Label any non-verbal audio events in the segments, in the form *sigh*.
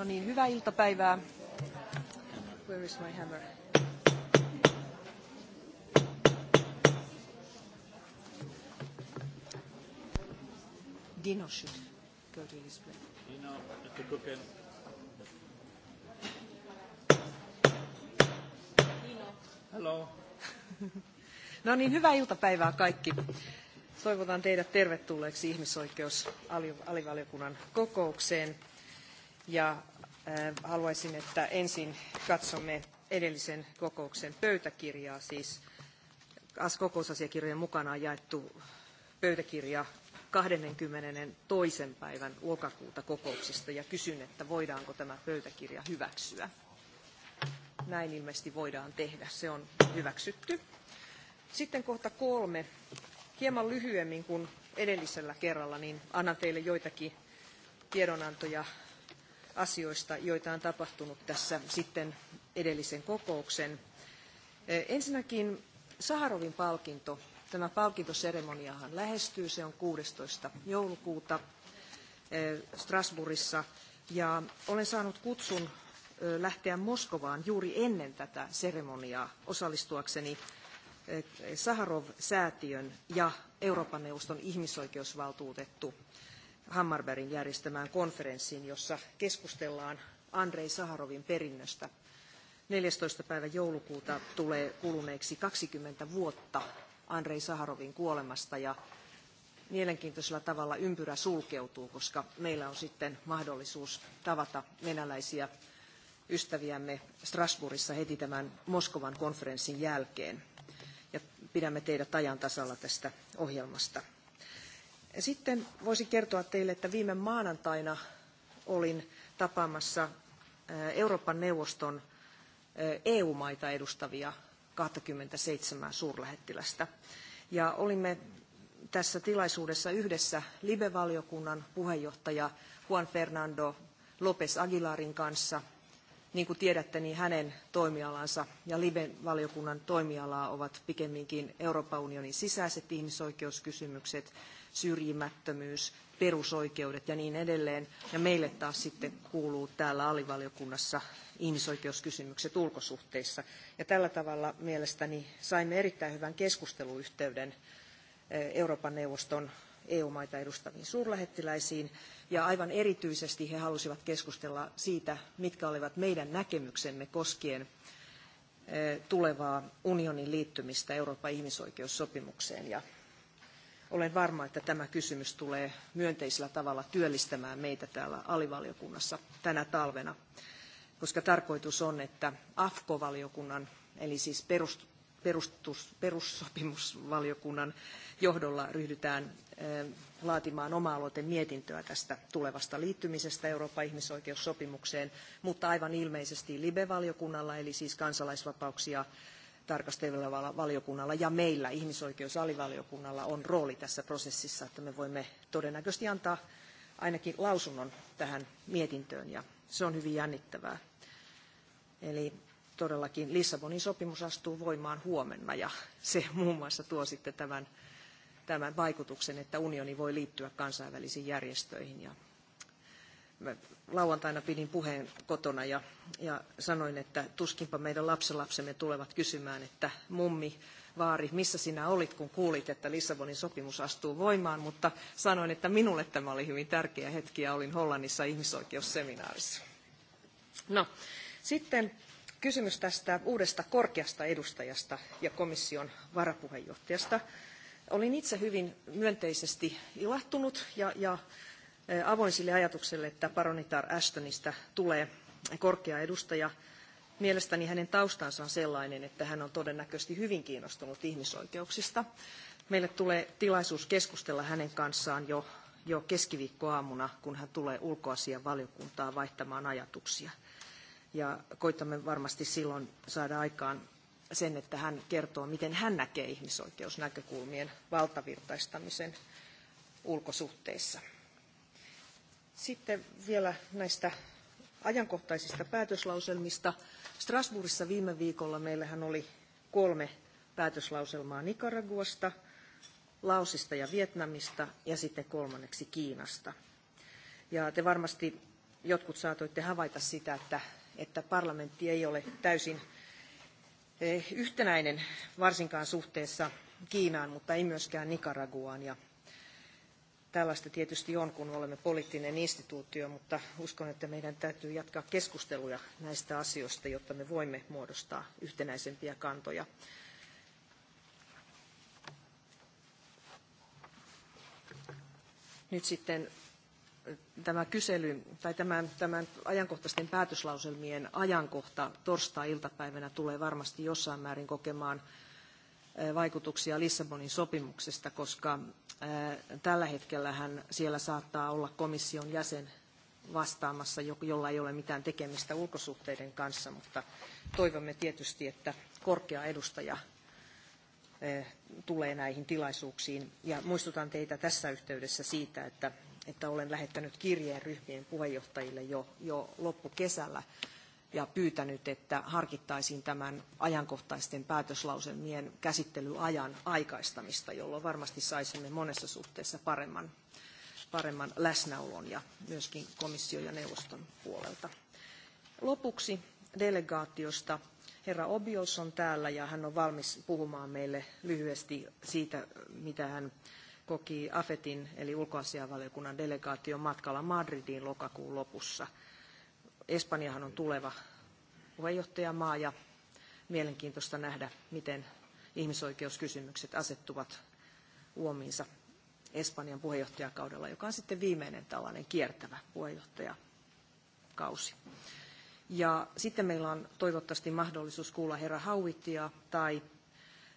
No niin, hyvää iltapäivää. Where is my hammer? Dino should go to his place. Dino, at the book Dino. Hello. *laughs* no niin, hyvää iltapäivää kaikki. Toivotan teidät tervetulleeksi ihmisoikeusalivaliokunnan kokoukseen. Ja haluaisin, että ensin katsomme edellisen kokouksen pöytäkirjaa, siis kokousasiakirjojen mukana jaettu pöytäkirja 22. päivän lokakuuta kokouksesta ja kysyn, että voidaanko tämä pöytäkirja hyväksyä. Näin ilmeisesti voidaan tehdä. Se on hyväksytty. Sitten kohta kolme. Hieman lyhyemmin kuin edellisellä kerralla, niin annan teille joitakin tiedonantoja asioista, joita on tapahtunut tässä sitten edellisen kokouksen. Ensinnäkin Saharovin palkinto. Tämä palkintoseremoniahan lähestyy, se on 16. joulukuuta Strasbourgissa. Ja olen saanut kutsun lähteä Moskovaan juuri ennen tätä seremoniaa osallistuakseni Saharov-säätiön ja Euroopan neuvoston ihmisoikeusvaltuutettu Hammarbergin järjestämään konferenssiin, jossa keskustellaan Andrei Saharovin perinnöstä. 14. päivä joulukuuta tulee kuluneeksi 20 vuotta Andrei Saharovin kuolemasta ja mielenkiintoisella tavalla ympyrä sulkeutuu, koska meillä on sitten mahdollisuus tavata venäläisiä ystäviämme Strasbourgissa heti tämän Moskovan konferenssin jälkeen. Ja pidämme teidät ajan tasalla tästä ohjelmasta. Sitten voisin kertoa teille, että viime maanantaina olin tapaamassa Euroopan neuvoston EU-maita edustavia 27 suurlähettilästä. Ja olimme tässä tilaisuudessa yhdessä Libe-valiokunnan puheenjohtaja Juan Fernando López Aguilarin kanssa – niin kuin tiedätte, niin hänen toimialansa ja Liben-valiokunnan toimialaa ovat pikemminkin Euroopan unionin sisäiset ihmisoikeuskysymykset, syrjimättömyys, perusoikeudet ja niin edelleen. Ja meille taas sitten kuuluu täällä alivaliokunnassa ihmisoikeuskysymykset ulkosuhteissa. Ja tällä tavalla mielestäni saimme erittäin hyvän keskusteluyhteyden eh, Euroopan neuvoston EU-maita edustaviin suurlähettiläisiin. Ja aivan erityisesti he halusivat keskustella siitä, mitkä olivat meidän näkemyksemme koskien tulevaa unionin liittymistä Euroopan ihmisoikeussopimukseen. Ja olen varma, että tämä kysymys tulee myönteisellä tavalla työllistämään meitä täällä alivaliokunnassa tänä talvena, koska tarkoitus on, että AFKO-valiokunnan, eli siis perustus, perussopimusvaliokunnan johdolla ryhdytään Eh, laatimaan oma-aloitemietintöä tästä tulevasta liittymisestä Euroopan ihmisoikeussopimukseen, mutta aivan ilmeisesti LIBE-valiokunnalla, eli siis kansalaisvapauksia tarkastelevalla valiokunnalla ja meillä ihmisoikeusalivaliokunnalla on rooli tässä prosessissa, että me voimme todennäköisesti antaa ainakin lausunnon tähän mietintöön ja se on hyvin jännittävää. Eli todellakin Lissabonin sopimus astuu voimaan huomenna ja se muun muassa tuo sitten tämän tämän vaikutuksen, että unioni voi liittyä kansainvälisiin järjestöihin. Ja mä lauantaina pidin puheen kotona ja, ja sanoin, että tuskinpa meidän lapsenlapsemme tulevat kysymään, että mummi, vaari, missä sinä olit, kun kuulit, että Lissabonin sopimus astuu voimaan, mutta sanoin, että minulle tämä oli hyvin tärkeä hetki ja olin Hollannissa ihmisoikeusseminaarissa. No, sitten kysymys tästä uudesta korkeasta edustajasta ja komission varapuheenjohtajasta. Olin itse hyvin myönteisesti ilahtunut ja, ja avoin sille ajatukselle, että paronitar Ashtonista tulee korkea edustaja. Mielestäni hänen taustansa on sellainen, että hän on todennäköisesti hyvin kiinnostunut ihmisoikeuksista. Meille tulee tilaisuus keskustella hänen kanssaan jo, jo keskiviikkoaamuna, kun hän tulee ulkoasian valiokuntaa vaihtamaan ajatuksia. Ja koitamme varmasti silloin saada aikaan sen, että hän kertoo, miten hän näkee ihmisoikeusnäkökulmien valtavirtaistamisen ulkosuhteissa. Sitten vielä näistä ajankohtaisista päätöslauselmista. Strasbourgissa viime viikolla meillähän oli kolme päätöslauselmaa Nicaraguasta, Laosista ja Vietnamista ja sitten kolmanneksi Kiinasta. Ja te varmasti jotkut saatoitte havaita sitä, että, että parlamentti ei ole täysin Eh, yhtenäinen varsinkaan suhteessa Kiinaan, mutta ei myöskään Nicaraguaan. Ja tällaista tietysti on, kun olemme poliittinen instituutio, mutta uskon, että meidän täytyy jatkaa keskusteluja näistä asioista, jotta me voimme muodostaa yhtenäisempiä kantoja. Nyt sitten tämä kysely tai tämän, tämän ajankohtaisten päätöslauselmien ajankohta torstai-iltapäivänä tulee varmasti jossain määrin kokemaan vaikutuksia Lissabonin sopimuksesta, koska tällä hetkellähän siellä saattaa olla komission jäsen vastaamassa, jolla ei ole mitään tekemistä ulkosuhteiden kanssa, mutta toivomme tietysti, että korkea edustaja tulee näihin tilaisuuksiin. Ja muistutan teitä tässä yhteydessä siitä, että että olen lähettänyt kirjeen ryhmien puheenjohtajille jo, jo loppukesällä ja pyytänyt, että harkittaisiin tämän ajankohtaisten päätöslauselmien käsittelyajan aikaistamista, jolloin varmasti saisimme monessa suhteessa paremman, paremman läsnäolon ja myöskin komission ja neuvoston puolelta. Lopuksi delegaatiosta. Herra Obios on täällä ja hän on valmis puhumaan meille lyhyesti siitä, mitä hän koki AFETin eli ulkoasianvaliokunnan delegaation matkalla Madridiin lokakuun lopussa. Espanjahan on tuleva puheenjohtajamaa ja mielenkiintoista nähdä, miten ihmisoikeuskysymykset asettuvat uomiinsa Espanjan puheenjohtajakaudella, joka on sitten viimeinen tällainen kiertävä puheenjohtajakausi. Ja sitten meillä on toivottavasti mahdollisuus kuulla herra Hauittia tai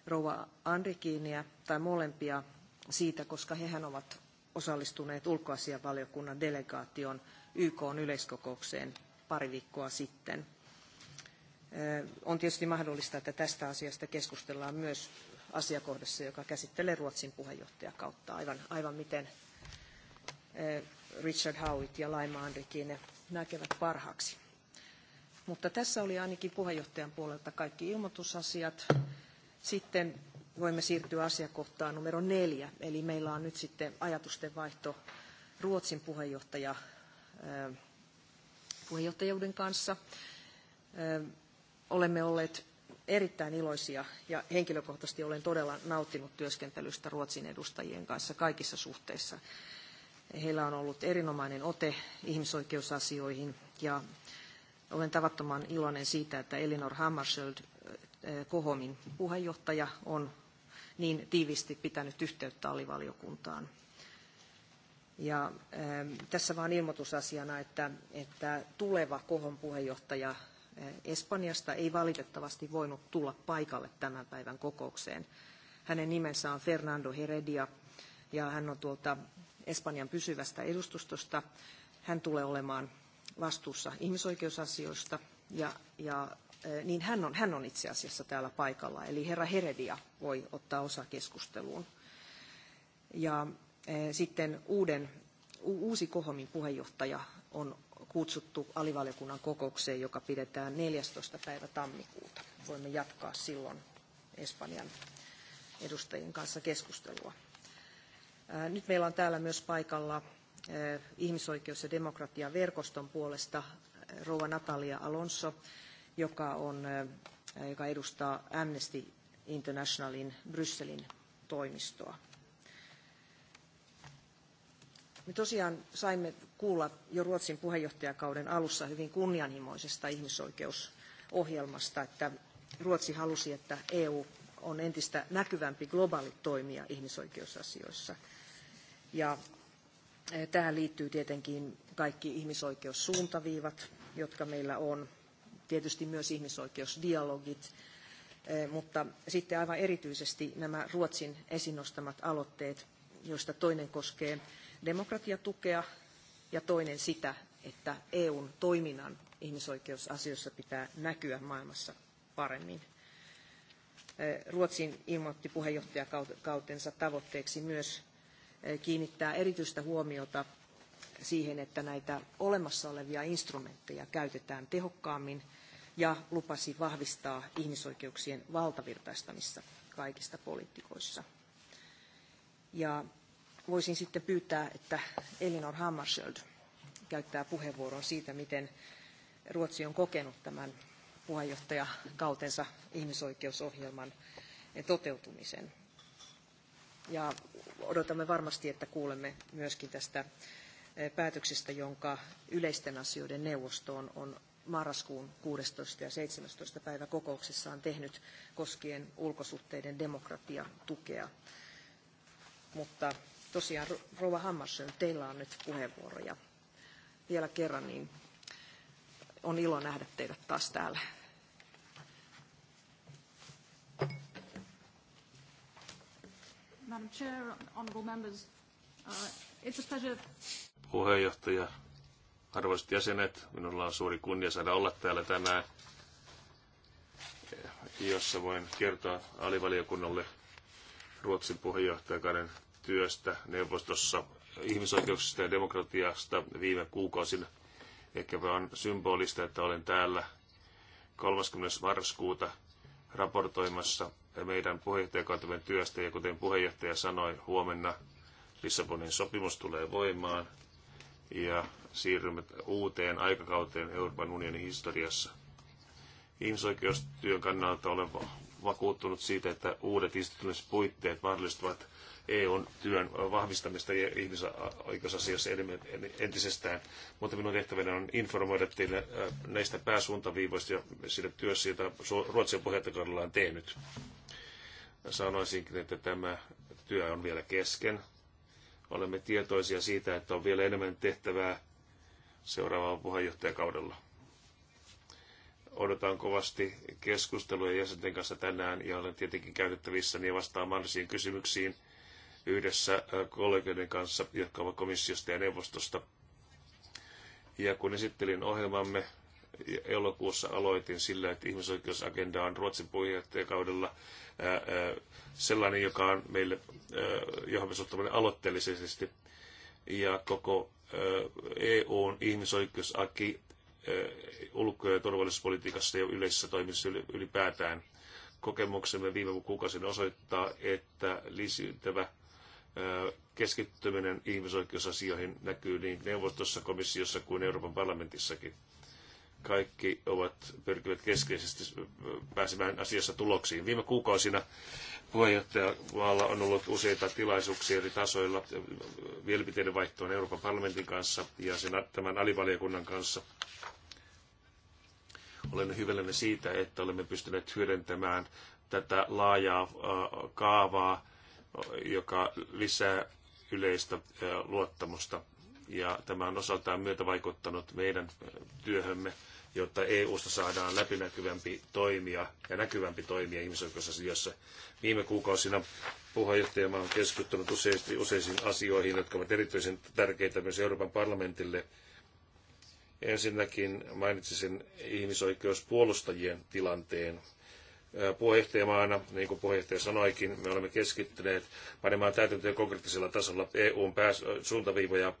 rouva Andrikiiniä tai molempia siitä, koska hehän ovat osallistuneet ulkoasianvaliokunnan delegaation YK yleiskokoukseen pari viikkoa sitten. On tietysti mahdollista, että tästä asiasta keskustellaan myös asiakohdassa, joka käsittelee Ruotsin puheenjohtajakautta, aivan, aivan miten Richard Howitt ja Laima Andrikine näkevät parhaaksi. Mutta tässä oli ainakin puheenjohtajan puolelta kaikki ilmoitusasiat. Sitten voimme siirtyä asiakohtaan numero neljä. Eli meillä on nyt sitten ajatusten vaihto Ruotsin puheenjohtaja, puheenjohtajuuden kanssa. Olemme olleet erittäin iloisia ja henkilökohtaisesti olen todella nauttinut työskentelystä Ruotsin edustajien kanssa kaikissa suhteissa. Heillä on ollut erinomainen ote ihmisoikeusasioihin ja olen tavattoman iloinen siitä, että Elinor Hammarskjöld Kohomin puheenjohtaja on niin tiiviisti pitänyt yhteyttä alivaliokuntaan. Ja, ähm, tässä vain ilmoitusasiana, että, että tuleva kohon puheenjohtaja äh, Espanjasta ei valitettavasti voinut tulla paikalle tämän päivän kokoukseen. Hänen nimensä on Fernando Heredia ja hän on tuolta Espanjan pysyvästä edustustosta. Hän tulee olemaan vastuussa ihmisoikeusasioista ja, ja niin hän on, hän on itse asiassa täällä paikalla, eli herra Heredia voi ottaa osaa keskusteluun. Ja sitten uuden, uusi Kohomin puheenjohtaja on kutsuttu alivaliokunnan kokoukseen, joka pidetään 14. päivä tammikuuta. Voimme jatkaa silloin Espanjan edustajien kanssa keskustelua. Nyt meillä on täällä myös paikalla ihmisoikeus- ja demokratiaverkoston puolesta rouva Natalia Alonso, joka, on, joka edustaa Amnesty Internationalin Brysselin toimistoa. Me tosiaan saimme kuulla jo Ruotsin puheenjohtajakauden alussa hyvin kunnianhimoisesta ihmisoikeusohjelmasta, että Ruotsi halusi, että EU on entistä näkyvämpi globaali toimija ihmisoikeusasioissa. Ja tähän liittyy tietenkin kaikki ihmisoikeussuuntaviivat, jotka meillä on, tietysti myös ihmisoikeusdialogit, eh, mutta sitten aivan erityisesti nämä Ruotsin esiin nostamat aloitteet, joista toinen koskee demokratiatukea ja toinen sitä, että EUn toiminnan ihmisoikeusasioissa pitää näkyä maailmassa paremmin. Eh, Ruotsin ilmoitti puheenjohtajakautensa tavoitteeksi myös eh, kiinnittää erityistä huomiota siihen, että näitä olemassa olevia instrumentteja käytetään tehokkaammin – ja lupasi vahvistaa ihmisoikeuksien valtavirtaistamista kaikista poliitikoissa. Ja voisin sitten pyytää, että Elinor Hammarskjöld käyttää puheenvuoron siitä, miten Ruotsi on kokenut tämän puheenjohtajakautensa ihmisoikeusohjelman toteutumisen. Ja odotamme varmasti, että kuulemme myöskin tästä päätöksestä, jonka yleisten asioiden neuvosto on marraskuun 16. ja 17. päivä kokouksissaan tehnyt koskien ulkosuhteiden demokratiatukea. Mutta tosiaan, Rova Hammarsson teillä on nyt puheenvuoro ja vielä kerran niin on ilo nähdä teidät taas täällä. Madam Chair, honorable members, uh, it's a pleasure. Puheenjohtaja, Arvoisat jäsenet, minulla on suuri kunnia saada olla täällä tänään, jossa voin kertoa alivaliokunnalle Ruotsin puheenjohtajakauden työstä neuvostossa ihmisoikeuksista ja demokratiasta viime kuukausina. Ehkä vaan symbolista, että olen täällä 30. marraskuuta raportoimassa meidän puheenjohtajakautemme työstä. Ja kuten puheenjohtaja sanoi, huomenna Lissabonin sopimus tulee voimaan – ja siirrymme uuteen aikakauteen Euroopan unionin historiassa. Ihmisoikeustyön kannalta olen vakuuttunut siitä, että uudet instituutioiset puitteet mahdollistavat EUn työn vahvistamista ja ihmisoikeusasiassa entisestään, mutta minun tehtäväni on informoida teille äh, näistä pääsuuntaviivoista ja siitä työssä, jota Ruotsin puheenjohtajakaudella on tehnyt. Sanoisinkin, että tämä työ on vielä kesken. Olemme tietoisia siitä, että on vielä enemmän tehtävää seuraavalla puheenjohtajakaudella. Odotan kovasti keskustelua jäsenten kanssa tänään ja olen tietenkin käytettävissä niin vastaan mahdollisiin kysymyksiin yhdessä kollegoiden kanssa, jotka ovat komissiosta ja neuvostosta. Ja kun esittelin ohjelmamme elokuussa aloitin sillä, että ihmisoikeusagenda on Ruotsin puheenjohtajakaudella sellainen, joka on meille, johon me suhtaudumme aloitteellisesti. Ja koko EUn ihmisoikeusaki ulko- ja turvallisuuspolitiikassa ja yleisessä toiminnassa ylipäätään. Kokemuksemme viime kuukausina osoittaa, että lisääntyvä keskittyminen ihmisoikeusasioihin näkyy niin neuvostossa, komissiossa kuin Euroopan parlamentissakin kaikki ovat pyrkivät keskeisesti pääsemään asiassa tuloksiin. Viime kuukausina puheenjohtajavaalla on ollut useita tilaisuuksia eri tasoilla mielipiteiden vaihtoon Euroopan parlamentin kanssa ja sen, tämän alivaliokunnan kanssa. Olen hyvällinen siitä, että olemme pystyneet hyödyntämään tätä laajaa kaavaa, joka lisää yleistä luottamusta ja tämä on osaltaan myötä vaikuttanut meidän työhömme jotta EUsta saadaan läpinäkyvämpi toimija ja näkyvämpi toimija ihmisoikeusasioissa. Viime kuukausina puheenjohtajamaa on keskittynyt useasti, useisiin asioihin, jotka ovat erityisen tärkeitä myös Euroopan parlamentille. Ensinnäkin mainitsisin ihmisoikeuspuolustajien tilanteen. Puheenjohtajamaana, niin kuin puheenjohtaja sanoikin, me olemme keskittyneet panemaan täytäntöön konkreettisella tasolla EUn pääs- suuntaviivoja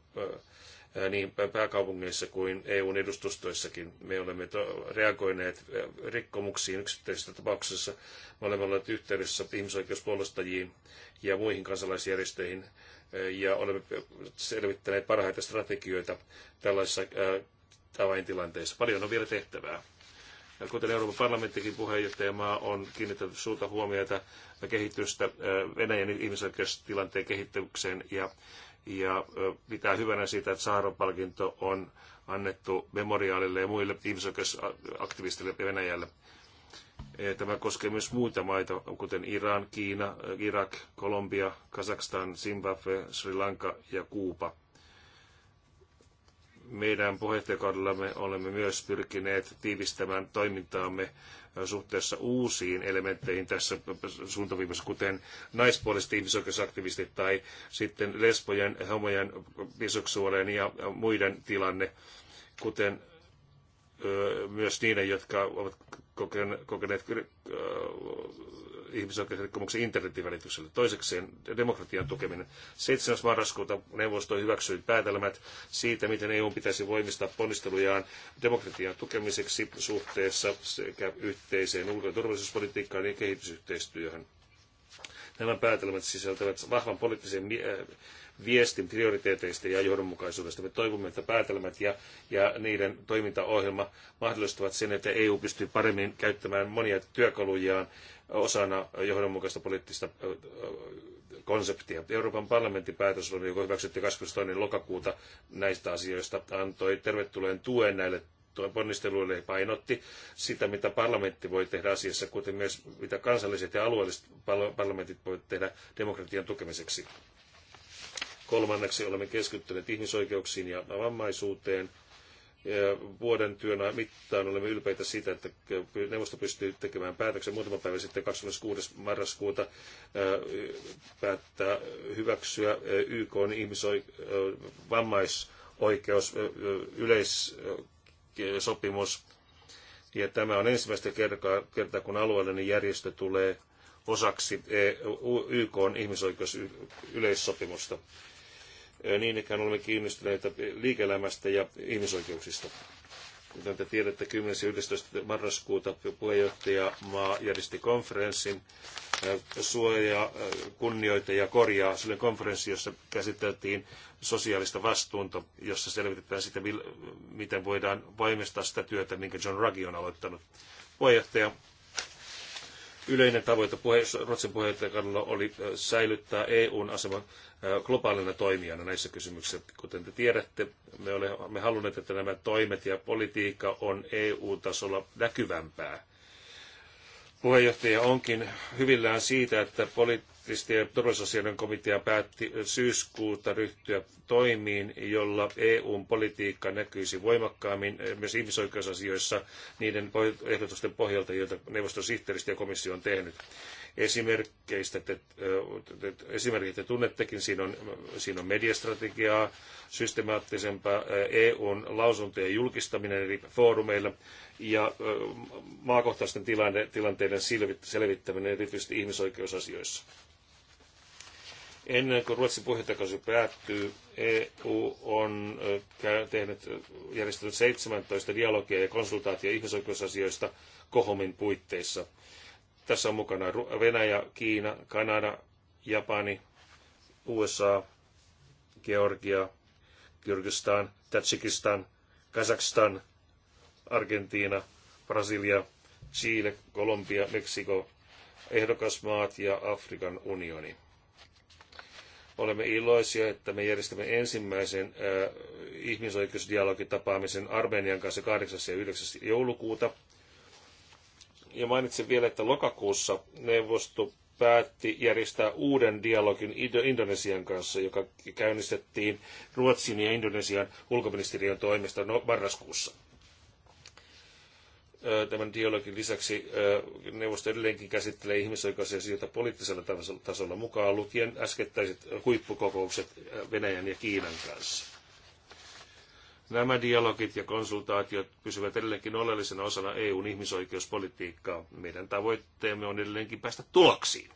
niin pääkaupungeissa kuin EUn edustustoissakin. Me olemme reagoineet rikkomuksiin yksittäisissä tapauksissa. Me olemme olleet yhteydessä ihmisoikeuspuolustajiin ja muihin kansalaisjärjestöihin ja olemme selvittäneet parhaita strategioita tällaisissa avaintilanteissa. Paljon on vielä tehtävää. Kuten Euroopan parlamenttikin puheenjohtajamaa on kiinnittänyt suurta huomiota kehitystä Venäjän ihmisoikeustilanteen kehittämiseen ja ja pitää hyvänä sitä, että saharov palkinto on annettu memoriaalille ja muille ihmisoikeusaktivisteille Venäjällä. E, tämä koskee myös muita maita, kuten Iran, Kiina, Irak, Kolumbia, Kazakstan, Zimbabwe, Sri Lanka ja Kuuba meidän puheenjohtajakaudellamme olemme myös pyrkineet tiivistämään toimintaamme suhteessa uusiin elementteihin tässä suuntaviivassa, kuten naispuoliset ihmisoikeusaktivistit tai sitten lesbojen, homojen, biseksuaalien ja muiden tilanne, kuten myös niiden, jotka ovat kokeneet äh, ihmisoikeusrikkomuksen internetin välityksellä. Toisekseen demokratian tukeminen. 7. marraskuuta neuvosto hyväksyi päätelmät siitä, miten EU pitäisi voimistaa ponnistelujaan demokratian tukemiseksi suhteessa sekä yhteiseen ulko- ja turvallisuuspolitiikkaan ja kehitysyhteistyöhön. Nämä päätelmät sisältävät vahvan poliittisen viestin prioriteeteista ja johdonmukaisuudesta. Me toivomme, että päätelmät ja, ja niiden toimintaohjelma mahdollistavat sen, että EU pystyy paremmin käyttämään monia työkalujaan osana johdonmukaista poliittista konseptia. Euroopan parlamentin päätös, joka hyväksyttiin 22. lokakuuta näistä asioista, antoi tervetulleen tuen näille ponnisteluille painotti sitä, mitä parlamentti voi tehdä asiassa, kuten myös mitä kansalliset ja alueelliset parlamentit voivat tehdä demokratian tukemiseksi. Kolmanneksi olemme keskittyneet ihmisoikeuksiin ja vammaisuuteen. Vuoden työnä mittaan olemme ylpeitä siitä, että neuvosto pystyy tekemään päätöksen muutama päivä sitten 26. marraskuuta päättää hyväksyä YK ihmisoik- vammaisoikeus yleissopimus. Ja tämä on ensimmäistä kertaa, kertaa kun alueellinen järjestö tulee osaksi e YK ihmisoikeusyleissopimusta. Niin ikään olemme kiinnostuneita liike-elämästä ja ihmisoikeuksista. Kuten te tiedätte, 10. ja 11. marraskuuta puheenjohtajamaa järjesti konferenssin suojaa, kunnioita ja korjaa. sille oli konferenssi, jossa käsiteltiin sosiaalista vastuunta, jossa selvitetään sitä, miten voidaan voimistaa sitä työtä, minkä John Ruggie on aloittanut. Puheenjohtaja Yleinen tavoite Ruotsin puheenjohtajakannalla oli äh, säilyttää EUn asema äh, globaalina toimijana näissä kysymyksissä. Kuten te tiedätte, me olemme halunneet, että nämä toimet ja politiikka on EU-tasolla näkyvämpää. Puheenjohtaja onkin hyvillään siitä, että poli- Kristi- siis ja turvallisuusasioiden komitea päätti syyskuuta ryhtyä toimiin, jolla EUn politiikka näkyisi voimakkaammin eh, myös ihmisoikeusasioissa niiden ehdotusten pohjalta, joita neuvoston sihteeristö ja komissio on tehnyt. Esimerkkeistä te, eh, te, esimerkit te tunnettekin, siinä on, siinä on mediastrategiaa, systemaattisempaa eh, EUn lausuntojen julkistaminen eri foorumeilla ja maakohtaisten tilanne, tilanteiden selvittäminen erityisesti ihmisoikeusasioissa Ennen kuin Ruotsin puheenjohtajakausi päättyy, EU on tehnyt järjestänyt 17 dialogia ja konsultaatio ihmisoikeusasioista Kohomin puitteissa. Tässä on mukana Venäjä, Kiina, Kanada, Japani, USA, Georgia, Kyrgyzstan, Tatsikistan, Kazakstan, Argentiina, Brasilia, Chile, Kolumbia, Meksiko, ehdokasmaat ja Afrikan unioni. Olemme iloisia, että me järjestämme ensimmäisen ihmisoikeusdialogitapaamisen Armenian kanssa 8. ja 9. joulukuuta. Ja mainitsen vielä, että lokakuussa neuvosto päätti järjestää uuden dialogin Indonesian kanssa, joka käynnistettiin Ruotsin ja Indonesian ulkoministeriön toimesta no- marraskuussa tämän dialogin lisäksi neuvosto edelleenkin käsittelee ihmisoikeusasioita poliittisella tasolla mukaan lukien äskettäiset huippukokoukset Venäjän ja Kiinan kanssa. Nämä dialogit ja konsultaatiot pysyvät edelleenkin oleellisena osana EUn ihmisoikeuspolitiikkaa. Meidän tavoitteemme on edelleenkin päästä tuloksiin.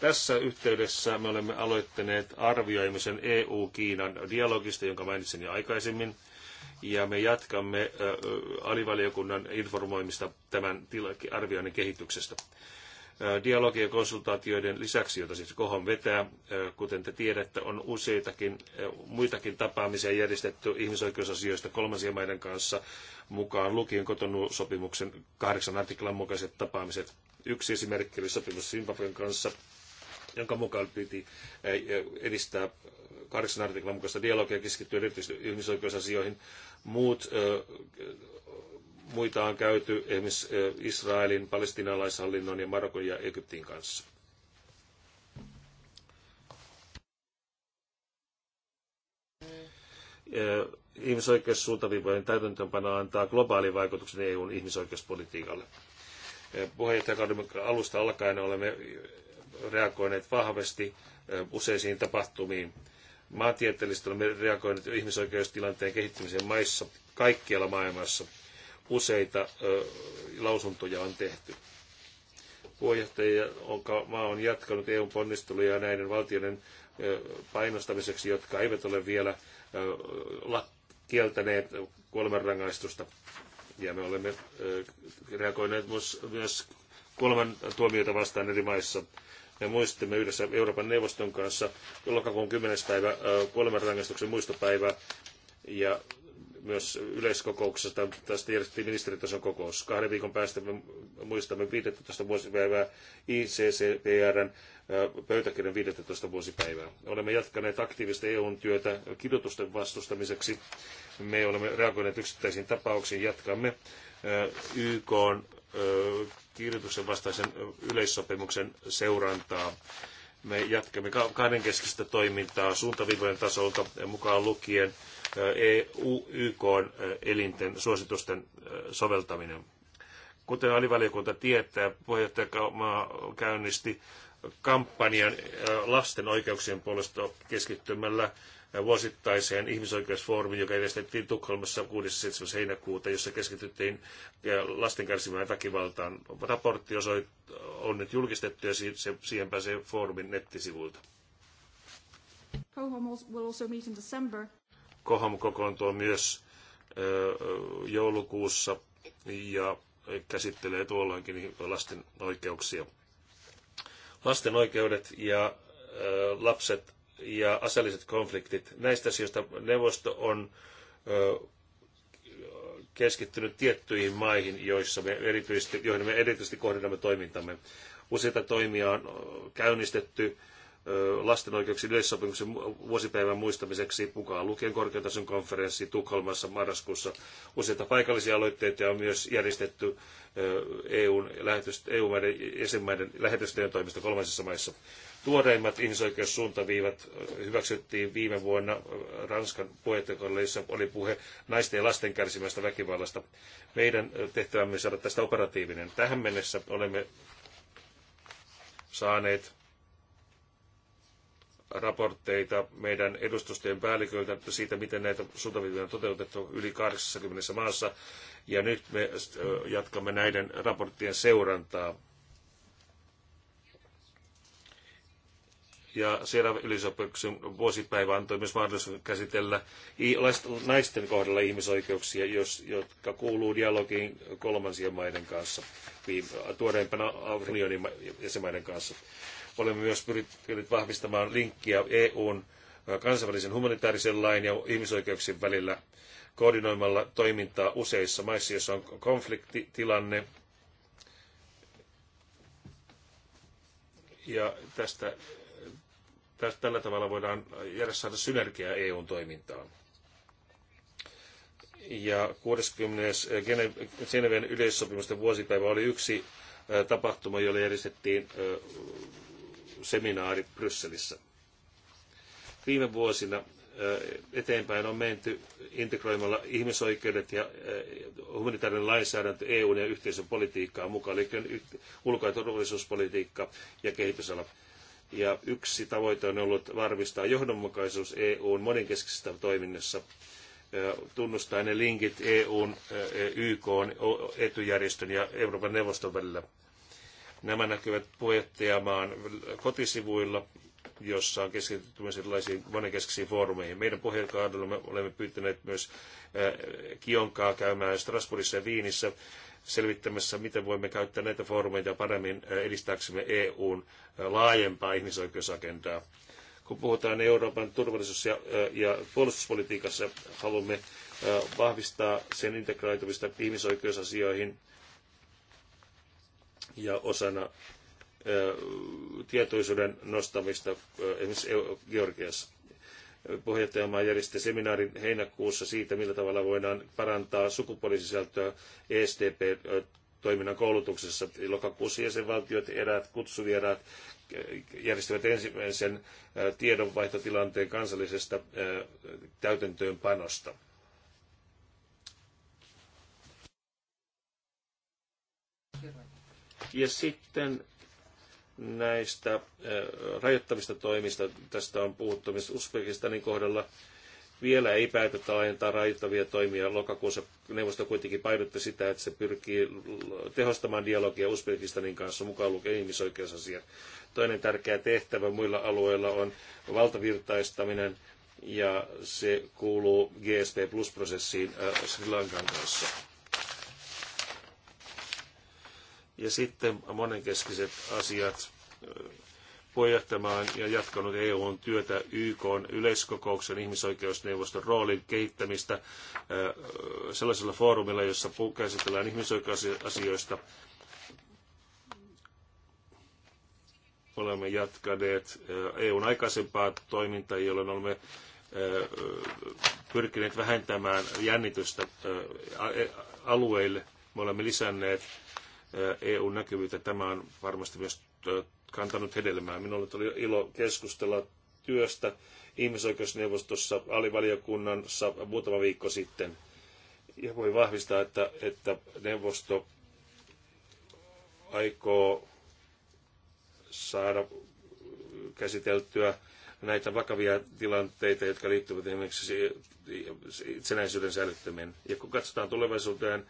Tässä yhteydessä me olemme aloittaneet arvioimisen EU-Kiinan dialogista, jonka mainitsin jo aikaisemmin – ja me jatkamme alivaliokunnan informoimista tämän arvioinnin kehityksestä. Dialogi- ja konsultaatioiden lisäksi, joita siis Kohon vetää, kuten te tiedätte, on useitakin muitakin tapaamisia järjestetty ihmisoikeusasioista kolmansien maiden kanssa, mukaan lukien kotonu-sopimuksen kahdeksan artiklan mukaiset tapaamiset. Yksi esimerkki oli sopimus Zimbabwen kanssa, jonka mukaan piti edistää kahdeksan artiklan mukaista dialogia keskittyy erityisesti ihmisoikeusasioihin. Muut, muita on käyty esimerkiksi Israelin, palestinalaishallinnon ja Marokon ja Egyptin kanssa. ihmisoikeussuuntaviivojen täytäntöönpano antaa globaalin vaikutuksen EUn ihmisoikeuspolitiikalle. Puheenjohtajakauden alusta alkaen olemme reagoineet vahvasti useisiin tapahtumiin Maantieteellisesti olemme reagoineet ihmisoikeustilanteen kehittymiseen maissa kaikkialla maailmassa. Useita ö, lausuntoja on tehty. Puheenjohtaja, onka maa on jatkanut EUn ponnisteluja näiden valtioiden ö, painostamiseksi, jotka eivät ole vielä ö, lat, kieltäneet kuolemanrangaistusta. Ja me olemme ö, reagoineet myös, myös kuoleman vastaan eri maissa me muistimme yhdessä Euroopan neuvoston kanssa lokakuun 10. päivä kuolemanrangaistuksen muistopäivä ja myös yleiskokouksessa tästä järjestettiin ministeritason kokous. Kahden viikon päästä me muistamme 15. vuosipäivää ICCPRn pöytäkirjan 15. vuosipäivää. Olemme jatkaneet aktiivista EUn työtä kidutusten vastustamiseksi. Me olemme reagoineet yksittäisiin tapauksiin. Jatkamme YK kiinnityksen vastaisen yleissopimuksen seurantaa. Me jatkamme kahdenkeskistä toimintaa suuntaviivojen tasolta mukaan lukien EU, YK elinten suositusten soveltaminen. Kuten alivaliokunta tietää, puheenjohtajamaa käynnisti kampanjan lasten oikeuksien puolesta keskittymällä vuosittaiseen ihmisoikeusfoorumiin, joka järjestettiin Tukholmassa 6.7. heinäkuuta, jossa keskityttiin lasten kärsimään väkivaltaan. Raportti on nyt julkistettu ja siihen pääsee foorumin nettisivuilta. Kohom kokoontuu myös joulukuussa ja käsittelee tuolloinkin lasten oikeuksia. Lasten oikeudet ja lapset ja aseelliset konfliktit. Näistä asioista neuvosto on keskittynyt tiettyihin maihin, joissa me erityisesti, joihin me erityisesti kohdennamme toimintamme. Useita toimia on käynnistetty lasten oikeuksien yleissopimuksen vuosipäivän muistamiseksi mukaan lukien korkeatason konferenssi Tukholmassa marraskuussa. Useita paikallisia aloitteita on myös järjestetty EUn, EU-maiden jäsenmaiden lähetystöjen toimista kolmansissa maissa. Tuoreimmat ihmisoikeussuuntaviivat hyväksyttiin viime vuonna Ranskan puheenjohtajakaudella, jossa oli puhe naisten ja lasten kärsimästä väkivallasta. Meidän tehtävämme saada tästä operatiivinen. Tähän mennessä olemme saaneet raportteita meidän edustustojen päälliköiltä siitä, miten näitä suuntaviivoja on toteutettu yli 80 maassa. Ja nyt me jatkamme näiden raporttien seurantaa ja seuraava ylisopimuksen vuosipäivä antoi myös mahdollisuuden käsitellä naisten kohdalla ihmisoikeuksia, jos, jotka kuuluu dialogiin kolmansien maiden kanssa, tuoreimpana Afrikan unionin jäsenmaiden kanssa. Olemme myös pyrkineet vahvistamaan linkkiä EUn kansainvälisen humanitaarisen lain ja ihmisoikeuksien välillä koordinoimalla toimintaa useissa maissa, joissa on konfliktitilanne, ja tästä Tästä, tällä tavalla voidaan jäädä saada synergiaa EUn toimintaan. Ja 60. Geneven yleissopimusten vuosipäivä oli yksi tapahtuma, jolle järjestettiin seminaari Brysselissä. Viime vuosina eteenpäin on menty integroimalla ihmisoikeudet ja humanitaarinen lainsäädäntö EUn ja yhteisön politiikkaa mukaan, eli ulko- ja turvallisuuspolitiikka ja kehitysala. Ja yksi tavoite on ollut varmistaa johdonmukaisuus EUn monenkeskisessä toiminnassa tunnustaa ne linkit EUn, YK, etujärjestön ja Euroopan neuvoston välillä. Nämä näkyvät puheenjohtajamaan kotisivuilla, jossa on keskitytty myös erilaisiin monenkeskisiin foorumeihin. Meidän puheenjohtajakaudella olemme pyytäneet myös Kionkaa käymään Strasbourgissa ja Viinissä selvittämässä, miten voimme käyttää näitä foorumeita paremmin eh, edistääksemme EUn eh, laajempaa ihmisoikeusagendaa. Kun puhutaan Euroopan turvallisuus- ja, eh, ja puolustuspolitiikassa, haluamme vahvistaa sen integroitumista ihmisoikeusasioihin ja osana tietoisuuden nostamista esimerkiksi Georgiassa puheenjohtajamaa järjesti seminaarin heinäkuussa siitä, millä tavalla voidaan parantaa sukupuolisisältöä ESTP-toiminnan koulutuksessa. Lokakuussa jäsenvaltiot eräät kutsuvieraat järjestivät ensimmäisen tiedonvaihtotilanteen kansallisesta täytäntöönpanosta. Ja sitten näistä äh, rajoittavista toimista. Tästä on puhuttu missä Uzbekistanin kohdalla. Vielä ei päätetä laajentaa rajoittavia toimia. Lokakuussa neuvosto kuitenkin painotti sitä, että se pyrkii tehostamaan dialogia Uzbekistanin kanssa mukaan lukien ihmisoikeusasiat. Toinen tärkeä tehtävä muilla alueilla on valtavirtaistaminen ja se kuuluu GSP Plus-prosessiin äh, Sri Lankan kanssa Ja sitten monenkeskiset asiat puheenjohtamaan ja jatkanut EUn työtä YK yleiskokouksen ihmisoikeusneuvoston roolin kehittämistä sellaisella foorumilla, jossa käsitellään ihmisoikeusasioista. Olemme jatkaneet EUn aikaisempaa toimintaa, jolloin olemme pyrkineet vähentämään jännitystä e-, alueille. Me olemme lisänneet EU-näkyvyyttä. Tämä on varmasti myös kantanut hedelmää. Minulle oli ilo keskustella työstä ihmisoikeusneuvostossa alivaliokunnassa muutama viikko sitten. Ja voi vahvistaa, että, että neuvosto aikoo saada käsiteltyä näitä vakavia tilanteita, jotka liittyvät esimerkiksi itsenäisyyden säilyttämiseen. Ja kun katsotaan tulevaisuuteen,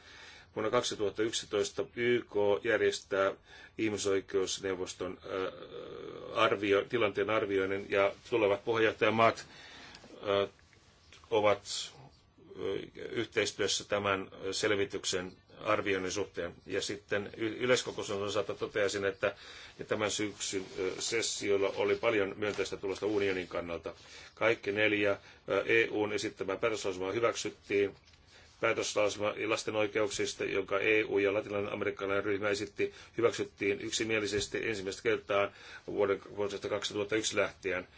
Vuonna 2011 YK järjestää ihmisoikeusneuvoston arvio, tilanteen arvioinnin ja tulevat puheenjohtajamaat ovat yhteistyössä tämän selvityksen arvioinnin suhteen. Ja sitten yleiskokouksen osalta toteaisin, että tämän syksyn sessiolla oli paljon myönteistä tulosta unionin kannalta. Kaikki neljä EUn esittämää peruslausumaa hyväksyttiin päätöslauselma lasten oikeuksista, jonka EU ja latinalainen amerikkalainen ryhmä esitti, hyväksyttiin yksimielisesti ensimmäistä kertaa vuoden 2001 lähtien.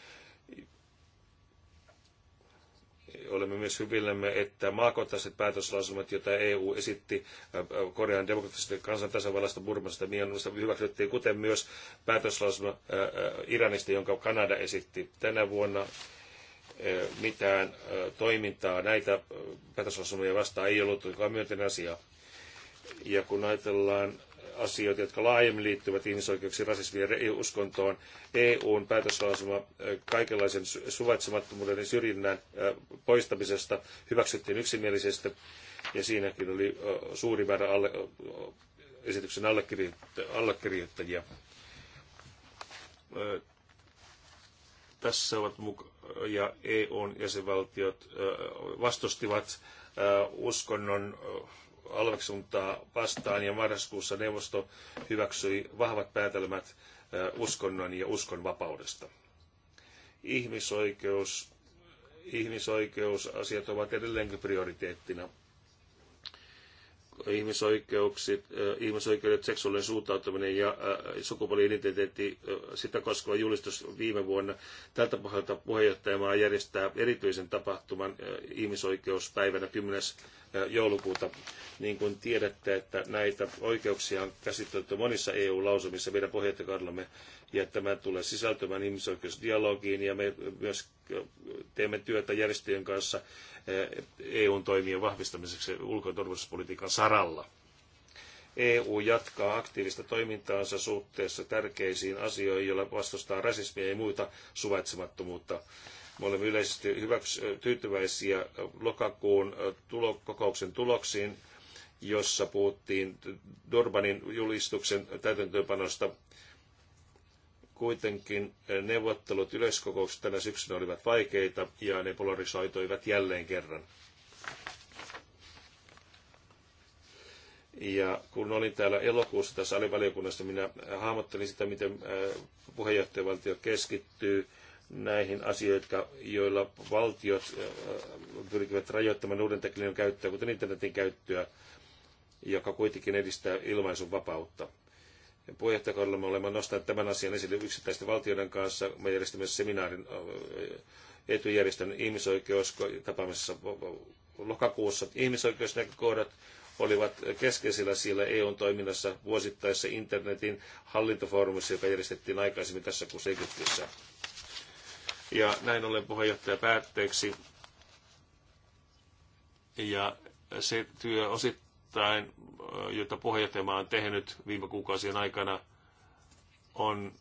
Olemme myös hyvillämme, että maakohtaiset päätöslauselmat, joita EU esitti Korean demokraattisesta kansantasavallasta Burmasta Myanmarista, hyväksyttiin, kuten myös päätöslauselma Iranista, jonka Kanada esitti tänä vuonna mitään toimintaa näitä petosasunnoja vastaan ei ollut, joka on myönteinen asia. Ja kun ajatellaan asioita, jotka laajemmin liittyvät ihmisoikeuksiin, rasismiin ja uskontoon, EUn päätöslausuma kaikenlaisen suvaitsemattomuuden ja syrjinnän poistamisesta hyväksyttiin yksimielisesti, ja siinäkin oli suuri määrä alle, esityksen allekirjoittajia. Tässä ovat mukaan ja EUn jäsenvaltiot vastustivat uskonnon alveksuntaa vastaan ja marraskuussa neuvosto hyväksyi vahvat päätelmät uskonnon ja uskonvapaudesta. Ihmisoikeus, ihmisoikeusasiat ovat edelleenkin prioriteettina ihmisoikeudet, ihmisoikeudet seksuaalinen suuntautuminen ja sukupuoli-identiteetti, sitä koskeva julistus viime vuonna. Tältä pohjalta puheenjohtajamaa järjestää erityisen tapahtuman ihmisoikeuspäivänä 10 joulukuuta. Niin kuin tiedätte, että näitä oikeuksia on käsitelty monissa EU-lausumissa meidän pohjoittakaudellamme, ja tämä tulee sisältymään ihmisoikeusdialogiin, ja me myös teemme työtä järjestöjen kanssa eu toimien vahvistamiseksi ulko- ja turvallisuuspolitiikan saralla. EU jatkaa aktiivista toimintaansa suhteessa tärkeisiin asioihin, joilla vastustaa rasismia ja muita suvaitsemattomuutta. Me olemme yleisesti hyväks, tyytyväisiä lokakuun tulo, kokouksen tuloksiin, jossa puhuttiin Durbanin julistuksen täytäntöönpanosta. Kuitenkin neuvottelut yleiskokouksessa tänä syksynä olivat vaikeita ja ne polarisoituivat jälleen kerran. Ja kun olin täällä elokuussa tässä alivaliokunnassa, minä hahmottelin sitä, miten puheenjohtajavaltio keskittyy näihin asioihin, joilla valtiot äh, pyrkivät rajoittamaan uuden teknologian käyttöä, kuten internetin käyttöä, joka kuitenkin edistää ilmaisun vapautta. Puheenjohtajakaudella me olemme nostaneet tämän asian esille yksittäisten valtioiden kanssa. Me järjestimme seminaarin äh, etujärjestön ihmisoikeustapaamisessa lokakuussa. Ihmisoikeusnäkökohdat olivat keskeisillä siellä EUn toiminnassa vuosittaisessa internetin hallintofoorumissa, joka järjestettiin aikaisemmin tässä kuussa Egyptissä. Ja näin ollen puheenjohtaja päätteeksi. Ja se työ osittain, jota puheenjohtaja on tehnyt viime kuukausien aikana, on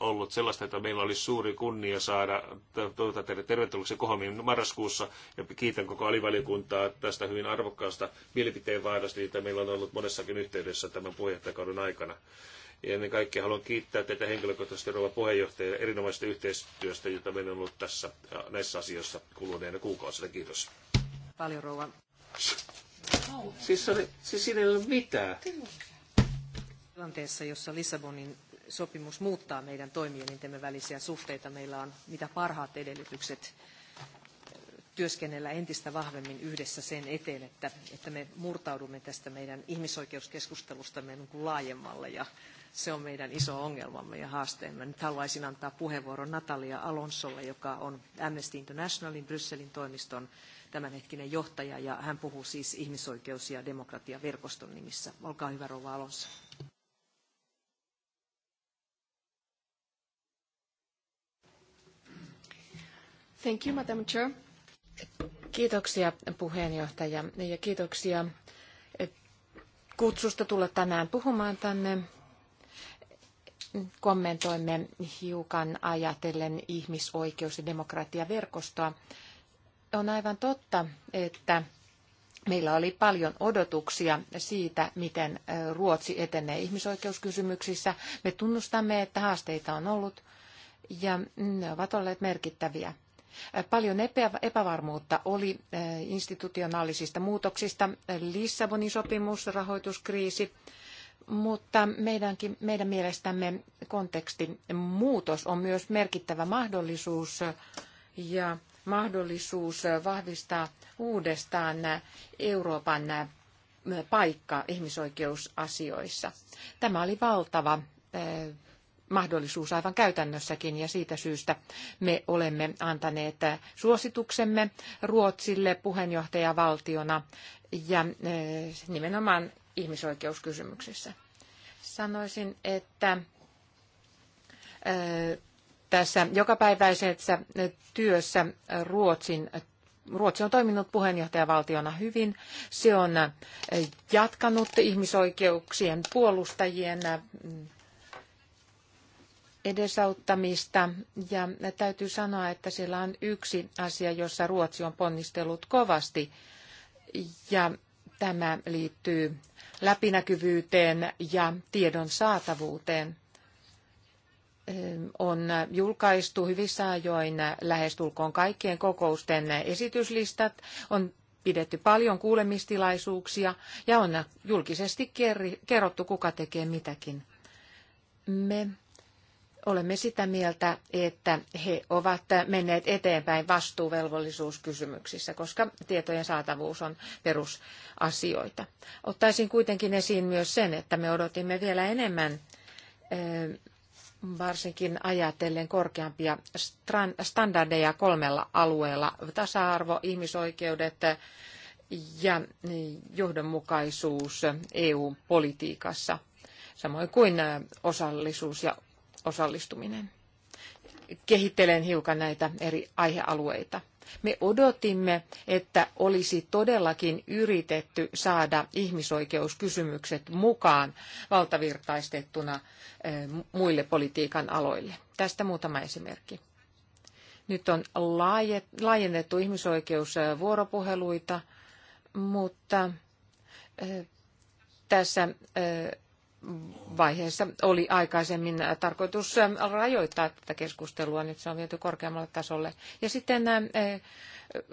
ollut sellaista, että meillä oli suuri kunnia saada toivottaa teille tervetulleeksi Kohomiin marraskuussa ja kiitän koko alivaliokuntaa tästä hyvin arvokkaasta mielipiteen vaihdosta, jota meillä on ollut monessakin yhteydessä tämän puheenjohtajakauden aikana. Ja ennen kaikkea haluan kiittää teitä henkilökohtaisesti rouva puheenjohtaja erinomaisesta yhteistyöstä, jota meillä on ollut tässä, näissä asioissa kuluneena kuukausina. Kiitos. Paljon rouva. Siis, oli, siis siinä ei ole mitään. Tilanteessa, jossa Lissabonin sopimus muuttaa meidän toimielintemme välisiä suhteita, meillä on mitä parhaat edellytykset työskennellä entistä vahvemmin yhdessä sen eteen, että, että me murtaudumme tästä meidän ihmisoikeuskeskustelustamme niin laajemmalle ja se on meidän iso ongelmamme ja haasteemme. Nyt haluaisin antaa puheenvuoron Natalia Alonsolle, joka on Amnesty Internationalin Brysselin toimiston tämänhetkinen johtaja, ja hän puhuu siis ihmisoikeus- ja demokratiaverkoston nimissä. Olkaa hyvä, rouva Alonso. Thank you, Madam Chair. Kiitoksia puheenjohtaja ja kiitoksia kutsusta tulla tänään puhumaan tänne kommentoimme hiukan ajatellen ihmisoikeus- ja demokratiaverkostoa. On aivan totta, että meillä oli paljon odotuksia siitä, miten Ruotsi etenee ihmisoikeuskysymyksissä. Me tunnustamme, että haasteita on ollut ja ne ovat olleet merkittäviä. Paljon epävarmuutta oli institutionaalisista muutoksista, Lissabonin sopimus, rahoituskriisi, mutta meidänkin, meidän mielestämme kontekstin muutos on myös merkittävä mahdollisuus ja mahdollisuus vahvistaa uudestaan Euroopan paikka ihmisoikeusasioissa. Tämä oli valtava eh, mahdollisuus aivan käytännössäkin ja siitä syystä me olemme antaneet suosituksemme Ruotsille puheenjohtajavaltiona ja eh, nimenomaan ihmisoikeuskysymyksissä. Sanoisin, että tässä jokapäiväisessä työssä Ruotsin Ruotsi on toiminut puheenjohtajavaltiona hyvin. Se on jatkanut ihmisoikeuksien puolustajien edesauttamista. Ja täytyy sanoa, että siellä on yksi asia, jossa Ruotsi on ponnistellut kovasti. Ja tämä liittyy läpinäkyvyyteen ja tiedon saatavuuteen on julkaistu hyvissä ajoin lähestulkoon kaikkien kokousten esityslistat, on pidetty paljon kuulemistilaisuuksia ja on julkisesti kerrottu, kuka tekee mitäkin. Me olemme sitä mieltä, että he ovat menneet eteenpäin vastuuvelvollisuuskysymyksissä, koska tietojen saatavuus on perusasioita. Ottaisin kuitenkin esiin myös sen, että me odotimme vielä enemmän eh, varsinkin ajatellen korkeampia standardeja kolmella alueella, tasa-arvo, ihmisoikeudet ja johdonmukaisuus EU-politiikassa, samoin kuin eh, osallisuus ja osallistuminen. Kehittelen hiukan näitä eri aihealueita. Me odotimme, että olisi todellakin yritetty saada ihmisoikeuskysymykset mukaan valtavirtaistettuna eh, muille politiikan aloille. Tästä muutama esimerkki. Nyt on laajennettu ihmisoikeusvuoropuheluita, mutta eh, tässä eh, vaiheessa oli aikaisemmin tarkoitus rajoittaa tätä keskustelua, nyt se on viety korkeammalle tasolle. Ja sitten nämä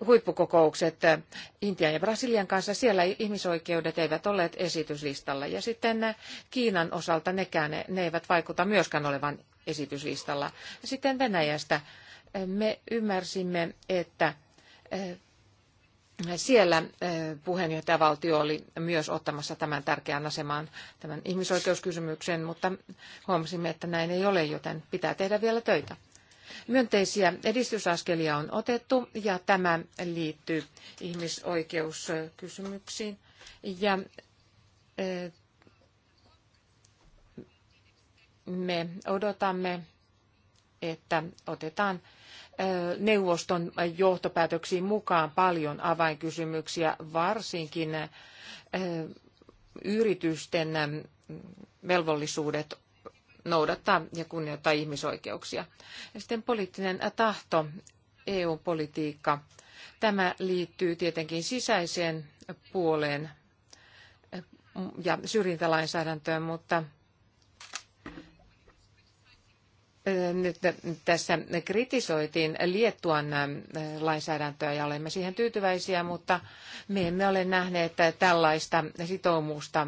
huippukokoukset Intian ja Brasilian kanssa, siellä ihmisoikeudet eivät olleet esityslistalla. Ja sitten Kiinan osalta nekään, ne eivät vaikuta myöskään olevan esityslistalla. Sitten Venäjästä me ymmärsimme, että siellä eh, puheenjohtajavaltio oli myös ottamassa tämän tärkeän asemaan tämän ihmisoikeuskysymyksen, mutta huomasimme, että näin ei ole, joten pitää tehdä vielä töitä. Myönteisiä edistysaskelia on otettu ja tämä liittyy ihmisoikeuskysymyksiin. Ja eh, me odotamme, että otetaan neuvoston johtopäätöksiin mukaan paljon avainkysymyksiä, varsinkin yritysten velvollisuudet noudattaa ja kunnioittaa ihmisoikeuksia. Ja sitten poliittinen tahto, EU-politiikka. Tämä liittyy tietenkin sisäiseen puoleen ja syrjintälainsäädäntöön, mutta nyt tässä kritisoitiin Liettuan lainsäädäntöä ja olemme siihen tyytyväisiä, mutta me emme ole nähneet tällaista sitoumusta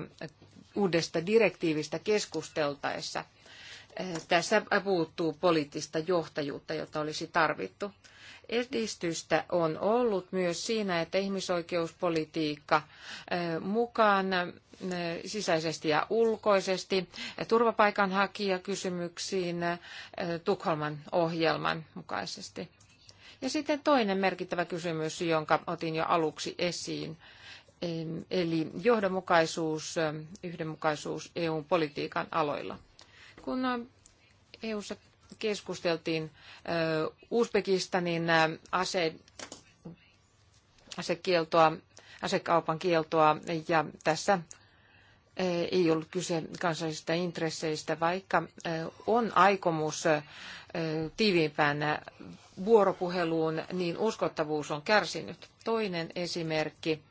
uudesta direktiivistä keskusteltaessa. Tässä puuttuu poliittista johtajuutta, jota olisi tarvittu. Edistystä on ollut myös siinä, että ihmisoikeuspolitiikka mukaan sisäisesti ja ulkoisesti turvapaikanhakijakysymyksiin Tukholman ohjelman mukaisesti. Ja sitten toinen merkittävä kysymys, jonka otin jo aluksi esiin, eli johdonmukaisuus, yhdenmukaisuus EUn politiikan aloilla. Kun EUssa keskusteltiin Uzbekistanin ase, asekieltoa, asekaupan kieltoa ja tässä ei ollut kyse kansallisista intresseistä, vaikka on aikomus tiiviimpään vuoropuheluun, niin uskottavuus on kärsinyt. Toinen esimerkki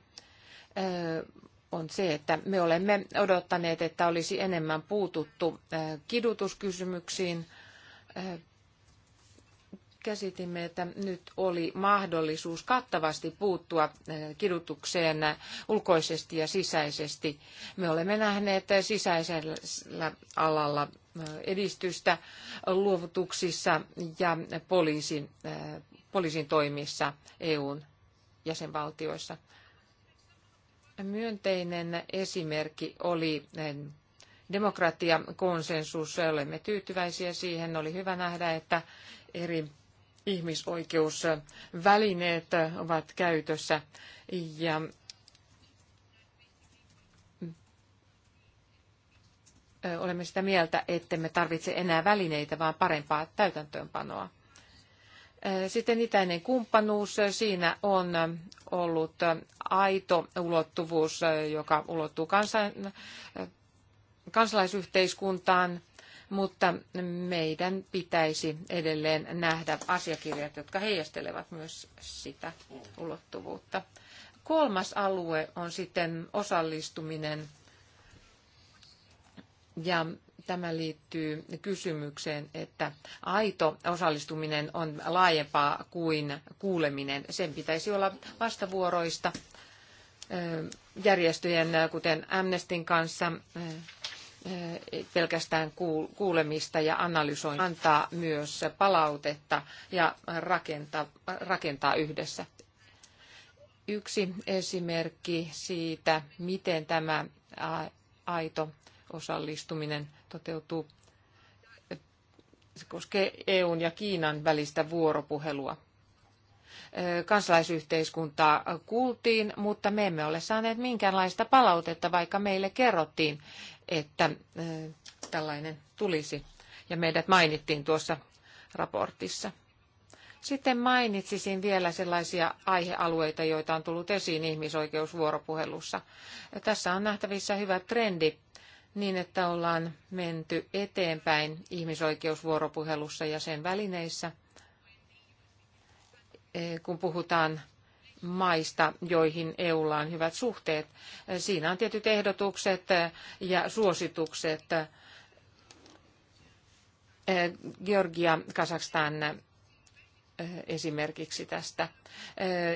on se, että me olemme odottaneet, että olisi enemmän puututtu kidutuskysymyksiin, käsitimme, että nyt oli mahdollisuus kattavasti puuttua kidutukseen ulkoisesti ja sisäisesti. Me olemme nähneet sisäisellä alalla edistystä luovutuksissa ja poliisin, poliisin toimissa EUn jäsenvaltioissa. Myönteinen esimerkki oli demokratiakonsensus. Olemme tyytyväisiä siihen. Oli hyvä nähdä, että eri ihmisoikeusvälineet ovat käytössä ja olemme sitä mieltä, ettemme tarvitse enää välineitä, vaan parempaa täytäntöönpanoa. Sitten itäinen kumppanuus, siinä on ollut aito ulottuvuus, joka ulottuu kansan, kansalaisyhteiskuntaan, mutta meidän pitäisi edelleen nähdä asiakirjat, jotka heijastelevat myös sitä ulottuvuutta. Kolmas alue on sitten osallistuminen ja tämä liittyy kysymykseen, että aito osallistuminen on laajempaa kuin kuuleminen. Sen pitäisi olla vastavuoroista järjestöjen, kuten Amnestin kanssa, Eh, pelkästään kuulemista ja analysointia, antaa myös palautetta ja rakentaa, rakentaa yhdessä. Yksi esimerkki siitä, miten tämä aito osallistuminen toteutuu, se koskee EUn ja Kiinan välistä vuoropuhelua eh, kansalaisyhteiskuntaa kuultiin, mutta me emme ole saaneet minkäänlaista palautetta, vaikka meille kerrottiin, että tällainen tulisi. Ja meidät mainittiin tuossa raportissa. Sitten mainitsisin vielä sellaisia aihealueita, joita on tullut esiin ihmisoikeusvuoropuhelussa. Tässä on nähtävissä hyvä trendi niin, että ollaan menty eteenpäin ihmisoikeusvuoropuhelussa ja sen välineissä. Kun puhutaan maista, joihin EUlla on hyvät suhteet. Siinä on tietyt ehdotukset ja suositukset. Georgia, Kazakstan esimerkiksi tästä.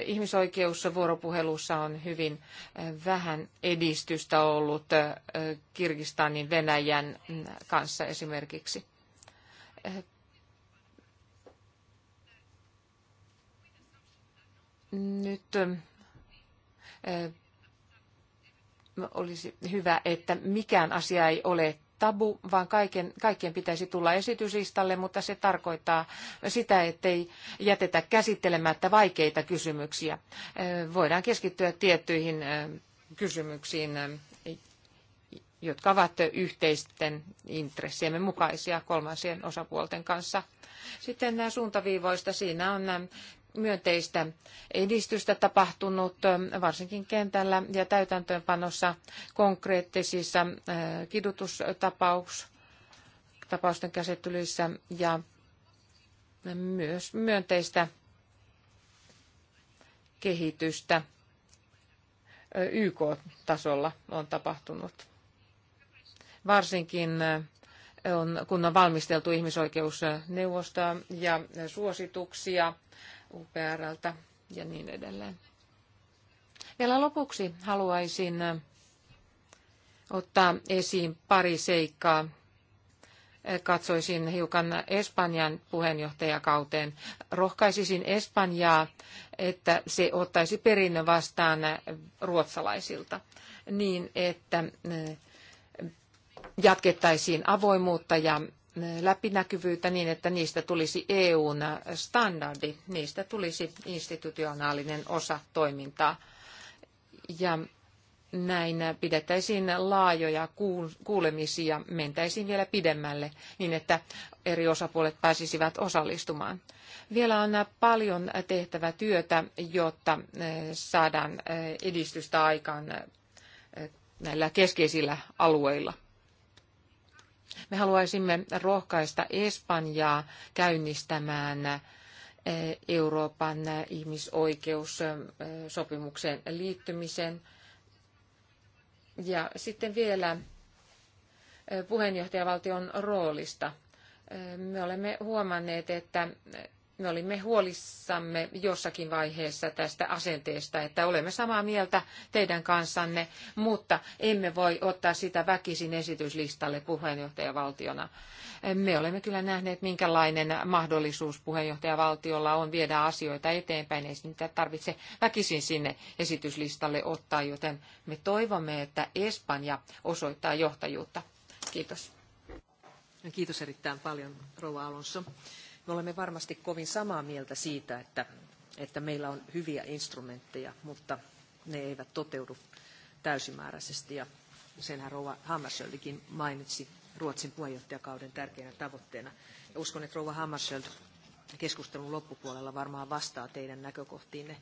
Ihmisoikeusvuoropuhelussa on hyvin vähän edistystä ollut Kirgistanin Venäjän kanssa esimerkiksi. Nyt olisi hyvä, että mikään asia ei ole tabu, vaan kaiken, kaikkien pitäisi tulla esityslistalle, mutta se tarkoittaa sitä, ettei jätetä käsittelemättä vaikeita kysymyksiä. Voidaan keskittyä tiettyihin kysymyksiin, jotka ovat yhteisten intressiemme mukaisia kolmansien osapuolten kanssa. Sitten nämä suuntaviivoista, siinä on myönteistä edistystä tapahtunut varsinkin kentällä ja täytäntöönpanossa konkreettisissa kidutustapausten käsittelyissä ja myös myönteistä kehitystä YK-tasolla on tapahtunut. Varsinkin on, kun on valmisteltu ihmisoikeusneuvostoa ja suosituksia UPRltä ja niin edelleen. Vielä lopuksi haluaisin ottaa esiin pari seikkaa. Katsoisin hiukan Espanjan puheenjohtajakauteen. Rohkaisisin Espanjaa, että se ottaisi perinnön vastaan ruotsalaisilta niin, että jatkettaisiin avoimuutta ja läpinäkyvyyttä niin, että niistä tulisi EUn standardi, niistä tulisi institutionaalinen osa toimintaa. Ja näin pidettäisiin laajoja kuulemisia, mentäisiin vielä pidemmälle niin, että eri osapuolet pääsisivät osallistumaan. Vielä on paljon tehtävä työtä, jotta eh, saadaan eh, edistystä aikaan eh, näillä keskeisillä alueilla. Me haluaisimme rohkaista Espanjaa käynnistämään eh, Euroopan ihmisoikeussopimuksen liittymisen. Ja sitten vielä eh, puheenjohtajavaltion roolista. Eh, me olemme huomanneet, että me olimme huolissamme jossakin vaiheessa tästä asenteesta, että olemme samaa mieltä teidän kanssanne, mutta emme voi ottaa sitä väkisin esityslistalle puheenjohtajavaltiona. Me olemme kyllä nähneet, minkälainen mahdollisuus puheenjohtajavaltiolla on viedä asioita eteenpäin. Ei niitä tarvitse väkisin sinne esityslistalle ottaa, joten me toivomme, että Espanja osoittaa johtajuutta. Kiitos. Kiitos erittäin paljon, Rova Alonso. Me olemme varmasti kovin samaa mieltä siitä, että, että meillä on hyviä instrumentteja, mutta ne eivät toteudu täysimääräisesti. Ja senhän Rouva Hammarskjöldikin mainitsi Ruotsin puheenjohtajakauden tärkeänä tavoitteena. Ja uskon, että Rouva Hammarskjöld keskustelun loppupuolella varmaan vastaa teidän näkökohtiinne.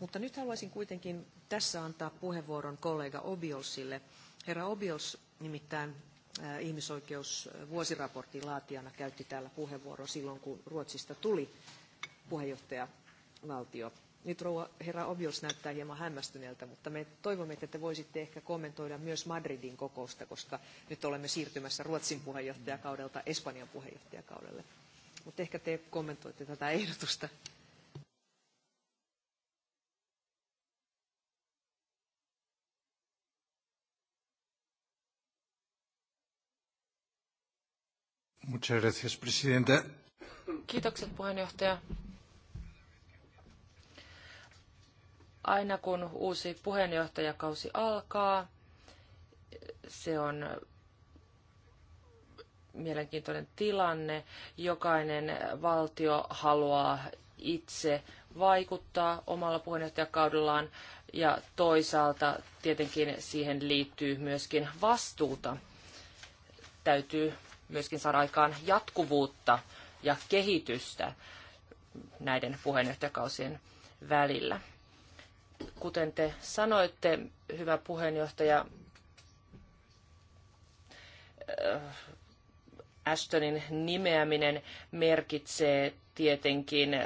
Mutta nyt haluaisin kuitenkin tässä antaa puheenvuoron kollega Obiolsille. Herra Obiols nimittäin ihmisoikeusvuosiraportin laatijana käytti täällä puheenvuoron silloin, kun Ruotsista tuli puheenjohtajavaltio. Nyt rouva herra Obiols näyttää hieman hämmästyneeltä, mutta me toivomme, että te voisitte ehkä kommentoida myös Madridin kokousta, koska nyt olemme siirtymässä Ruotsin puheenjohtajakaudelta Espanjan puheenjohtajakaudelle. Mutta ehkä te kommentoitte tätä ehdotusta. Muchas gracias, presidenta. Kiitokset puheenjohtaja. Aina kun uusi puheenjohtajakausi alkaa, se on mielenkiintoinen tilanne. Jokainen valtio haluaa itse vaikuttaa omalla puheenjohtajakaudellaan ja toisaalta tietenkin siihen liittyy myöskin vastuuta. Täytyy myöskin saada aikaan jatkuvuutta ja kehitystä näiden puheenjohtajakausien välillä. Kuten te sanoitte, hyvä puheenjohtaja, äh, Ashtonin nimeäminen merkitsee tietenkin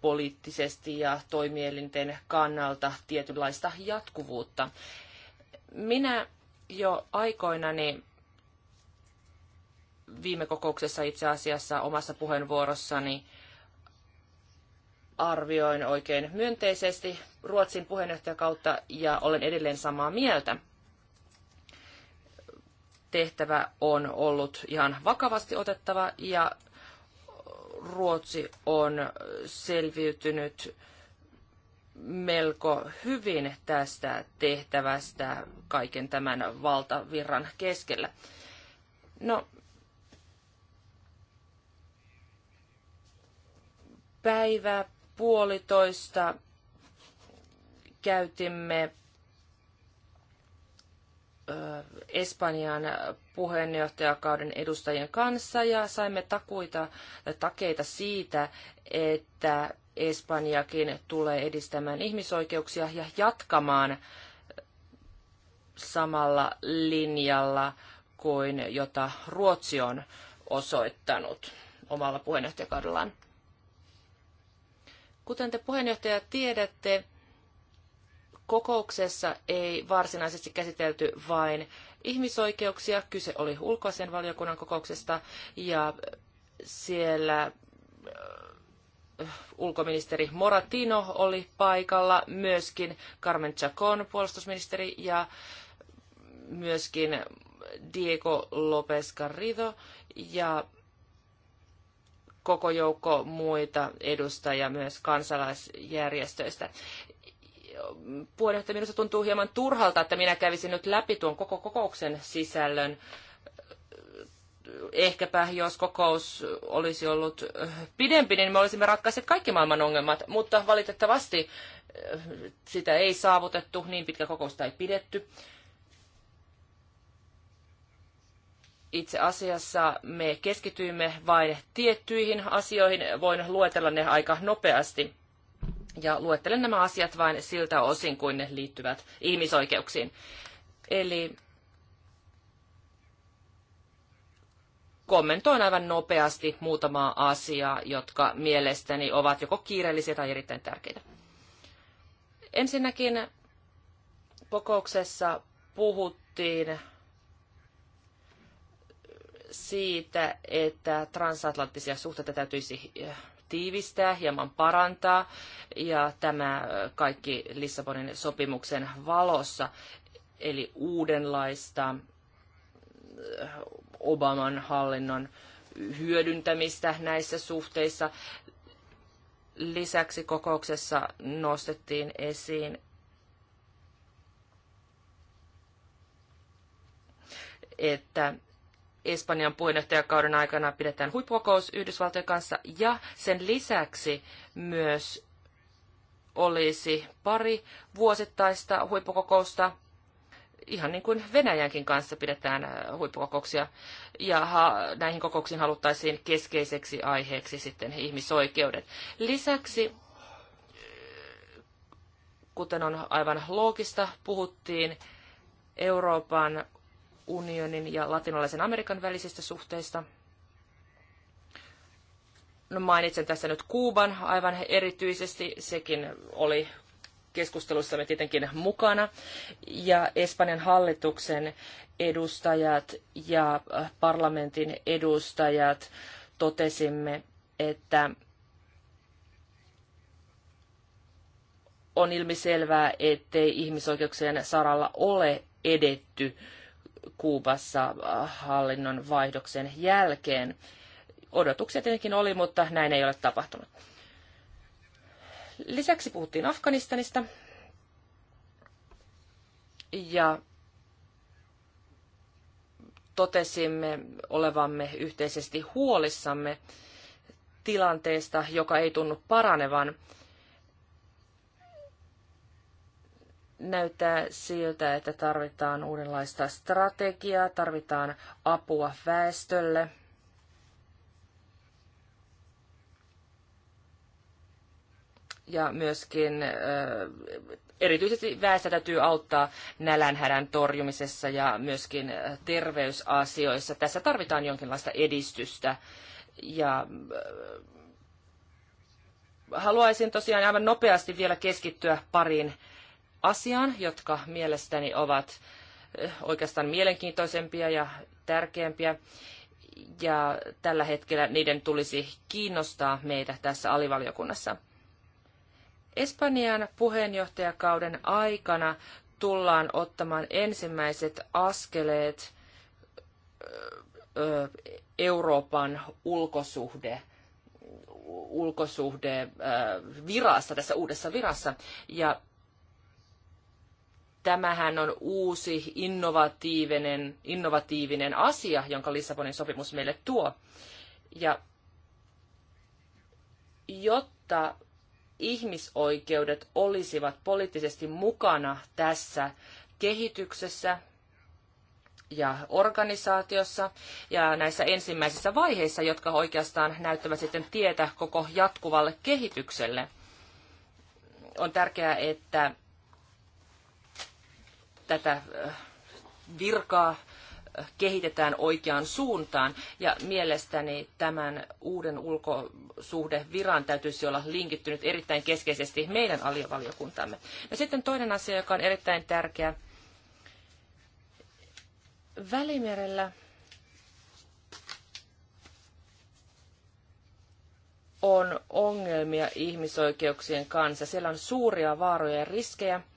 poliittisesti ja toimielinten kannalta tietynlaista jatkuvuutta. Minä jo aikoinani viime kokouksessa itse asiassa omassa puheenvuorossani arvioin oikein myönteisesti Ruotsin puheenjohtajakautta ja olen edelleen samaa mieltä. Tehtävä on ollut ihan vakavasti otettava ja Ruotsi on selviytynyt melko hyvin tästä tehtävästä kaiken tämän valtavirran keskellä. No, päivä puolitoista käytimme Espanjan puheenjohtajakauden edustajien kanssa ja saimme takuita, takeita siitä, että Espanjakin tulee edistämään ihmisoikeuksia ja jatkamaan samalla linjalla kuin jota Ruotsi on osoittanut omalla puheenjohtajakaudellaan. Kuten te puheenjohtaja tiedätte, kokouksessa ei varsinaisesti käsitelty vain ihmisoikeuksia. Kyse oli ulkoisen valiokunnan kokouksesta ja siellä äh, ulkoministeri Moratino oli paikalla, myöskin Carmen Chacon puolustusministeri ja myöskin Diego López Garrido ja koko joukko muita edustajia myös kansalaisjärjestöistä. Puheenjohtaja, minusta tuntuu hieman turhalta, että minä kävisin nyt läpi tuon koko kokouksen sisällön. Ehkäpä jos kokous olisi ollut pidempi, niin me olisimme ratkaisseet kaikki maailman ongelmat, mutta valitettavasti sitä ei saavutettu, niin pitkä kokousta ei pidetty. itse asiassa me keskityimme vain tiettyihin asioihin. Voin luetella ne aika nopeasti. Ja luettelen nämä asiat vain siltä osin, kuin ne liittyvät ihmisoikeuksiin. Eli kommentoin aivan nopeasti muutamaa asiaa, jotka mielestäni ovat joko kiireellisiä tai erittäin tärkeitä. Ensinnäkin kokouksessa puhuttiin siitä, että transatlanttisia suhteita täytyisi eh, tiivistää, hieman parantaa, ja tämä eh, kaikki Lissabonin sopimuksen valossa, eli uudenlaista eh, Obaman hallinnon hyödyntämistä näissä suhteissa. Lisäksi kokouksessa nostettiin esiin että Espanjan puheenjohtajakauden aikana pidetään huippukokous Yhdysvaltojen kanssa ja sen lisäksi myös olisi pari vuosittaista huippukokousta, ihan niin kuin Venäjänkin kanssa pidetään äh, huippukokouksia, ja näihin kokouksiin haluttaisiin keskeiseksi aiheeksi sitten ihmisoikeudet. Lisäksi, äh, kuten on aivan loogista, puhuttiin Euroopan unionin ja latinalaisen Amerikan välisistä suhteista. No mainitsen tässä nyt Kuuban aivan erityisesti, sekin oli keskustelussamme tietenkin mukana. Ja Espanjan hallituksen edustajat ja äh, parlamentin edustajat totesimme, että on ilmiselvää, ettei ihmisoikeuksien saralla ole edetty Kuubassa äh, hallinnon vaihdoksen jälkeen. Odotuksia tietenkin oli, mutta näin ei ole tapahtunut. Lisäksi puhuttiin Afganistanista ja totesimme olevamme yhteisesti huolissamme tilanteesta, joka ei tunnu paranevan näyttää siltä, että tarvitaan uudenlaista strategiaa, tarvitaan apua väestölle. Ja myöskin erityisesti väestö täytyy auttaa nälänhädän torjumisessa ja myöskin terveysasioissa. Tässä tarvitaan jonkinlaista edistystä. Ja haluaisin tosiaan aivan nopeasti vielä keskittyä pariin asiaan, jotka mielestäni ovat oikeastaan mielenkiintoisempia ja tärkeämpiä. Ja tällä hetkellä niiden tulisi kiinnostaa meitä tässä alivaliokunnassa. Espanjan puheenjohtajakauden aikana tullaan ottamaan ensimmäiset askeleet Euroopan ulkosuhde ulkosuhde virassa, tässä uudessa virassa. Ja tämähän on uusi innovatiivinen, innovatiivinen asia, jonka Lissabonin sopimus meille tuo. Ja jotta ihmisoikeudet olisivat poliittisesti mukana tässä kehityksessä ja organisaatiossa ja näissä ensimmäisissä vaiheissa, jotka oikeastaan näyttävät sitten tietä koko jatkuvalle kehitykselle. On tärkeää, että tätä äh, virkaa äh, kehitetään oikeaan suuntaan. Ja mielestäni tämän uuden ulkosuhdeviran täytyisi olla linkittynyt erittäin keskeisesti meidän aliovaliokuntamme. Ja no sitten toinen asia, joka on erittäin tärkeä. Välimerellä on ongelmia ihmisoikeuksien kanssa. Siellä on suuria vaaroja ja riskejä –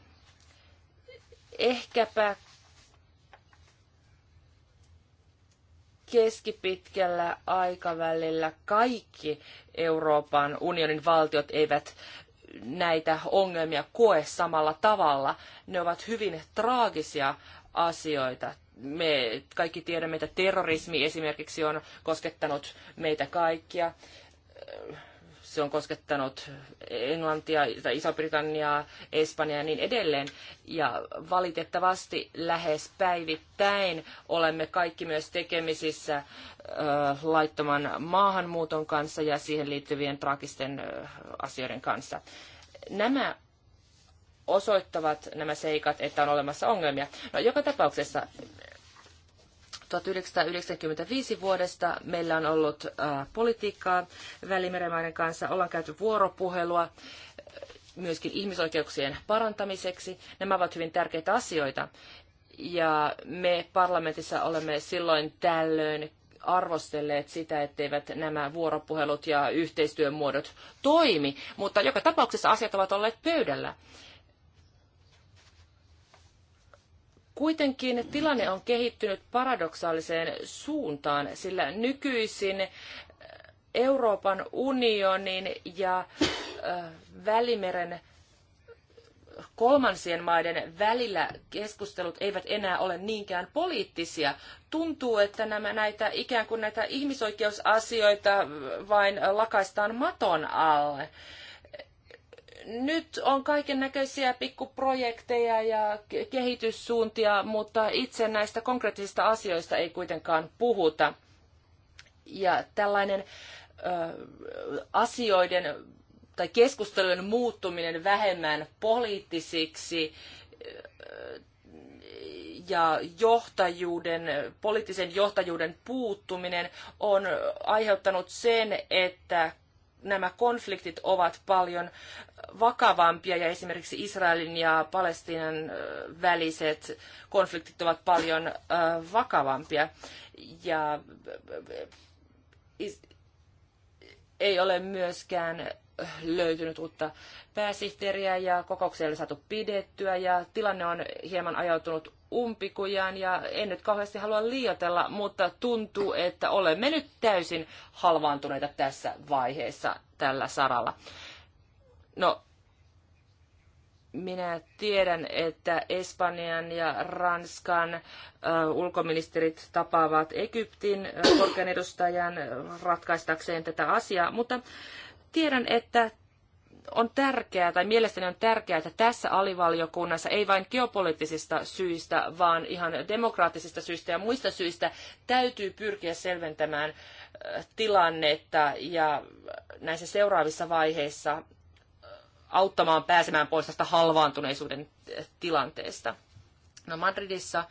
ehkäpä keskipitkällä aikavälillä kaikki Euroopan unionin valtiot eivät näitä ongelmia koe samalla tavalla. Ne ovat hyvin traagisia asioita. Me kaikki tiedämme, että terrorismi esimerkiksi on koskettanut meitä kaikkia se on koskettanut Englantia tai Iso-Britanniaa, Espanjaa ja niin edelleen. Ja valitettavasti lähes päivittäin olemme kaikki myös tekemisissä laittoman maahanmuuton kanssa ja siihen liittyvien traagisten asioiden kanssa. Nämä osoittavat nämä seikat, että on olemassa ongelmia. No, joka tapauksessa 1995 vuodesta meillä on ollut politiikkaa välimeremaiden kanssa, ollaan käyty vuoropuhelua myöskin ihmisoikeuksien parantamiseksi. Nämä ovat hyvin tärkeitä asioita. Ja me parlamentissa olemme silloin tällöin arvostelleet sitä, etteivät nämä vuoropuhelut ja yhteistyön muodot toimi, mutta joka tapauksessa asiat ovat olleet pöydällä. Kuitenkin tilanne on kehittynyt paradoksaaliseen suuntaan, sillä nykyisin eh, Euroopan unionin ja eh, Välimeren eh, kolmansien maiden välillä keskustelut eivät enää ole niinkään poliittisia. Tuntuu, että nämä näitä ikään kuin näitä ihmisoikeusasioita vain lakaistaan maton alle nyt on kaiken näköisiä pikkuprojekteja ja kehityssuuntia, mutta itse näistä konkreettisista asioista ei kuitenkaan puhuta. Ja tällainen ö, asioiden tai keskustelujen muuttuminen vähemmän poliittisiksi ja johtajuuden, poliittisen johtajuuden puuttuminen on aiheuttanut sen, että nämä konfliktit ovat paljon vakavampia ja esimerkiksi Israelin ja Palestiinan väliset konfliktit ovat paljon vakavampia. Ja ei ole myöskään löytynyt uutta pääsihteeriä ja kokouksia ei ole saatu pidettyä ja tilanne on hieman ajautunut umpikujaan ja en nyt kauheasti halua liioitella, mutta tuntuu, että olemme nyt täysin halvaantuneita tässä vaiheessa tällä saralla. No, minä tiedän, että Espanjan ja Ranskan ulkoministerit tapaavat Egyptin korkean edustajan ratkaistakseen tätä asiaa, mutta tiedän, että on tärkeää, tai mielestäni on tärkeää, että tässä alivaliokunnassa ei vain geopoliittisista syistä, vaan ihan demokraattisista syistä ja muista syistä täytyy pyrkiä selventämään äh, tilannetta ja näissä seuraavissa vaiheissa äh, auttamaan pääsemään pois tästä halvaantuneisuuden äh, tilanteesta. No Madridissa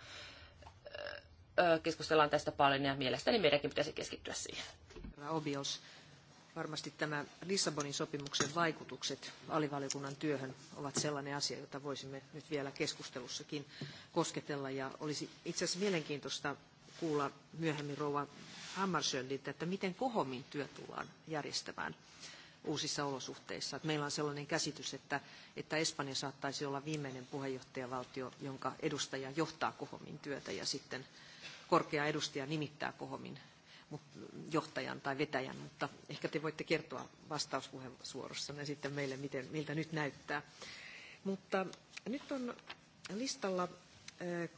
keskustellaan tästä paljon ja mielestäni meidänkin pitäisi keskittyä siihen. Varmasti tämä Lissabonin sopimuksen vaikutukset alivaliokunnan työhön ovat sellainen asia, jota voisimme nyt vielä keskustelussakin kosketella. Ja olisi itse asiassa mielenkiintoista kuulla myöhemmin rouva Hammarskjöldiltä, että miten Kohomin työ tullaan järjestämään uusissa olosuhteissa. Että meillä on sellainen käsitys, että, että Espanja saattaisi olla viimeinen puheenjohtajavaltio, jonka edustaja johtaa Kohomin työtä ja sitten korkea edustaja nimittää Kohomin johtajan tai vetäjän, mutta ehkä te voitte kertoa vastauspuheenvuorossanne sitten meille, miten, miltä nyt näyttää. Mutta nyt on listalla äh,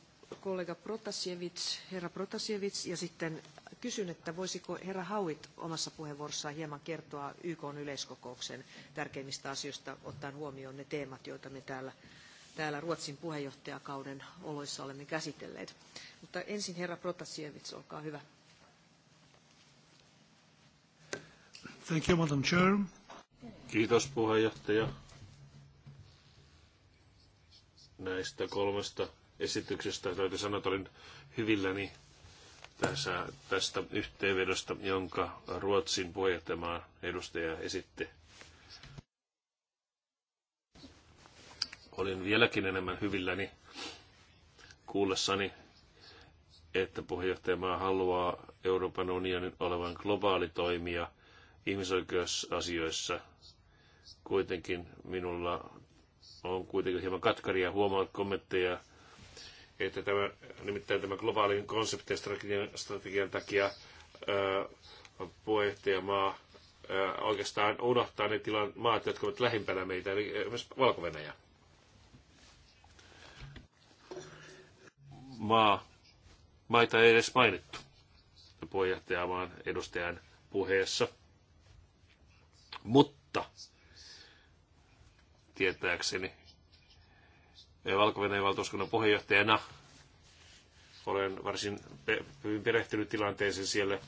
kollega Protasevich, herra Protasevich, ja sitten kysyn, että voisiko herra Hauit omassa puheenvuorossaan hieman kertoa YK yleiskokouksen tärkeimmistä asioista, ottaen huomioon ne teemat, joita me täällä, täällä Ruotsin puheenjohtajakauden oloissa olemme käsitelleet. Mutta ensin herra Protasevich, olkaa hyvä. Thank you, Madam Chair. Kiitos puheenjohtaja näistä kolmesta esityksestä. Täytyy sanoa, että olin hyvilläni tässä, tästä yhteenvedosta, jonka Ruotsin puheenjohtajamaan edustaja esitti. Olin vieläkin enemmän hyvilläni kuullessani, että puheenjohtajamaa haluaa Euroopan unionin olevan globaali toimija – ihmisoikeusasioissa. Kuitenkin minulla on kuitenkin hieman katkaria huomaa kommentteja, että tämä, nimittäin tämä globaalin ja strategian takia puheenjohtajamaa oikeastaan unohtaa ne tilan, maat, jotka ovat lähimpänä meitä, eli myös valko -Venäjä. Maa, maita ei edes mainittu puheenjohtajamaan edustajan puheessa. Mutta tietääkseni valko valtuuskunnan puheenjohtajana olen varsin hyvin perehtynyt tilanteeseen siellä.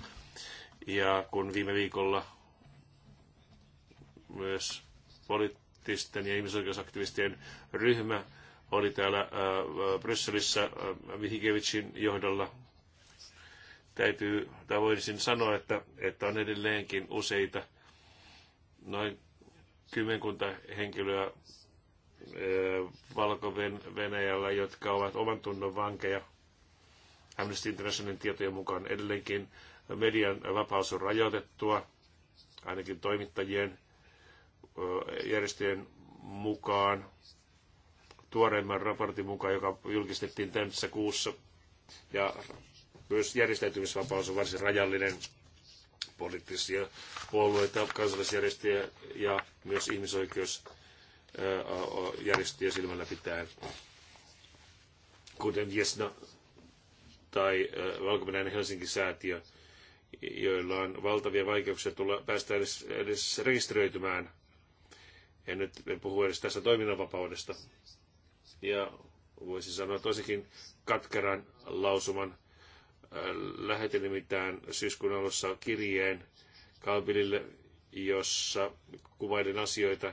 Ja kun viime viikolla myös poliittisten ja ihmisoikeusaktivistien ryhmä oli täällä ää, Brysselissä Vihikevicin johdolla. Täytyy, tai voisin sanoa, että, että on edelleenkin useita noin kymmenkunta henkilöä Valko-Venäjällä, jotka ovat oman tunnon vankeja. Amnesty Internationalin tietojen mukaan edelleenkin median vapaus on rajoitettua, ainakin toimittajien järjestöjen mukaan. Tuoreimman raportin mukaan, joka julkistettiin tässä kuussa. Ja myös järjestäytymisvapaus on varsin rajallinen poliittisia puolueita, kansalaisjärjestöjä ja myös ihmisoikeusjärjestöjä silmällä pitäen, kuten Jesna tai valko Helsinki-säätiö, joilla on valtavia vaikeuksia tulla, päästä edes, edes rekisteröitymään. En nyt puhu edes tästä toiminnanvapaudesta. Ja voisi sanoa tosikin katkeran lausuman Lähetin nimittäin syyskuun alussa kirjeen Kalbilille, jossa kuvailin asioita,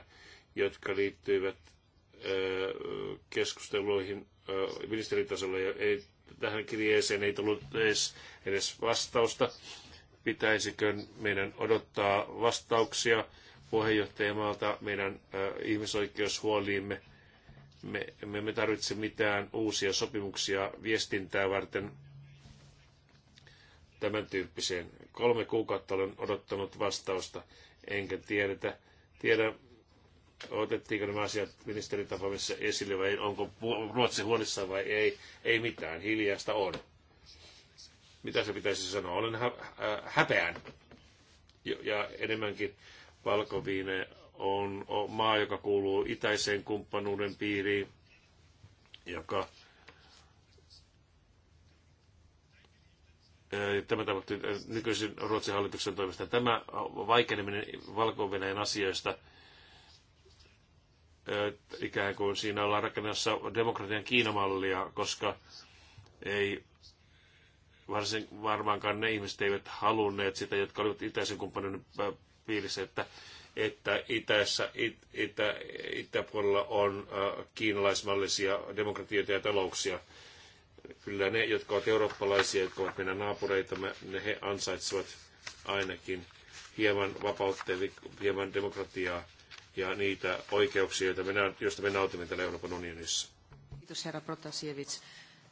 jotka liittyivät keskusteluihin ministeritasolla. Ja ei, tähän kirjeeseen ei tullut edes, edes vastausta. Pitäisikö meidän odottaa vastauksia puheenjohtajamaalta meidän ihmisoikeushuoliimme? me, me emme tarvitse mitään uusia sopimuksia viestintää varten tämän tyyppiseen. Kolme kuukautta olen odottanut vastausta, enkä tiedetä, tiedä, otettiinko nämä asiat ministeritapaamisessa esille vai onko Ruotsi huolissa vai ei. Ei mitään, hiljaista on. Mitä se pitäisi sanoa? Olen äh, häpeän. Ja enemmänkin valkoviine on maa, joka kuuluu itäiseen kumppanuuden piiriin, joka Tämä tapahtui nykyisin Ruotsin hallituksen toimesta. Tämä vaikeneminen valko asioista ikään kuin siinä ollaan rakennassa demokratian Kiinamallia, koska ei varsin varmaankaan ne ihmiset eivät halunneet sitä, jotka olivat itäisen kumppanin piirissä, että, että itässä, it, itä, itäpuolella on kiinalaismallisia demokratioita ja talouksia kyllä ne, jotka ovat eurooppalaisia, jotka ovat meidän naapureitamme, ne he ansaitsevat ainakin hieman vapautta ja hieman demokratiaa ja niitä oikeuksia, joita me, joista me nautimme täällä Euroopan unionissa. Kiitos herra Protasiewicz.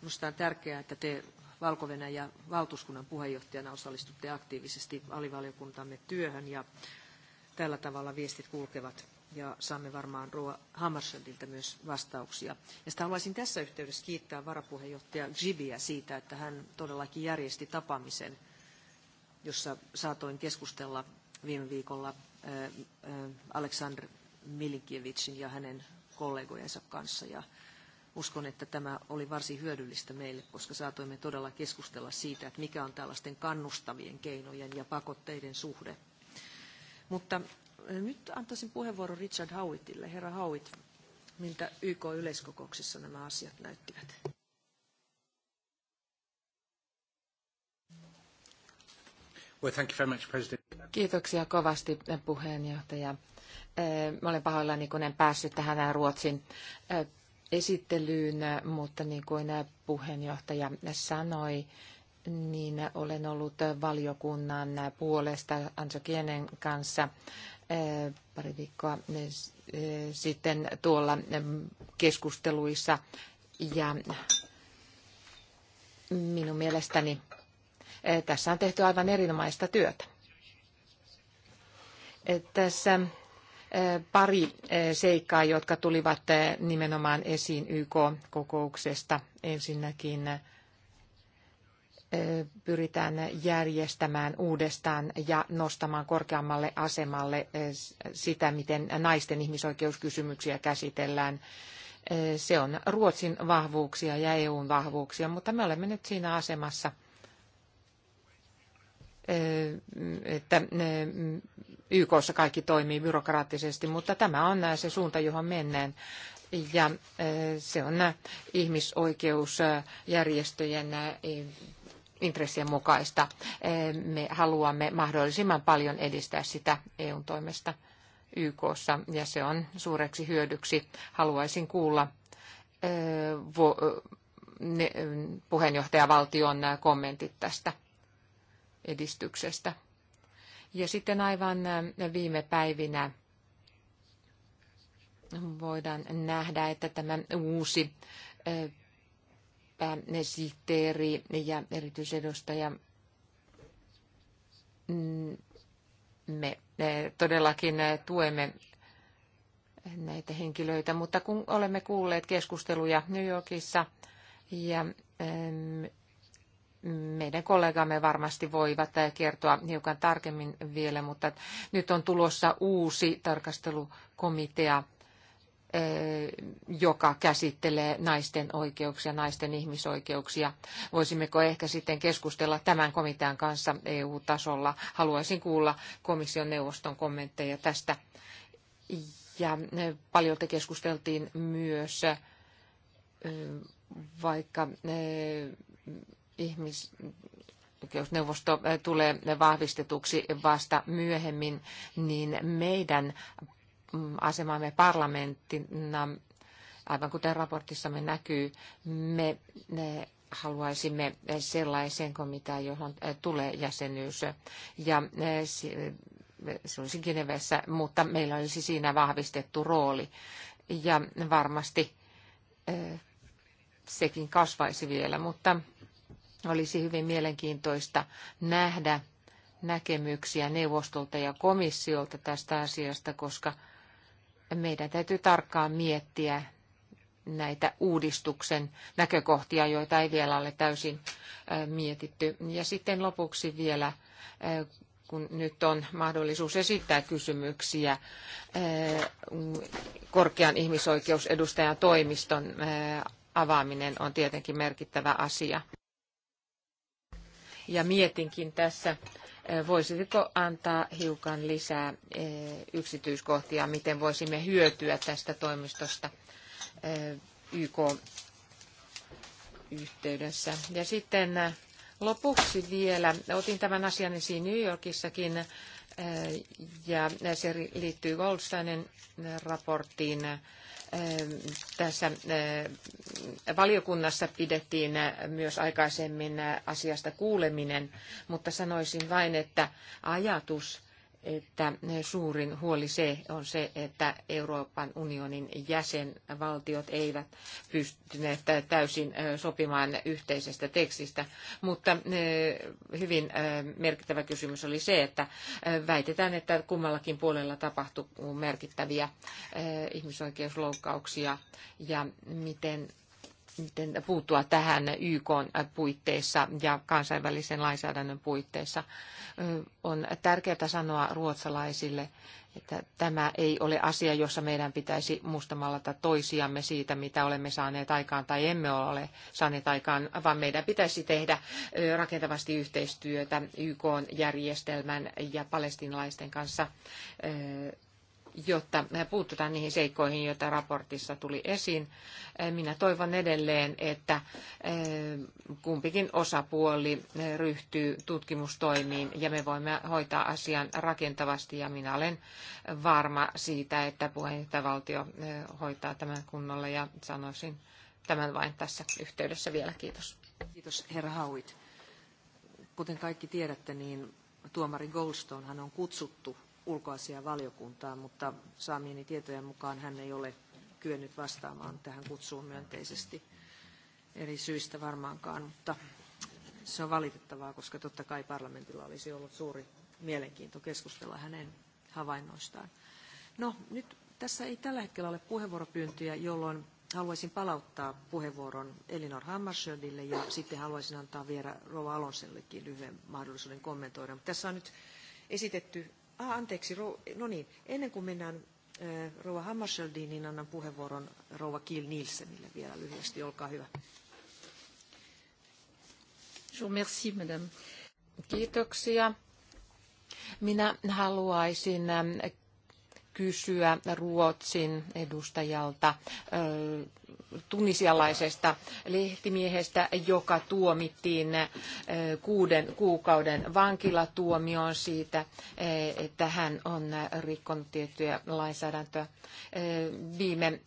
Minusta on tärkeää, että te valko ja valtuuskunnan puheenjohtajana osallistutte aktiivisesti alivaliokuntamme työhön ja tällä tavalla viestit kulkevat ja saamme varmaan Roa Hammarskjöldiltä myös vastauksia. Ja sitä haluaisin tässä yhteydessä kiittää varapuheenjohtaja Gibiä siitä, että hän todellakin järjesti tapaamisen, jossa saatoin keskustella viime viikolla Aleksandr Milinkievicin ja hänen kollegojensa kanssa. Ja uskon, että tämä oli varsin hyödyllistä meille, koska saatoimme todella keskustella siitä, että mikä on tällaisten kannustavien keinojen ja pakotteiden suhde. Mutta nyt antaisin puheenvuoron Richard Howittille. Herra Howitt, miltä YK-yleiskokouksessa nämä asiat näyttivät? Kiitoksia kovasti puheenjohtaja. Mä olen pahoillani, kun en päässyt tähän Ruotsin esittelyyn, mutta niin kuin puheenjohtaja sanoi, niin olen ollut valiokunnan puolesta Anso Kienen kanssa pari viikkoa sitten tuolla keskusteluissa. Ja minun mielestäni tässä on tehty aivan erinomaista työtä. Tässä pari seikkaa, jotka tulivat nimenomaan esiin YK-kokouksesta. Ensinnäkin pyritään järjestämään uudestaan ja nostamaan korkeammalle asemalle sitä, miten naisten ihmisoikeuskysymyksiä käsitellään. Se on Ruotsin vahvuuksia ja EUn vahvuuksia, mutta me olemme nyt siinä asemassa, että YKssa kaikki toimii byrokraattisesti, mutta tämä on se suunta, johon mennään. Ja se on ihmisoikeusjärjestöjen intressien mukaista. Me haluamme mahdollisimman paljon edistää sitä EUn toimesta YKssa ja se on suureksi hyödyksi. Haluaisin kuulla puheenjohtajavaltion kommentit tästä edistyksestä. Ja sitten aivan äh, viime päivinä voidaan nähdä, että tämä uusi äh, pääsihteeri ja erityisedustaja. Mm, me todellakin tuemme näitä henkilöitä, mutta kun olemme kuulleet keskusteluja New Yorkissa ja mm, meidän kollegamme varmasti voivat kertoa hiukan tarkemmin vielä, mutta nyt on tulossa uusi tarkastelukomitea joka käsittelee naisten oikeuksia, naisten ihmisoikeuksia. Voisimmeko ehkä sitten keskustella tämän komitean kanssa EU-tasolla? Haluaisin kuulla komission neuvoston kommentteja tästä. Ja paljolti keskusteltiin myös vaikka ihmis, neuvosto tulee vahvistetuksi vasta myöhemmin, niin meidän asemamme parlamenttina, aivan kuten raportissamme näkyy, me haluaisimme sellaisen komitean, johon tulee jäsenyys. Ja e, e, se olisi Genevessä, mutta meillä olisi siinä vahvistettu rooli. Ja varmasti e, sekin kasvaisi vielä, mutta olisi hyvin mielenkiintoista nähdä näkemyksiä neuvostolta ja komissiolta tästä asiasta, koska meidän täytyy tarkkaan miettiä näitä uudistuksen näkökohtia, joita ei vielä ole täysin mietitty. Ja sitten lopuksi vielä, kun nyt on mahdollisuus esittää kysymyksiä korkean ihmisoikeusedustajan toimiston avaaminen on tietenkin merkittävä asia. Ja mietinkin tässä, Voisitko antaa hiukan lisää yksityiskohtia, miten voisimme hyötyä tästä toimistosta YK-yhteydessä? Ja sitten lopuksi vielä, otin tämän asian esiin New Yorkissakin, ja se liittyy Goldsteinin raporttiin Ähm, tässä äh, valiokunnassa pidettiin äh, myös aikaisemmin äh, asiasta kuuleminen, mutta sanoisin vain, että ajatus että suurin huoli se on se, että Euroopan unionin jäsenvaltiot eivät pystyneet täysin sopimaan yhteisestä tekstistä, mutta hyvin merkittävä kysymys oli se, että väitetään, että kummallakin puolella tapahtuu merkittäviä ihmisoikeusloukkauksia ja miten miten puuttua tähän YK puitteissa ja kansainvälisen lainsäädännön puitteissa. On tärkeää sanoa ruotsalaisille, että tämä ei ole asia, jossa meidän pitäisi mustamallata toisiamme siitä, mitä olemme saaneet aikaan tai emme ole saaneet aikaan, vaan meidän pitäisi tehdä rakentavasti yhteistyötä YK-järjestelmän ja palestinalaisten kanssa jotta puututaan niihin seikkoihin, joita raportissa tuli esiin. Eh, minä toivon edelleen, että eh, kumpikin osapuoli eh, ryhtyy tutkimustoimiin ja me voimme hoitaa asian rakentavasti ja minä olen varma siitä, että puheenjohtajavaltio hoitaa tämän kunnolla ja sanoisin tämän vain tässä yhteydessä vielä. Kiitos. Kiitos herra Hauit. Kuten kaikki tiedätte, niin tuomari Goldstone hän on kutsuttu valiokuntaan, mutta saamieni tietojen mukaan hän ei ole kyennyt vastaamaan tähän kutsuun myönteisesti eri syistä varmaankaan, mutta se on valitettavaa, koska totta kai parlamentilla olisi ollut suuri mielenkiinto keskustella hänen havainnoistaan. No, nyt tässä ei tällä hetkellä ole puheenvuoropyyntöjä, jolloin haluaisin palauttaa puheenvuoron Elinor Hammarskjöldille ja sitten haluaisin antaa vielä Rova Alonsellekin lyhyen mahdollisuuden kommentoida. Mutta tässä on nyt esitetty Ah, anteeksi, rou, no niin, ennen kuin mennään äh, rouva Hammarskjöldiin, niin annan puheenvuoron rouva Kiel Nielsenille vielä lyhyesti. Olkaa hyvä. Kiitoksia. Minä haluaisin kysyä Ruotsin edustajalta tunisialaisesta lehtimiehestä, joka tuomittiin kuuden kuukauden vankilatuomioon siitä, että hän on rikkonut tiettyjä lainsäädäntöä. Viime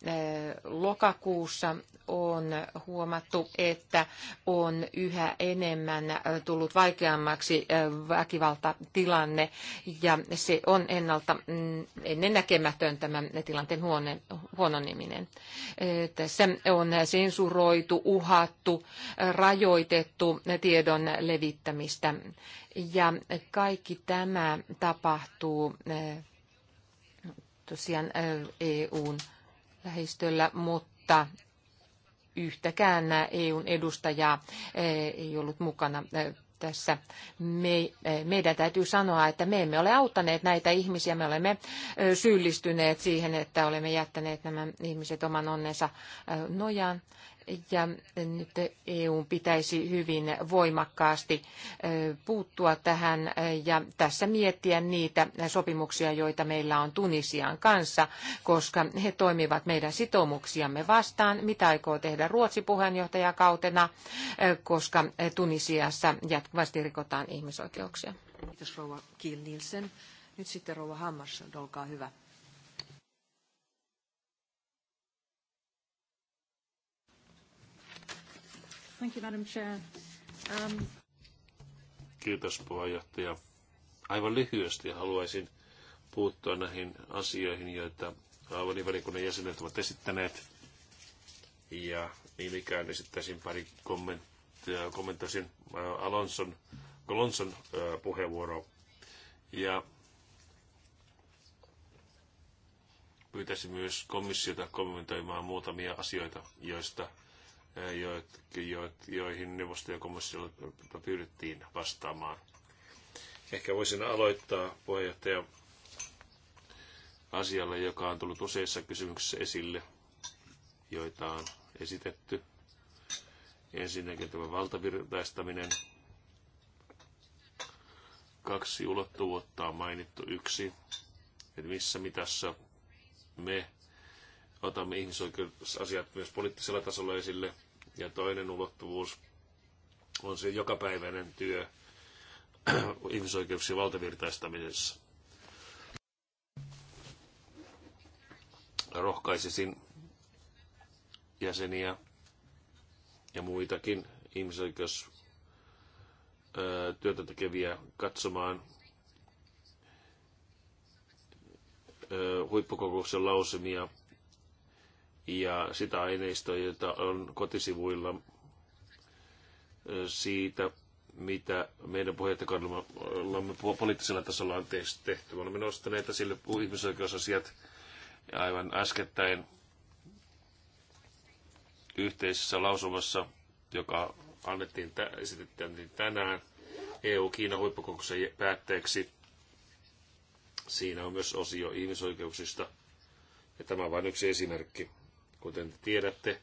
lokakuussa on huomattu, että on yhä enemmän tullut vaikeammaksi väkivaltatilanne ja se on ennalta mm, ennennäkemätön tämän tilanteen huone, huononiminen. Tässä on sensuroitu, uhattu, rajoitettu tiedon levittämistä ja kaikki tämä tapahtuu tosiaan EUn lähistöllä, mutta yhtäkään EUn edustajaa eh, ei ollut mukana eh, tässä. Me, eh, meidän täytyy sanoa, että me emme ole auttaneet näitä ihmisiä, me olemme syyllistyneet siihen, että olemme jättäneet nämä ihmiset oman onnensa nojaan ja nyt EU pitäisi hyvin voimakkaasti puuttua tähän ja tässä miettiä niitä sopimuksia, joita meillä on Tunisian kanssa, koska he toimivat meidän sitoumuksiamme vastaan. Mitä aikoo tehdä Ruotsi puheenjohtajakautena, koska Tunisiassa jatkuvasti rikotaan ihmisoikeuksia? Kiitos rouva Kiil Nielsen. Nyt sitten rouva Hammarsson. olkaa hyvä. Thank you, Madam Chair. Um... Kiitos puheenjohtaja. Aivan lyhyesti haluaisin puuttua näihin asioihin, joita valiokunnan jäsenet ovat esittäneet. Ja niin ikään esittäisin pari kommenttia, kommentoisin äh, Alonson, Alonson äh, puheenvuoroa. Ja pyytäisin myös komissiota kommentoimaan muutamia asioita, joista joihin neuvosto ja komissio pyydettiin vastaamaan. Ehkä voisin aloittaa puheenjohtaja asialla, joka on tullut useissa kysymyksissä esille, joita on esitetty. Ensinnäkin tämä valtavirtaistaminen. Kaksi ulottuvuutta on mainittu. Yksi, että missä mitassa me otamme ihmisoikeusasiat myös poliittisella tasolla esille – ja toinen ulottuvuus on se jokapäiväinen työ *clears throat* ihmisoikeuksien valtavirtaistamisessa. Rohkaisisin jäseniä ja muitakin ihmisoikeus työtä tekeviä katsomaan huippukokouksen lausumia ja sitä aineistoa, jota on kotisivuilla siitä, mitä meidän puheenjohtajakaudellamme poliittisella tasolla on tehty. Me olemme nostaneet esille ihmisoikeusasiat aivan äskettäin yhteisessä lausumassa, joka annettiin, esitettiin niin tänään EU-Kiina-huippukokouksen päätteeksi. Siinä on myös osio ihmisoikeuksista. Ja tämä on vain yksi esimerkki. Kuten tiedätte,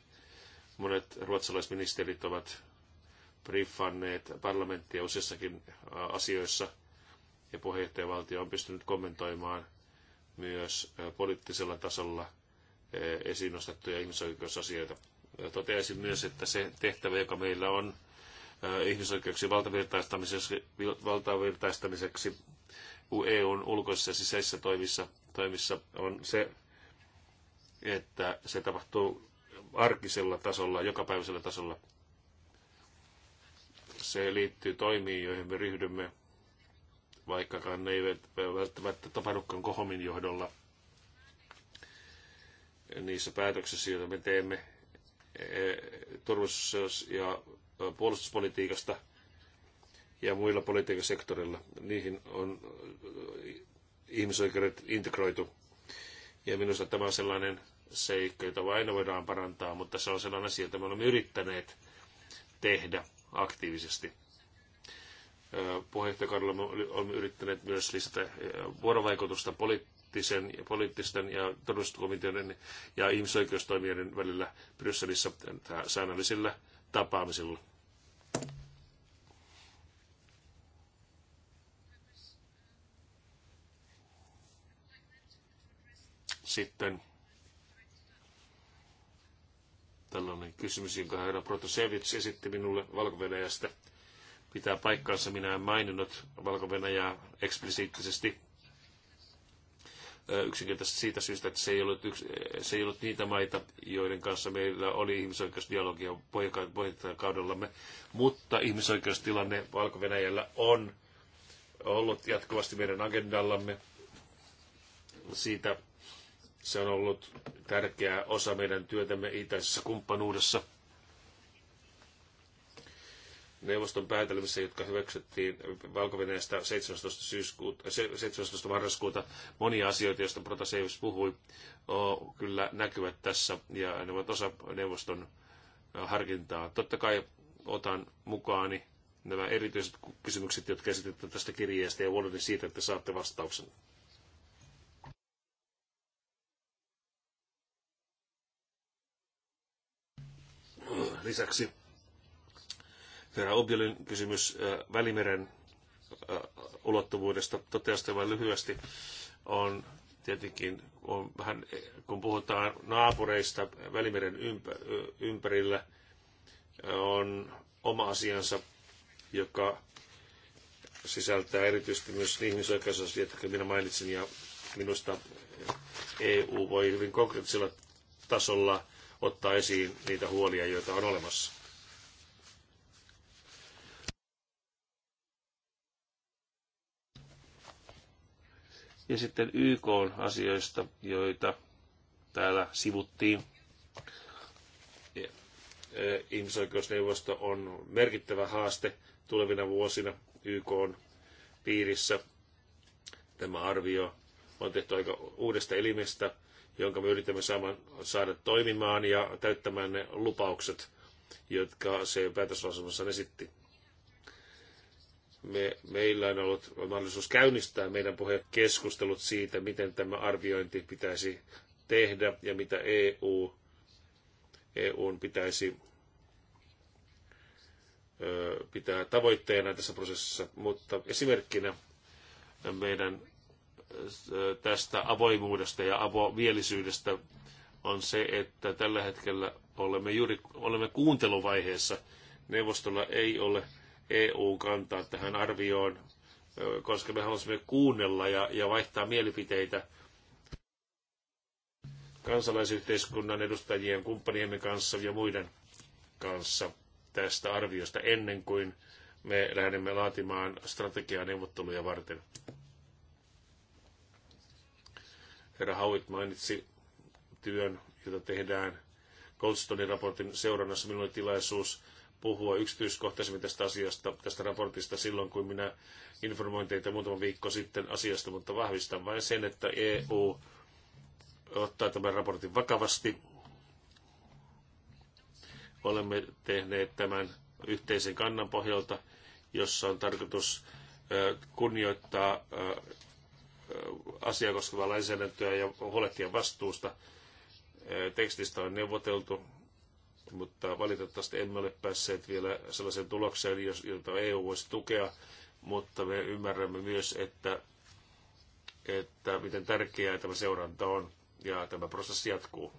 monet ruotsalaisministerit ovat briefanneet parlamenttia useissakin asioissa, ja puheenjohtajavaltio on pystynyt kommentoimaan myös poliittisella tasolla esiin nostettuja ihmisoikeusasioita. Toteaisin myös, että se tehtävä, joka meillä on ihmisoikeuksien valtavirtaistamiseksi, valtavirtaistamiseksi EUn ulkoisissa ja sisäisissä toimissa, toimissa on se, että se tapahtuu arkisella tasolla, jokapäiväisellä tasolla. Se liittyy toimiin, joihin me ryhdymme, vaikkakaan ne eivät välttämättä tapahdukaan kohomin johdolla. Niissä päätöksissä, joita me teemme e, turvallisuus- ja puolustuspolitiikasta ja muilla sektorilla. niihin on ihmisoikeudet integroitu. Ja minusta tämä on sellainen seikka, jota aina voidaan parantaa, mutta se on sellainen asia, jota me olemme yrittäneet tehdä aktiivisesti. Puheenjohtajakaudella olemme yrittäneet myös lisätä vuorovaikutusta poliittisen, poliittisten ja todistuskomiteoiden ja ihmisoikeustoimijoiden välillä Brysselissä säännöllisillä tapaamisilla. Sitten Tällainen kysymys, jonka herra Protosevits esitti minulle valko -Venäjästä. Pitää paikkaansa, minä en maininnut valko eksplisiittisesti yksinkertaisesti siitä syystä, että se ei, ollut yks, se ei ollut niitä maita, joiden kanssa meillä oli ihmisoikeusdialogia kaudellamme, mutta ihmisoikeustilanne valko on ollut jatkuvasti meidän agendallamme. Siitä se on ollut tärkeä osa meidän työtämme itäisessä kumppanuudessa. Neuvoston päätelmissä, jotka hyväksyttiin valko 17. Syyskuuta, 17. marraskuuta, monia asioita, joista Protasevic puhui, kyllä näkyvät tässä ja ne ovat osa neuvoston harkintaa. Totta kai otan mukaani nämä erityiset kysymykset, jotka esitetään tästä kirjeestä ja huolehdin siitä, että saatte vastauksen. Lisäksi herra Obiolin kysymys Välimeren ulottuvuudesta toteasta vain lyhyesti on tietenkin, on vähän, kun puhutaan naapureista Välimeren ympärillä, on oma asiansa, joka sisältää erityisesti myös ihmisoikeusasiat, jotka minä mainitsin, ja minusta EU voi hyvin konkreettisella tasolla ottaa esiin niitä huolia, joita on olemassa. Ja sitten YK on asioista, joita täällä sivuttiin. Ihmisoikeusneuvosto on merkittävä haaste tulevina vuosina YK on piirissä. Tämä arvio on tehty aika uudesta elimestä, jonka me yritämme saada toimimaan ja täyttämään ne lupaukset, jotka se päätöslausumassa esitti. Me, meillä on ollut mahdollisuus käynnistää meidän puheen keskustelut siitä, miten tämä arviointi pitäisi tehdä ja mitä EU, EUn pitäisi pitää tavoitteena tässä prosessissa, mutta esimerkkinä meidän tästä avoimuudesta ja avomielisyydestä on se, että tällä hetkellä olemme, juuri, olemme kuunteluvaiheessa. Neuvostolla ei ole EU-kantaa tähän arvioon, koska me haluaisimme kuunnella ja, ja vaihtaa mielipiteitä kansalaisyhteiskunnan edustajien, kumppaniemme kanssa ja muiden kanssa tästä arviosta ennen kuin me lähdemme laatimaan strategiaa neuvotteluja varten. Herra Hauit mainitsi työn, jota tehdään Goldstonein raportin seurannassa. Minulla oli tilaisuus puhua yksityiskohtaisemmin tästä asiasta, tästä raportista silloin, kun minä informoin teitä muutama viikko sitten asiasta, mutta vahvistan vain sen, että EU ottaa tämän raportin vakavasti. Olemme tehneet tämän yhteisen kannan pohjalta, jossa on tarkoitus kunnioittaa asiaa koskevaa lainsäädäntöä ja huolehtia vastuusta. Tekstistä on neuvoteltu, mutta valitettavasti emme ole päässeet vielä sellaiseen tulokseen, jota EU voisi tukea, mutta me ymmärrämme myös, että, että miten tärkeää tämä seuranta on ja tämä prosessi jatkuu.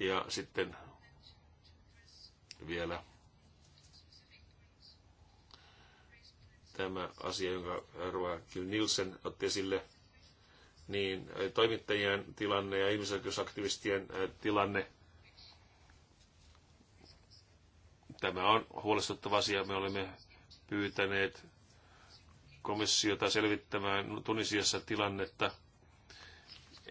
Ja sitten vielä tämä asia, jonka Rova Nielsen otti esille, niin toimittajien tilanne ja ihmisoikeusaktivistien tilanne, tämä on huolestuttava asia. Me olemme pyytäneet komissiota selvittämään Tunisiassa tilannetta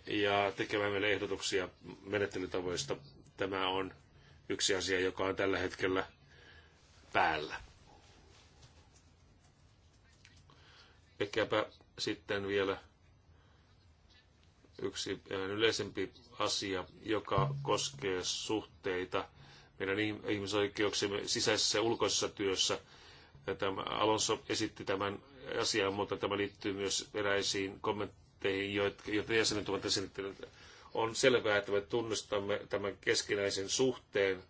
ja tekemään meille ehdotuksia menettelytavoista. Tämä on yksi asia, joka on tällä hetkellä päällä. Ehkäpä sitten vielä yksi yleisempi asia, joka koskee suhteita meidän ihmisoikeuksiemme sisäisessä ja ulkoisessa työssä. Tämä Alonso esitti tämän asian, mutta tämä liittyy myös eräisiin kommentteihin, joita jäsenet ovat esittäneet. On selvää, että me tunnustamme tämän keskinäisen suhteen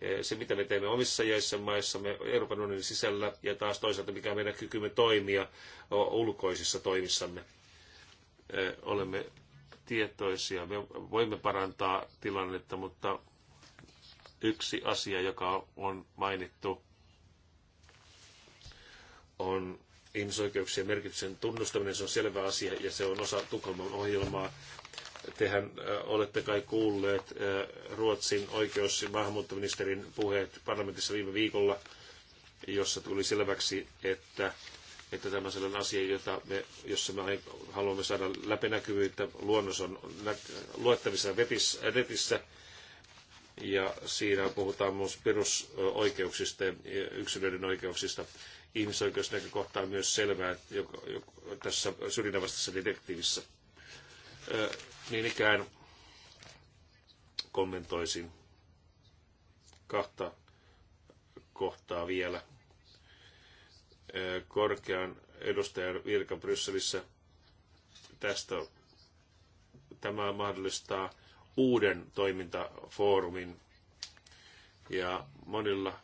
Eh, se, mitä me teemme omissa jäsenmaissamme Euroopan unionin sisällä ja taas toisaalta mikä meidän kykymme toimia ulkoisissa toimissamme. Eh, olemme tietoisia, me voimme parantaa tilannetta, mutta yksi asia, joka on mainittu, on ihmisoikeuksien merkityksen tunnustaminen. Se on selvä asia ja se on osa Tukholman ohjelmaa. Tehän olette kai kuulleet Ruotsin oikeus- ja maahanmuuttoministerin puheet parlamentissa viime viikolla, jossa tuli selväksi, että, että tämä on sellainen asia, jota me, jossa me haluamme saada läpinäkyvyyttä. Luonnos on luettavissa netissä ja siinä puhutaan myös perusoikeuksista ja yksilöiden oikeuksista. Ihmisoikeusnäkökohta on myös selvää että tässä syrjinnänvastaisessa direktiivissä. Niin ikään kommentoisin kahta kohtaa vielä. Korkean edustajan virka Brysselissä tästä tämä mahdollistaa uuden toimintafoorumin ja monilla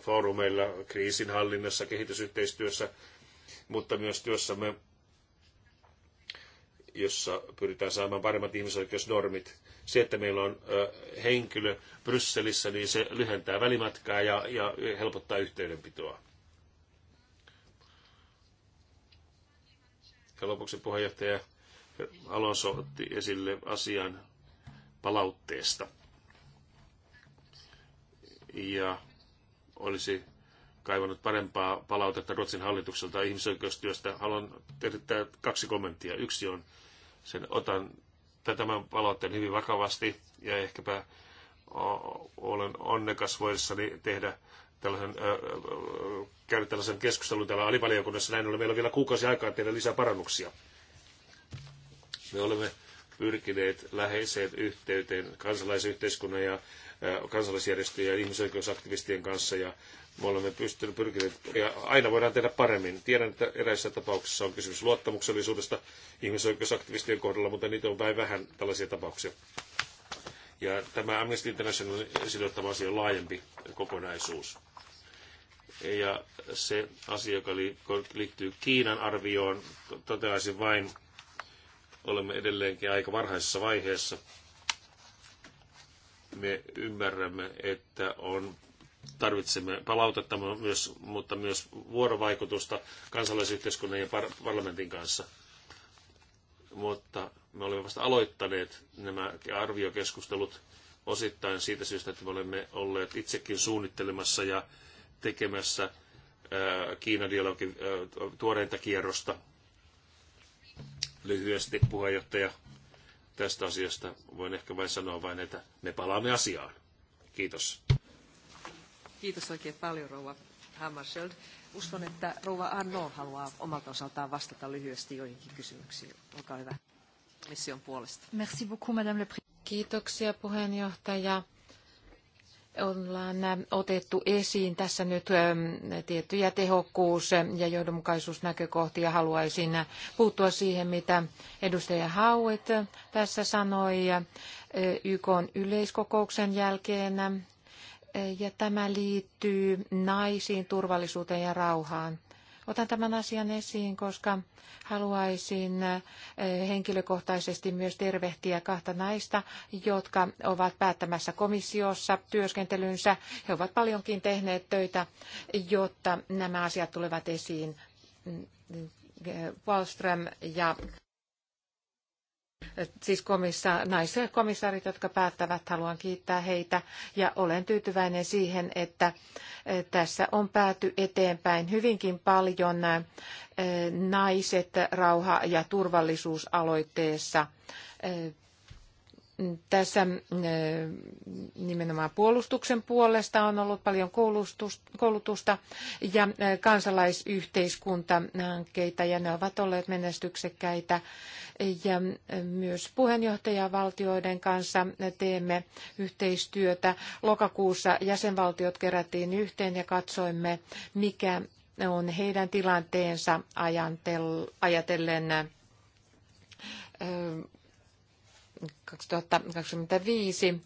foorumeilla kriisinhallinnassa, kehitysyhteistyössä, mutta myös työssämme jossa pyritään saamaan paremmat ihmisoikeusnormit. Se, että meillä on henkilö Brysselissä, niin se lyhentää välimatkaa ja, ja helpottaa yhteydenpitoa. Ja lopuksi puheenjohtaja Alonso otti esille asian palautteesta. Ja olisi kaivannut parempaa palautetta Ruotsin hallitukselta ihmisoikeustyöstä. Haluan tehdä kaksi kommenttia. Yksi on sen otan tämän palautteen hyvin vakavasti ja ehkäpä olen onnekas voidessani tehdä tällaisen, käydä tällaisen keskustelun täällä alivaliokunnassa. Näin ollen meillä on vielä kuukausi aikaa tehdä lisää parannuksia. Me olemme pyrkineet läheiseen yhteyteen kansalaisyhteiskunnan ja kansalaisjärjestöjen ja ihmisoikeusaktivistien kanssa ja me olemme pystyneet pyrkineet, ja aina voidaan tehdä paremmin. Tiedän, että eräissä tapauksissa on kysymys luottamuksellisuudesta ihmisoikeusaktivistien kohdalla, mutta niitä on vain vähän tällaisia tapauksia. Ja tämä Amnesty Internationalin sidottama asia on laajempi kokonaisuus. Ja se asia, joka liittyy Kiinan arvioon, toteaisin vain, olemme edelleenkin aika varhaisessa vaiheessa. Me ymmärrämme, että on Tarvitsemme palautetta myös, mutta myös vuorovaikutusta kansalaisyhteiskunnan ja parlamentin kanssa. Mutta me olemme vasta aloittaneet nämä arviokeskustelut osittain siitä syystä, että me olemme olleet itsekin suunnittelemassa ja tekemässä Kiinan dialogin tuoreinta kierrosta. Lyhyesti puheenjohtaja tästä asiasta voin ehkä vain sanoa vain, että me palaamme asiaan. Kiitos. Kiitos oikein paljon, rouva Hammarskjöld. Uskon, että rouva Arno haluaa omalta osaltaan vastata lyhyesti joihinkin kysymyksiin. Olkaa hyvä Mission puolesta. Merci beaucoup, madame le Kiitoksia puheenjohtaja. Ollaan äh, otettu esiin tässä nyt ähm, tiettyjä tehokkuus- ja johdonmukaisuusnäkökohtia. Haluaisin äh, puuttua siihen, mitä edustaja Hauet äh, tässä sanoi YK yleiskokouksen jälkeen ja tämä liittyy naisiin, turvallisuuteen ja rauhaan. Otan tämän asian esiin, koska haluaisin eh, henkilökohtaisesti myös tervehtiä kahta naista, jotka ovat päättämässä komissiossa työskentelynsä. He ovat paljonkin tehneet töitä, jotta nämä asiat tulevat esiin. Mm, eh, Wallström ja siis komissa, naiskomissaarit, jotka päättävät. Haluan kiittää heitä ja olen tyytyväinen siihen, että eh, tässä on pääty eteenpäin hyvinkin paljon eh, naiset rauha- ja turvallisuusaloitteessa. Eh, tässä mm, äh, nimenomaan puolustuksen puolesta on ollut paljon koulutusta ja äh, kansalaisyhteiskuntahankkeita ja ne ovat olleet menestyksekkäitä. Ja äh, myös puheenjohtajavaltioiden kanssa teemme yhteistyötä. Lokakuussa jäsenvaltiot kerättiin yhteen ja katsoimme, mikä on heidän tilanteensa ajatellen 2025.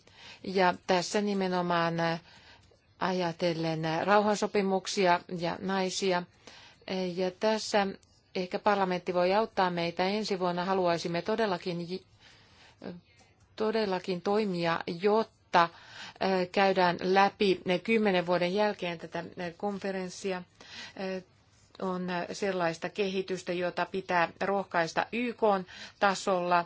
Ja tässä nimenomaan ajatellen rauhansopimuksia ja naisia. Ja tässä ehkä parlamentti voi auttaa meitä. Ensi vuonna haluaisimme todellakin, todellakin toimia, jotta käydään läpi kymmenen vuoden jälkeen tätä konferenssia on sellaista kehitystä, jota pitää rohkaista YK tasolla.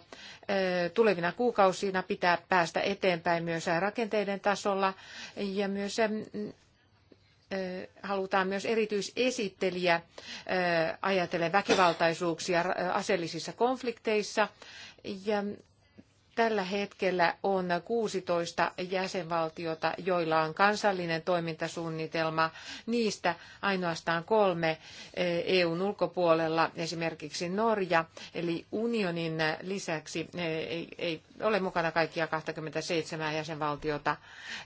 Tulevina kuukausina pitää päästä eteenpäin myös rakenteiden tasolla ja myös halutaan myös erityisesittelijä ajatellen väkivaltaisuuksia aseellisissa konflikteissa ja Tällä hetkellä on 16 jäsenvaltiota, joilla on kansallinen toimintasuunnitelma. Niistä ainoastaan kolme eh, EUn ulkopuolella, esimerkiksi Norja, eli unionin lisäksi eh, ei, ei ole mukana kaikkia 27 jäsenvaltiota.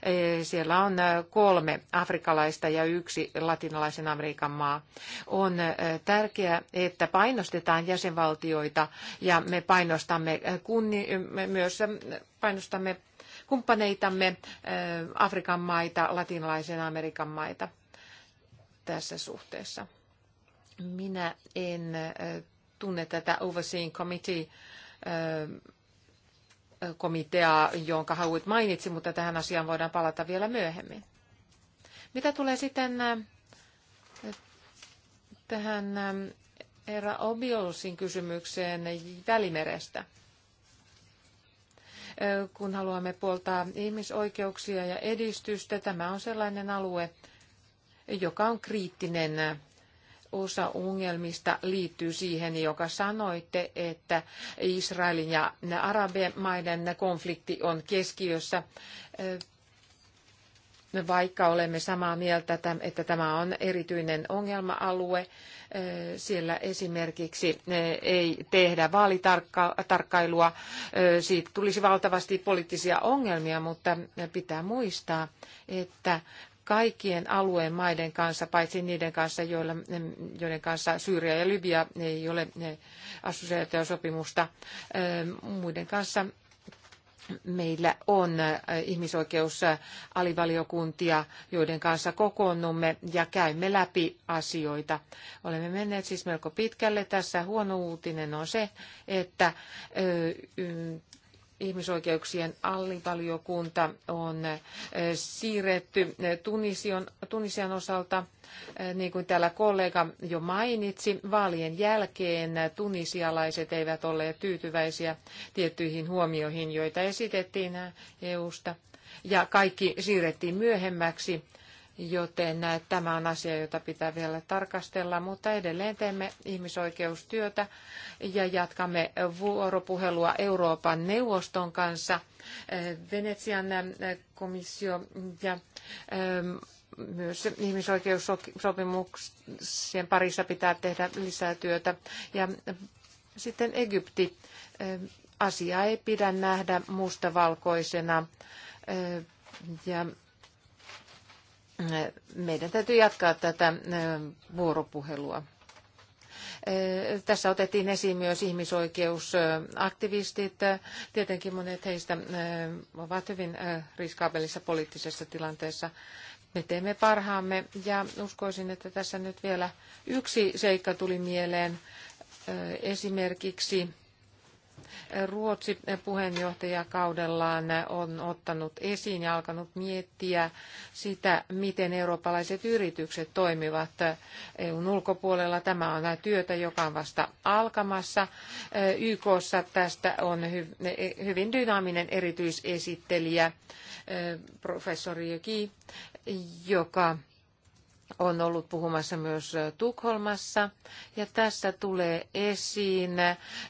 E, siellä on kolme afrikkalaista ja yksi latinalaisen Amerikan maa. On tärkeää, että painostetaan jäsenvaltioita ja me painostamme kunni, me myös painostamme kumppaneitamme Afrikan maita, latinalaisen Amerikan maita tässä suhteessa. Minä en tunne tätä Overseeing Committee komiteaa, jonka Hauit mainitsi, mutta tähän asiaan voidaan palata vielä myöhemmin. Mitä tulee sitten eh, tähän eh, herra Obiolsin kysymykseen Välimerestä? Eh, kun haluamme puoltaa ihmisoikeuksia ja edistystä, tämä on sellainen alue, joka on kriittinen osa ongelmista liittyy siihen, joka sanoitte, että Israelin ja arabimaiden konflikti on keskiössä. Vaikka olemme samaa mieltä, että tämä on erityinen ongelma-alue, siellä esimerkiksi ei tehdä vaalitarkkailua. Siitä tulisi valtavasti poliittisia ongelmia, mutta pitää muistaa, että kaikkien alueen maiden kanssa, paitsi niiden kanssa, joilla, joiden kanssa Syyria ja Libya ei ole assosiaatiosopimusta, muiden kanssa meillä on ihmisoikeusalivaliokuntia, joiden kanssa kokoonnumme ja käymme läpi asioita. Olemme menneet siis melko pitkälle. Tässä huono uutinen on se, että ihmisoikeuksien allivaliokunta on eh, siirretty eh, Tunision, Tunisian osalta, eh, niin kuin täällä kollega jo mainitsi, vaalien jälkeen tunisialaiset eivät olleet tyytyväisiä tiettyihin huomioihin, joita esitettiin EU-sta, e ja kaikki siirrettiin myöhemmäksi joten tämä on asia, jota pitää vielä tarkastella, mutta edelleen teemme ihmisoikeustyötä ja jatkamme vuoropuhelua Euroopan neuvoston kanssa, Venetsian komissio ja ähm, myös ihmisoikeussopimuksien parissa pitää tehdä lisää työtä. Ja sitten Egypti. Äh, asia ei pidä nähdä mustavalkoisena äh, ja meidän täytyy jatkaa tätä vuoropuhelua. Tässä otettiin esiin myös ihmisoikeusaktivistit. Tietenkin monet heistä ovat hyvin riskaabelissa poliittisessa tilanteessa. Me teemme parhaamme ja uskoisin, että tässä nyt vielä yksi seikka tuli mieleen. Esimerkiksi Ruotsi puheenjohtajakaudellaan on ottanut esiin ja alkanut miettiä sitä, miten eurooppalaiset yritykset toimivat EUn ulkopuolella. Tämä on työtä, joka on vasta alkamassa. YKssa tästä on hyvin dynaaminen erityisesittelijä, professori Jöki, joka on ollut puhumassa myös Tukholmassa. Ja tässä tulee esiin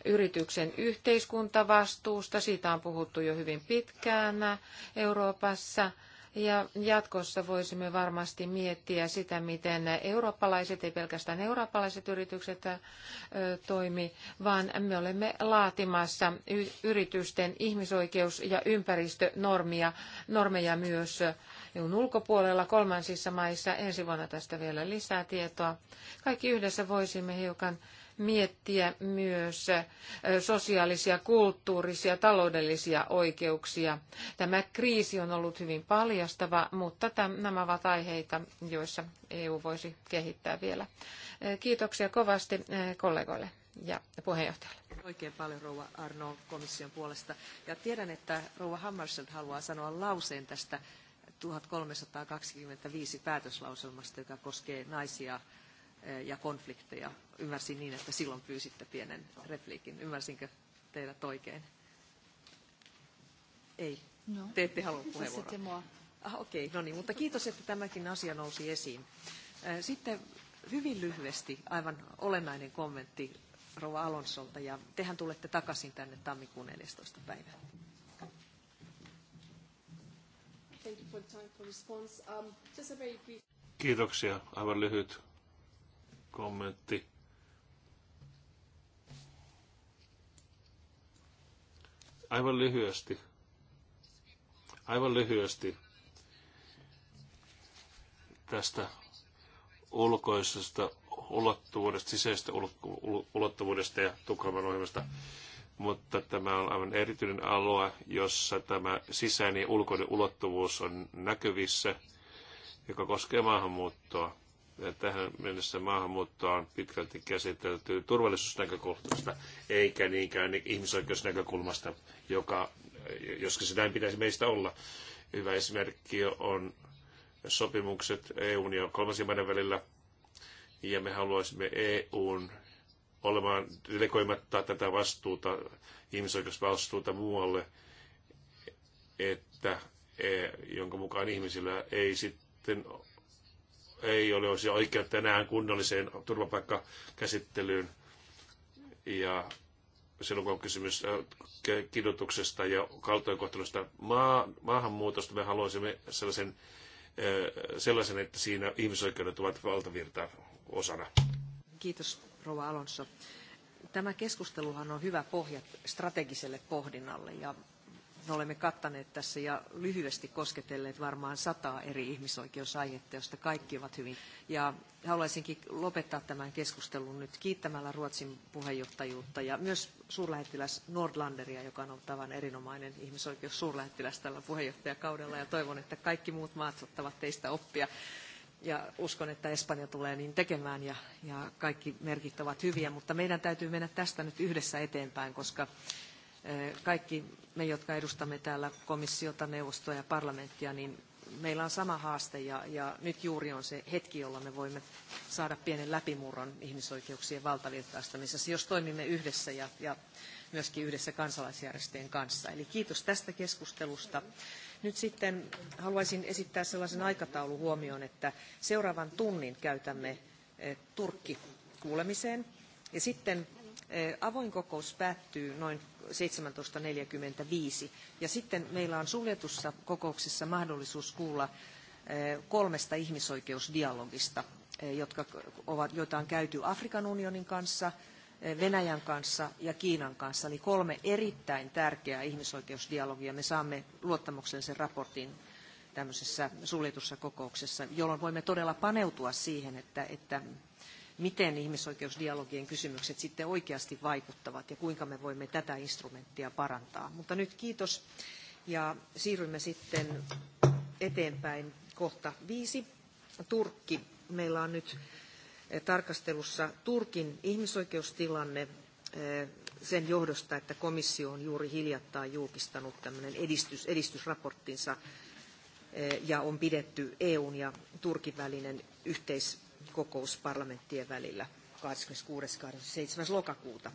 yrityksen yhteiskuntavastuusta. Siitä on puhuttu jo hyvin pitkään Euroopassa. Ja jatkossa voisimme varmasti miettiä sitä, miten eurooppalaiset, ei pelkästään eurooppalaiset yritykset toimi, vaan me olemme laatimassa yritysten ihmisoikeus- ja ympäristönormeja normeja myös EUn ulkopuolella kolmansissa maissa. Ensi vuonna tästä vielä lisää tietoa. Kaikki yhdessä voisimme hiukan miettiä myös sosiaalisia, kulttuurisia, taloudellisia oikeuksia. Tämä kriisi on ollut hyvin paljastava, mutta tämän, nämä ovat aiheita, joissa EU voisi kehittää vielä. Kiitoksia kovasti kollegoille ja puheenjohtajalle. Oikein paljon rouva Arno komission puolesta. Ja tiedän, että rouva Hammarskjöld haluaa sanoa lauseen tästä 1325 päätöslauselmasta, joka koskee naisia eh, ja konflikteja. Ymmärsin niin, että silloin pyysitte pienen repliikin. Ymmärsinkö teidät oikein? Ei. No. Te ette halua puheenvuoroa. Ah, okei, okay. no niin, mutta kiitos, että tämäkin asia nousi esiin. Eh, sitten hyvin lyhyesti aivan olennainen kommentti Rova Alonsolta, ja tehän tulette takaisin tänne tammikuun 14. päivään. Thank you for the time for response. Um, just a very brief... Kiitoksia. Aivan lyhyt kommentti. Aivan lyhyesti. Aivan lyhyesti tästä ulkoisesta ulottuvuudesta, sisäisestä ulottuvuudesta ja Tukholman ohjelmasta mutta tämä on aivan erityinen alue, jossa tämä sisäinen ja ulkoinen ulottuvuus on näkyvissä, joka koskee maahanmuuttoa. Ja tähän mennessä maahanmuuttoa on pitkälti käsitelty turvallisuusnäkökulmasta, eikä niinkään ihmisoikeusnäkökulmasta, joka, joskin sitä pitäisi meistä olla. Hyvä esimerkki on sopimukset EUn ja kolmansien maiden välillä, ja me haluaisimme EUn olemaan delegoimatta tätä vastuuta, ihmisoikeusvastuuta muualle, että, e, jonka mukaan ihmisillä ei sitten ei ole olisi oikeutta enää kunnolliseen turvapaikkakäsittelyyn. Ja silloin kun on kysymys kidutuksesta ja kaltoinkohtelusta maa, maahanmuutosta, me haluaisimme sellaisen, sellaisen, että siinä ihmisoikeudet ovat valtavirta osana. Kiitos rouva Alonso. Tämä keskusteluhan on hyvä pohja strategiselle pohdinnalle ja me olemme kattaneet tässä ja lyhyesti kosketelleet varmaan sataa eri ihmisoikeusaihetta, joista kaikki ovat hyvin. Ja haluaisinkin lopettaa tämän keskustelun nyt kiittämällä Ruotsin puheenjohtajuutta ja myös suurlähettiläs Nordlanderia, joka on ollut tavan erinomainen ihmisoikeussuurlähettiläs tällä puheenjohtajakaudella. Ja toivon, että kaikki muut maat ottavat teistä oppia ja uskon, että Espanja tulee niin tekemään ja, ja kaikki merkit ovat hyviä, mutta meidän täytyy mennä tästä nyt yhdessä eteenpäin, koska kaikki me, jotka edustamme täällä komissiota, neuvostoa ja parlamenttia, niin meillä on sama haaste ja, ja nyt juuri on se hetki, jolla me voimme saada pienen läpimurron ihmisoikeuksien valtavirtaistamisessa, jos toimimme yhdessä ja, ja myöskin yhdessä kansalaisjärjestöjen kanssa. Eli kiitos tästä keskustelusta. Nyt sitten haluaisin esittää sellaisen aikatauluhuomion, että seuraavan tunnin käytämme eh, Turkki-kuulemiseen. Ja sitten eh, avoin kokous päättyy noin 17.45. Ja sitten meillä on suljetussa kokouksessa mahdollisuus kuulla eh, kolmesta ihmisoikeusdialogista, jotka ovat, joita on käyty Afrikan unionin kanssa – Venäjän kanssa ja Kiinan kanssa, eli kolme erittäin tärkeää ihmisoikeusdialogia. Me saamme luottamuksellisen raportin tämmöisessä suljetussa kokouksessa, jolloin voimme todella paneutua siihen, että, että miten ihmisoikeusdialogien kysymykset sitten oikeasti vaikuttavat ja kuinka me voimme tätä instrumenttia parantaa. Mutta nyt kiitos ja siirrymme sitten eteenpäin kohta viisi. Turkki. Meillä on nyt Eh, tarkastelussa Turkin ihmisoikeustilanne eh, sen johdosta, että komissio on juuri hiljattain julkistanut tämmöinen edistys, edistysraporttinsa eh, ja on pidetty EUn ja Turkin välinen yhteiskokous parlamenttien välillä 26. 27. lokakuuta.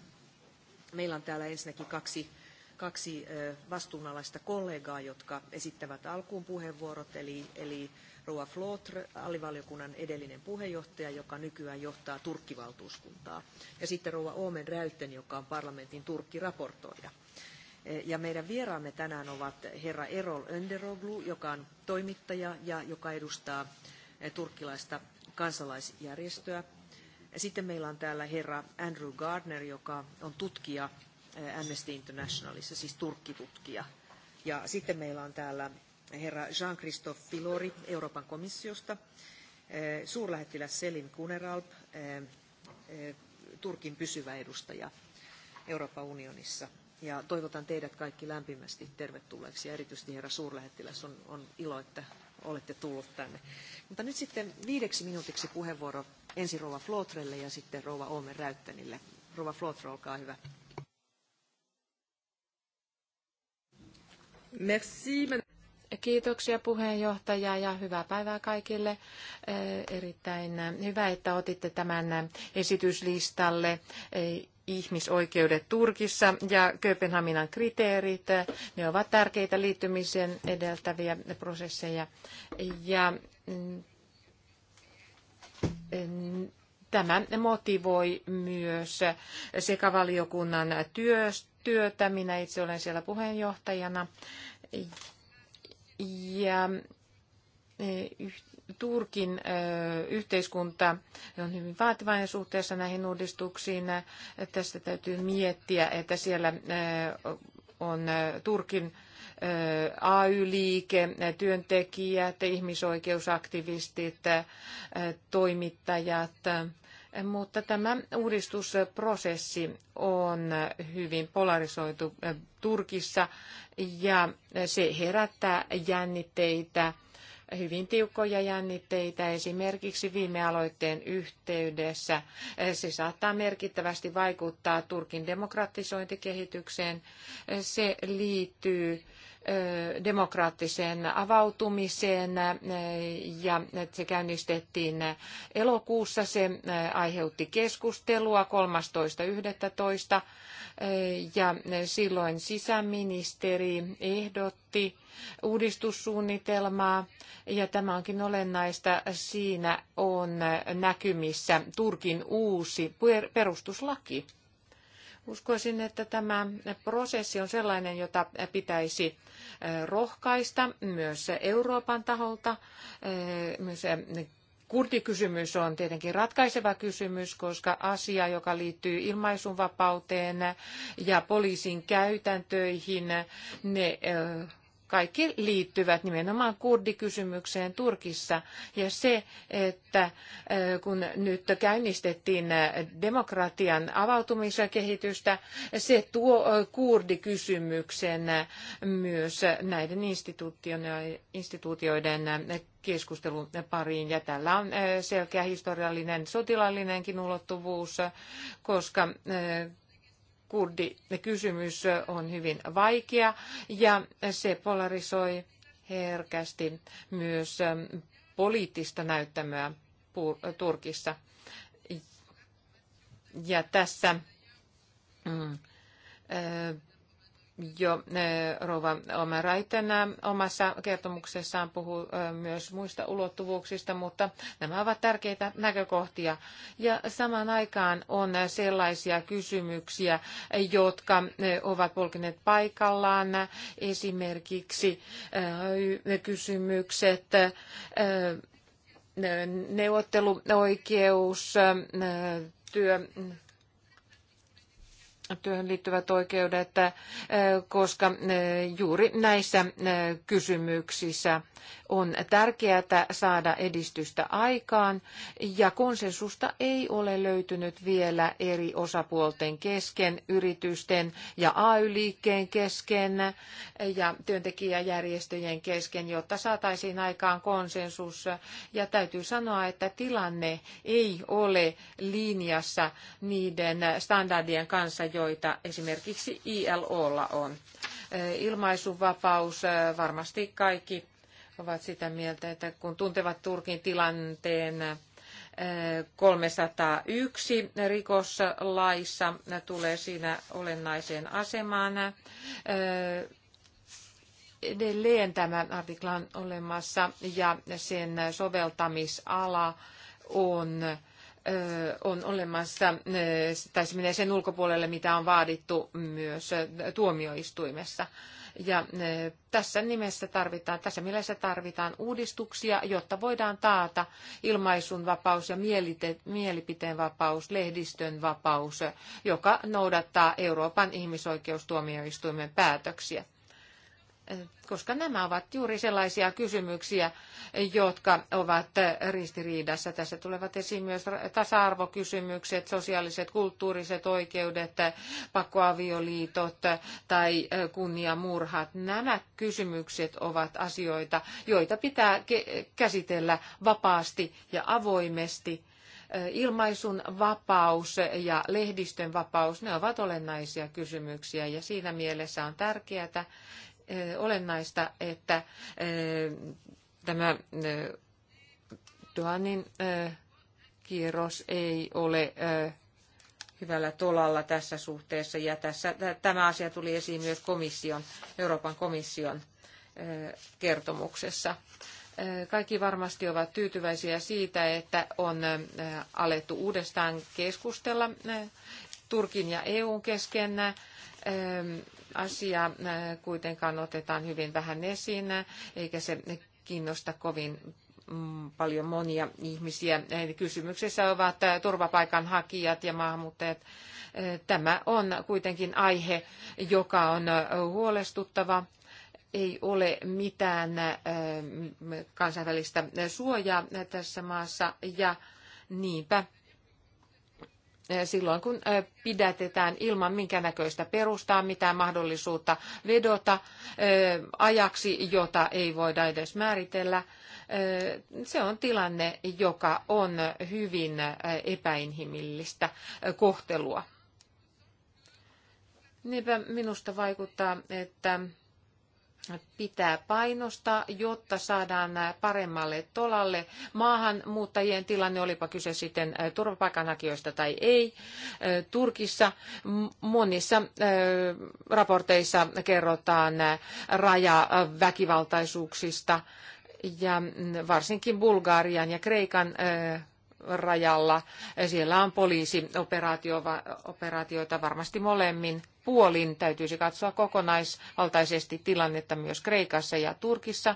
Meillä on täällä ensinnäkin kaksi, kaksi vastuunalaista kollegaa, jotka esittävät alkuun puheenvuorot, eli, eli Rouva Flotre, alivaliokunnan edellinen puheenjohtaja, joka nykyään johtaa Turkkivaltuuskuntaa. Ja sitten Rouva Oomen Räytten, joka on parlamentin Turkki-raportoija. E, ja meidän vieraamme tänään ovat herra Erol Önderoglu, joka on toimittaja ja joka edustaa e, turkkilaista kansalaisjärjestöä. Sitten meillä on täällä herra Andrew Gardner, joka on tutkija e, Amnesty Internationalissa, siis turkkitutkija. Ja sitten meillä on täällä herra Jean-Christophe Pilori, Euroopan komissiosta, eh, suurlähettiläs Selin Kuneralp, eh, eh, Turkin pysyvä edustaja Euroopan unionissa. Ja toivotan teidät kaikki lämpimästi tervetulleeksi ja erityisesti herra suurlähettiläs on, on ilo, että olette tullut tänne. Mutta nyt sitten viideksi minuutiksi puheenvuoro ensin rouva Flotrelle ja sitten rouva Oomen Räyttänille. Rouva Flotre, olkaa hyvä. Merci, Kiitoksia puheenjohtaja ja hyvää päivää kaikille. Eh, erittäin hyvä, että otitte tämän esityslistalle eh, ihmisoikeudet Turkissa ja Kööpenhaminan kriteerit. Ne ovat tärkeitä liittymisen edeltäviä prosesseja. Ja mm, tämä motivoi myös sekä valiokunnan työtä. Minä itse olen siellä puheenjohtajana ja e, Turkin e, yhteiskunta on hyvin vaativainen suhteessa näihin uudistuksiin. E, tästä täytyy miettiä, että siellä on Turkin AY-liike, työntekijät, ihmisoikeusaktivistit, toimittajat, mutta tämä uudistusprosessi on hyvin polarisoitu eh, Turkissa ja se herättää jännitteitä, hyvin tiukkoja jännitteitä esimerkiksi viime aloitteen yhteydessä. Eh, se saattaa merkittävästi vaikuttaa Turkin demokratisointikehitykseen. Eh, se liittyy demokraattiseen avautumiseen ja se käynnistettiin elokuussa. Se aiheutti keskustelua 13.11. ja silloin sisäministeri ehdotti uudistussuunnitelmaa ja tämä onkin olennaista. Siinä on näkymissä Turkin uusi perustuslaki. Uskoisin, että tämä prosessi on sellainen, jota pitäisi eh, rohkaista myös Euroopan taholta, eh, myös eh, Kurdikysymys on tietenkin ratkaiseva kysymys, koska asia, joka liittyy ilmaisunvapauteen ja poliisin käytäntöihin, ne kaikki liittyvät nimenomaan kurdikysymykseen Turkissa. Ja se, että kun nyt käynnistettiin demokratian kehitystä, se tuo kurdikysymyksen myös näiden instituutioiden keskustelun pariin. Ja tällä on selkeä historiallinen sotilaallinenkin ulottuvuus, koska kurdikysymys on hyvin vaikea ja se polarisoi herkästi myös ähm, poliittista näyttämöä Turkissa. Ja tässä mm, äh, jo eh, Rova raitena eh, omassa kertomuksessaan puhuu eh, myös muista ulottuvuuksista, mutta nämä ovat tärkeitä näkökohtia. Ja samaan aikaan on sellaisia kysymyksiä, jotka ovat polkineet paikallaan, esimerkiksi kysymykset neuvotteluoikeus, työ, työhön liittyvät oikeudet, äh, koska äh, juuri näissä äh, kysymyksissä on tärkeää saada edistystä aikaan ja konsensusta ei ole löytynyt vielä eri osapuolten kesken, yritysten ja AY-liikkeen kesken ja työntekijäjärjestöjen kesken, jotta saataisiin aikaan konsensus. Ja täytyy sanoa, että tilanne ei ole linjassa niiden standardien kanssa, joita esimerkiksi ILOlla on. Ilmaisuvapaus, varmasti kaikki ovat sitä mieltä, että kun tuntevat Turkin tilanteen 301 rikoslaissa tulee siinä olennaiseen asemaan. Edelleen tämä artikla on olemassa ja sen soveltamisala on on olemassa, tai se menee sen ulkopuolelle, mitä on vaadittu myös tuomioistuimessa. Ja tässä nimessä tarvitaan, tässä mielessä tarvitaan uudistuksia, jotta voidaan taata ilmaisun vapaus ja mielipiteen vapaus, lehdistön vapaus, joka noudattaa Euroopan ihmisoikeustuomioistuimen päätöksiä koska nämä ovat juuri sellaisia kysymyksiä, jotka ovat ristiriidassa. Tässä tulevat esiin myös tasa-arvokysymykset, sosiaaliset, kulttuuriset oikeudet, pakkoavioliitot tai kunniamurhat. Nämä kysymykset ovat asioita, joita pitää käsitellä vapaasti ja avoimesti ilmaisun vapaus ja lehdistön vapaus, ne ovat olennaisia kysymyksiä ja siinä mielessä on tärkeää, olennaista, että tämä Duanin kierros ei ole hyvällä tolalla tässä suhteessa. Ja tässä, tämä asia tuli esiin myös komission, Euroopan komission kertomuksessa. Kaikki varmasti ovat tyytyväisiä siitä, että on alettu uudestaan keskustella Turkin ja EUn kesken. Asia kuitenkaan otetaan hyvin vähän esiin, eikä se kiinnosta kovin mm, paljon monia ihmisiä. Kysymyksessä ovat turvapaikanhakijat ja maahanmuuttajat. Tämä on kuitenkin aihe, joka on huolestuttava. Ei ole mitään kansainvälistä suojaa tässä maassa ja niinpä silloin, kun pidätetään ilman minkäännäköistä perustaa, mitään mahdollisuutta vedota ajaksi, jota ei voida edes määritellä. Se on tilanne, joka on hyvin epäinhimillistä kohtelua. Niinpä minusta vaikuttaa, että pitää painostaa, jotta saadaan paremmalle tolalle maahanmuuttajien tilanne, olipa kyse sitten äh, turvapaikanhakijoista tai ei. Äh, Turkissa monissa äh, raporteissa kerrotaan rajaväkivaltaisuuksista ja mm, varsinkin Bulgarian ja Kreikan rajalla. Siellä on poliisioperaatioita varmasti molemmin puolin täytyisi katsoa kokonaisvaltaisesti tilannetta myös Kreikassa ja Turkissa,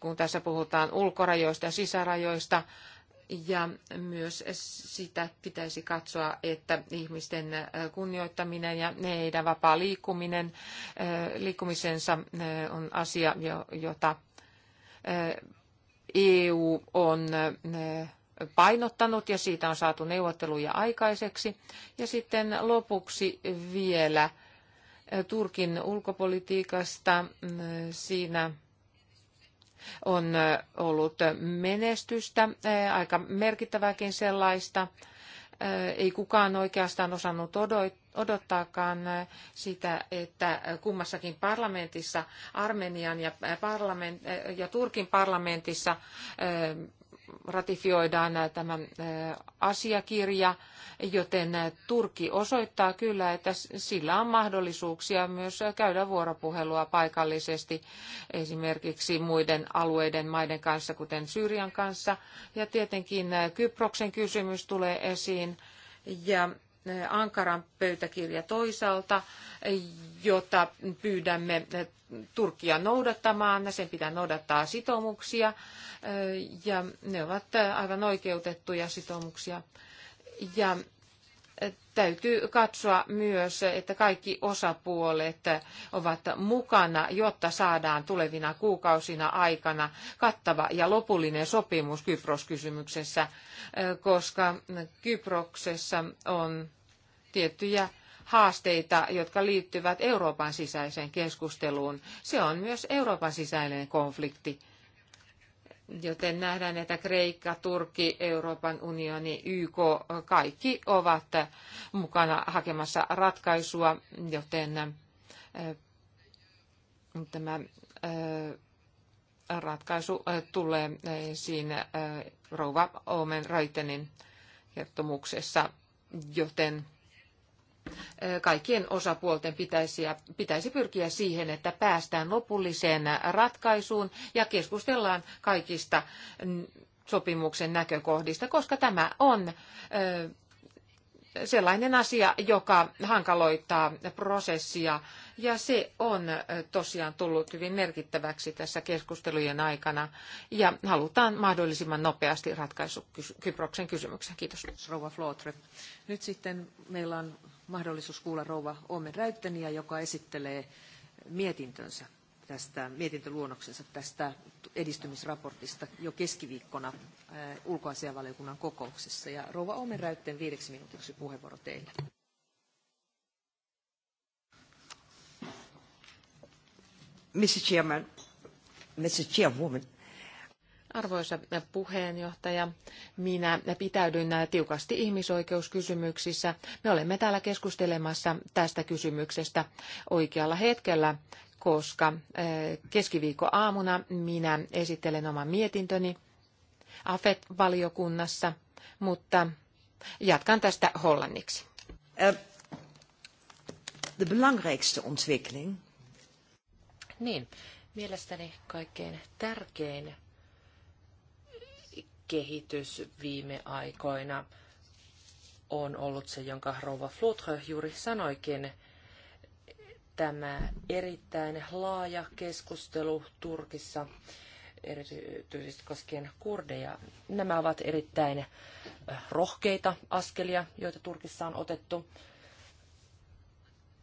kun tässä puhutaan ulkorajoista ja sisärajoista. Ja myös sitä pitäisi katsoa, että ihmisten kunnioittaminen ja heidän vapaa liikkuminen, liikkumisensa on asia, jota EU on painottanut ja siitä on saatu neuvotteluja aikaiseksi. Ja sitten lopuksi vielä Turkin ulkopolitiikasta. Siinä on ollut menestystä, aika merkittävääkin sellaista. Ei kukaan oikeastaan osannut odottaakaan sitä, että kummassakin parlamentissa, Armenian ja, parlament, ja Turkin parlamentissa ratifioidaan tämä eh, asiakirja, joten eh, Turkki osoittaa kyllä, että sillä on mahdollisuuksia myös käydä vuoropuhelua paikallisesti esimerkiksi muiden alueiden maiden kanssa, kuten Syyrian kanssa. Ja tietenkin eh, Kyproksen kysymys tulee esiin. Ja Ankaran pöytäkirja toisaalta, jota pyydämme Turkia noudattamaan. Sen pitää noudattaa sitoumuksia ja ne ovat aivan oikeutettuja sitoumuksia. Ja täytyy katsoa myös, että kaikki osapuolet ovat mukana, jotta saadaan tulevina kuukausina aikana kattava ja lopullinen sopimus Kypros-kysymyksessä, koska Kyproksessa on tiettyjä haasteita, jotka liittyvät Euroopan sisäiseen keskusteluun. Se on myös Euroopan sisäinen konflikti joten nähdään, että Kreikka, Turkki, Euroopan unioni, YK, kaikki ovat mukana hakemassa ratkaisua, joten äh, tämä äh, ratkaisu äh, tulee siinä rouva Omen Raitenin kertomuksessa, joten kaikkien osapuolten pitäisi, pitäisi pyrkiä siihen, että päästään lopulliseen ratkaisuun ja keskustellaan kaikista sopimuksen näkökohdista, koska tämä on sellainen asia, joka hankaloittaa prosessia ja se on tosiaan tullut hyvin merkittäväksi tässä keskustelujen aikana ja halutaan mahdollisimman nopeasti ratkaisu Kyproksen kysymykseen. Kiitos. Rouva Flotre. Nyt sitten meillä on mahdollisuus kuulla rouva Omen Räyttäniä, joka esittelee mietintönsä tästä, mietintöluonnoksensa tästä edistymisraportista jo keskiviikkona äh, ulkoasianvaliokunnan kokouksessa. Ja rouva Omen Räytten viideksi minuutiksi puheenvuoro teille. Mr. Chairman, Mr. Chairwoman, Arvoisa puheenjohtaja, minä pitäydyn tiukasti ihmisoikeuskysymyksissä. Me olemme täällä keskustelemassa tästä kysymyksestä oikealla hetkellä, koska eh, keskiviikko aamuna minä esittelen oman mietintöni AFET-valiokunnassa, mutta jatkan tästä hollanniksi. The eh, belangrijkste ontwikkeling. Niin, mielestäni kaikkein tärkein kehitys viime aikoina on ollut se, jonka Rova Flutre juuri sanoikin. Tämä erittäin laaja keskustelu Turkissa, erityisesti koskien kurdeja. Nämä ovat erittäin eh, rohkeita askelia, joita Turkissa on otettu.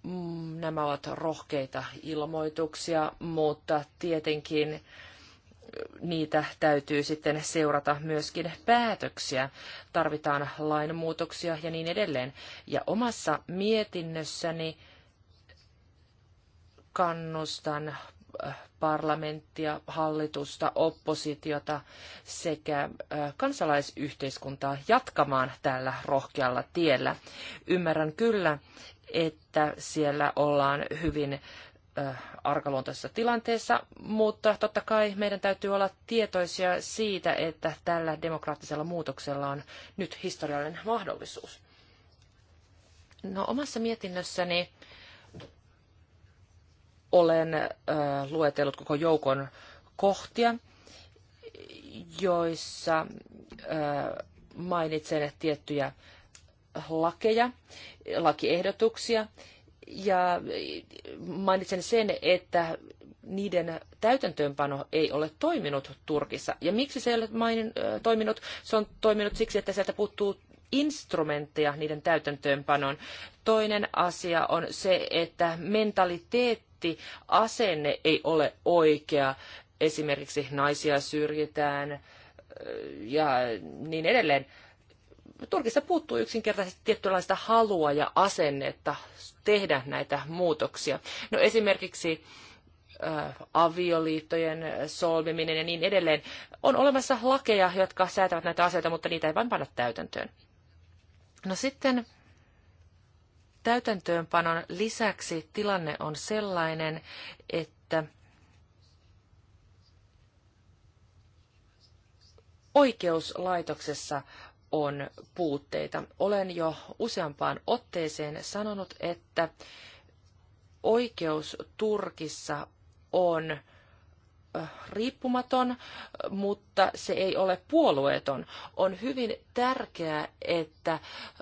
Mm, nämä ovat rohkeita ilmoituksia, mutta tietenkin niitä täytyy sitten seurata myöskin päätöksiä, tarvitaan lainmuutoksia ja niin edelleen. Ja omassa mietinnössäni kannustan äh, parlamenttia, hallitusta, oppositiota sekä äh, kansalaisyhteiskuntaa jatkamaan tällä rohkealla tiellä. Ymmärrän kyllä, että siellä ollaan hyvin arkaluontoisessa tilanteessa, mutta totta kai meidän täytyy olla tietoisia siitä, että tällä demokraattisella muutoksella on nyt historiallinen mahdollisuus. No omassa mietinnössäni olen luetellut koko joukon kohtia, joissa äh, mainitsen tiettyjä lakeja, lakiehdotuksia, ja mainitsen sen, että niiden täytäntöönpano ei ole toiminut Turkissa. Ja miksi se ei ole mainin, toiminut? Se on toiminut siksi, että sieltä puuttuu instrumentteja niiden täytäntöönpanoon. Toinen asia on se, että mentaliteetti, asenne ei ole oikea. Esimerkiksi naisia syrjitään ja niin edelleen. Turkissa puuttuu yksinkertaisesti tietynlaista halua ja asennetta tehdä näitä muutoksia. No esimerkiksi avioliittojen solmiminen ja niin edelleen. On olemassa lakeja, jotka säätävät näitä asioita, mutta niitä ei vain panna täytäntöön. No sitten täytäntöönpanon lisäksi tilanne on sellainen, että oikeuslaitoksessa on puutteita. Olen jo useampaan otteeseen sanonut, että oikeus Turkissa on äh, riippumaton, mutta se ei ole puolueeton. On hyvin tärkeää, että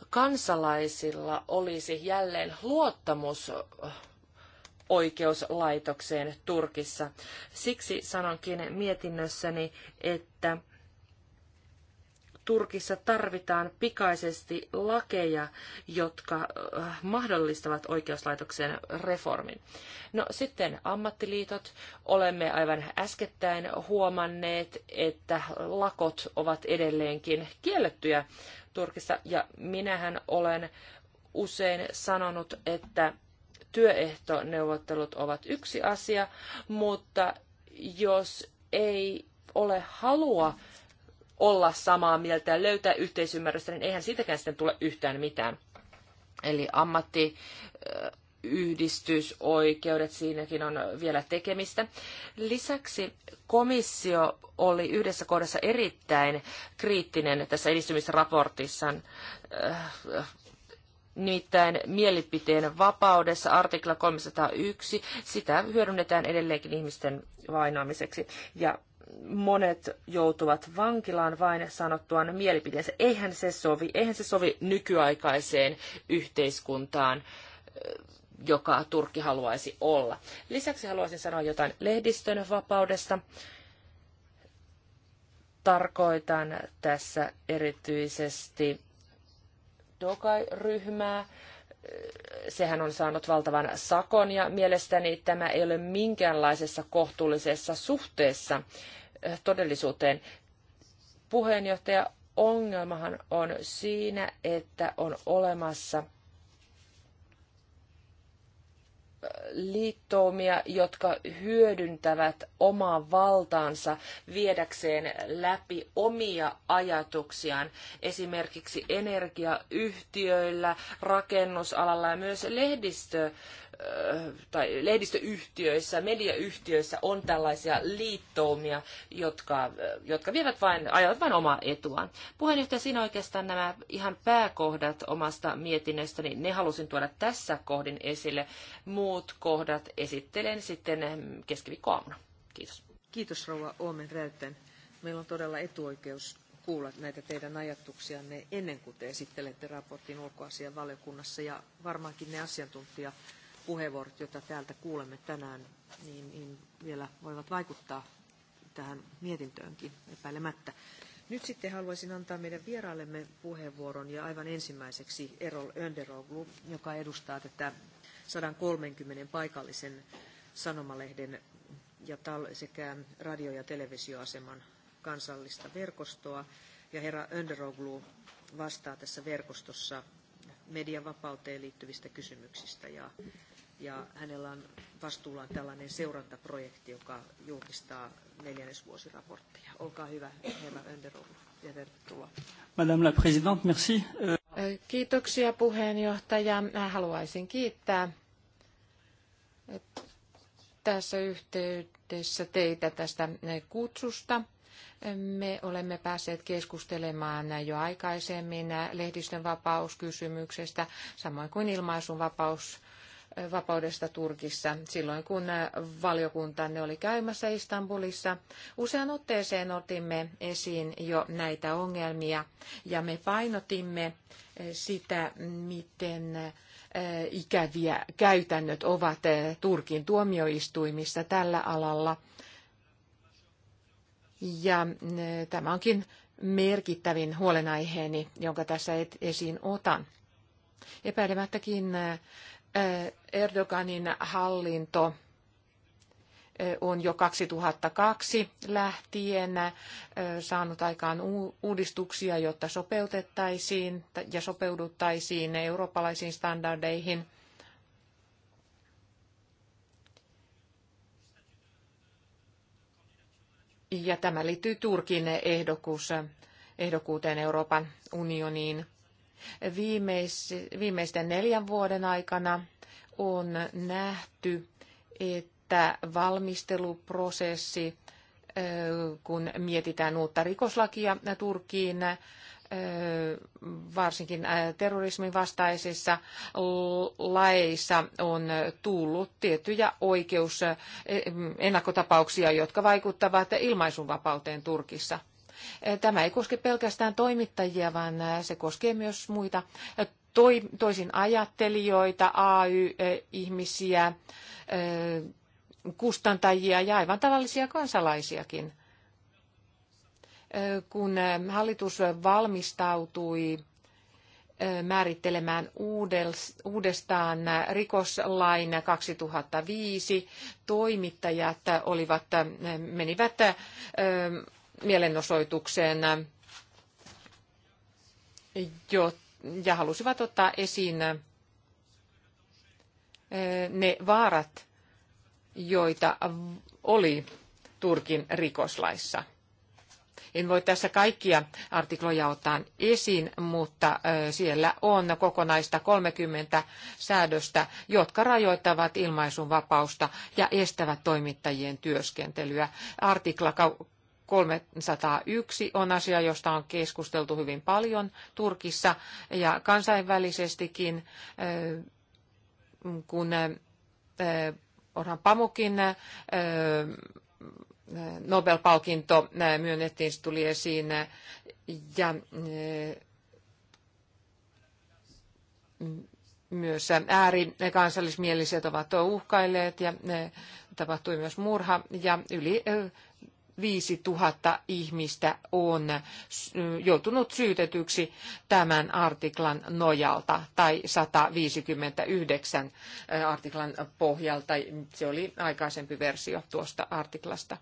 kansalaisilla olisi jälleen luottamus äh, oikeuslaitokseen Turkissa. Siksi sanonkin mietinnössäni, että Turkissa tarvitaan pikaisesti lakeja, jotka äh, mahdollistavat oikeuslaitoksen reformin. No sitten ammattiliitot. Olemme aivan äskettäin huomanneet, että lakot ovat edelleenkin kiellettyjä Turkissa. Ja minähän olen usein sanonut, että työehtoneuvottelut ovat yksi asia, mutta jos ei ole halua olla samaa mieltä ja löytää yhteisymmärrystä, niin eihän siitäkään sitten tule yhtään mitään. Eli ammatti yhdistysoikeudet, siinäkin on vielä tekemistä. Lisäksi komissio oli yhdessä kohdassa erittäin kriittinen tässä edistymisraportissaan. Nimittäin mielipiteen vapaudessa artikla 301, sitä hyödynnetään edelleenkin ihmisten vainoamiseksi. Ja monet joutuvat vankilaan vain sanottuaan mielipiteensä. Eihän se sovi, eihän se sovi nykyaikaiseen yhteiskuntaan joka Turkki haluaisi olla. Lisäksi haluaisin sanoa jotain lehdistön vapaudesta. Tarkoitan tässä erityisesti Dogai-ryhmää sehän on saanut valtavan sakon ja mielestäni tämä ei ole minkäänlaisessa kohtuullisessa suhteessa todellisuuteen. Puheenjohtaja, ongelmahan on siinä, että on olemassa – liittoumia, jotka hyödyntävät omaa valtaansa viedäkseen läpi omia ajatuksiaan esimerkiksi energiayhtiöillä, rakennusalalla ja myös lehdistö tai lehdistöyhtiöissä, mediayhtiöissä on tällaisia liittoumia, jotka, jotka vievät vain, ajavat vain omaa etuaan. Puheenjohtaja, siinä oikeastaan nämä ihan pääkohdat omasta mietinnöstäni, niin ne halusin tuoda tässä kohdin esille. Muut kohdat esittelen sitten keskiviikkoaamuna. Kiitos. Kiitos rouva Oomen Räytten. Meillä on todella etuoikeus kuulla näitä teidän ajatuksianne ennen kuin te esittelette raportin ulkoasian valiokunnassa ja varmaankin ne asiantuntijat puheenvuorot, joita täältä kuulemme tänään, niin, niin vielä voivat vaikuttaa tähän mietintöönkin epäilemättä. Nyt sitten haluaisin antaa meidän vieraillemme puheenvuoron ja aivan ensimmäiseksi Erol Önderoglu, joka edustaa tätä 130 paikallisen sanomalehden ja sekä radio- ja televisioaseman kansallista verkostoa. Ja herra Önderoglu vastaa tässä verkostossa vapauteen liittyvistä kysymyksistä ja ja hänellä on vastuullaan tällainen seurantaprojekti, joka julkistaa neljännesvuosiraportteja. Olkaa hyvä, herra Önderolla, ja tervetuloa. Madame la Présidente, merci. Kiitoksia puheenjohtaja. Haluaisin kiittää tässä yhteydessä teitä tästä kutsusta. Me olemme päässeet keskustelemaan jo aikaisemmin lehdistön vapauskysymyksestä, samoin kuin ilmaisun vapaudesta Turkissa silloin, kun valiokuntanne oli käymässä Istanbulissa. Usean otteeseen otimme esiin jo näitä ongelmia ja me painotimme eh, sitä, miten eh, ikäviä käytännöt ovat eh, Turkin tuomioistuimissa tällä alalla. Ja tämä onkin merkittävin huolenaiheeni, jonka tässä esiin otan. Epäilemättäkin Eh, Erdoganin hallinto eh, on jo 2002 lähtien eh, saanut aikaan uudistuksia, jotta sopeutettaisiin ja sopeuduttaisiin eurooppalaisiin standardeihin. Ja tämä liittyy Turkin ehdokkuuteen Euroopan unioniin. Viimeisten neljän vuoden aikana on nähty, että valmisteluprosessi, kun mietitään uutta rikoslakia Turkkiin, varsinkin terrorismin vastaisissa laeissa on tullut tiettyjä oikeus ennakkotapauksia, jotka vaikuttavat ilmaisunvapauteen Turkissa. Eh, tämä ei koske pelkästään toimittajia, vaan eh, se koskee myös muita eh, toisin ajattelijoita, AY-ihmisiä, kustantajia ja aivan tavallisia kansalaisiakin. Kun hallitus valmistautui määrittelemään uudestaan rikoslain 2005. Toimittajat olivat, menivät mielenosoitukseen jo, ja halusivat ottaa esiin eh, ne vaarat, joita oli Turkin rikoslaissa. En voi tässä kaikkia artikloja ottaa esiin, mutta eh, siellä on kokonaista 30 säädöstä, jotka rajoittavat ilmaisun vapausta ja estävät toimittajien työskentelyä. Artikla 301 on asia, josta on keskusteltu hyvin paljon Turkissa ja kansainvälisestikin, äh, kun äh, Orhan Pamukin äh, Nobel-palkinto myönnettiin, se tuli esiin. Ja myös äärikansallismieliset ovat uhkailleet ja tapahtui myös murha ja yli 5000 ihmistä on joutunut syytetyksi tämän artiklan nojalta tai 159 artiklan pohjalta. Se oli aikaisempi versio tuosta artiklasta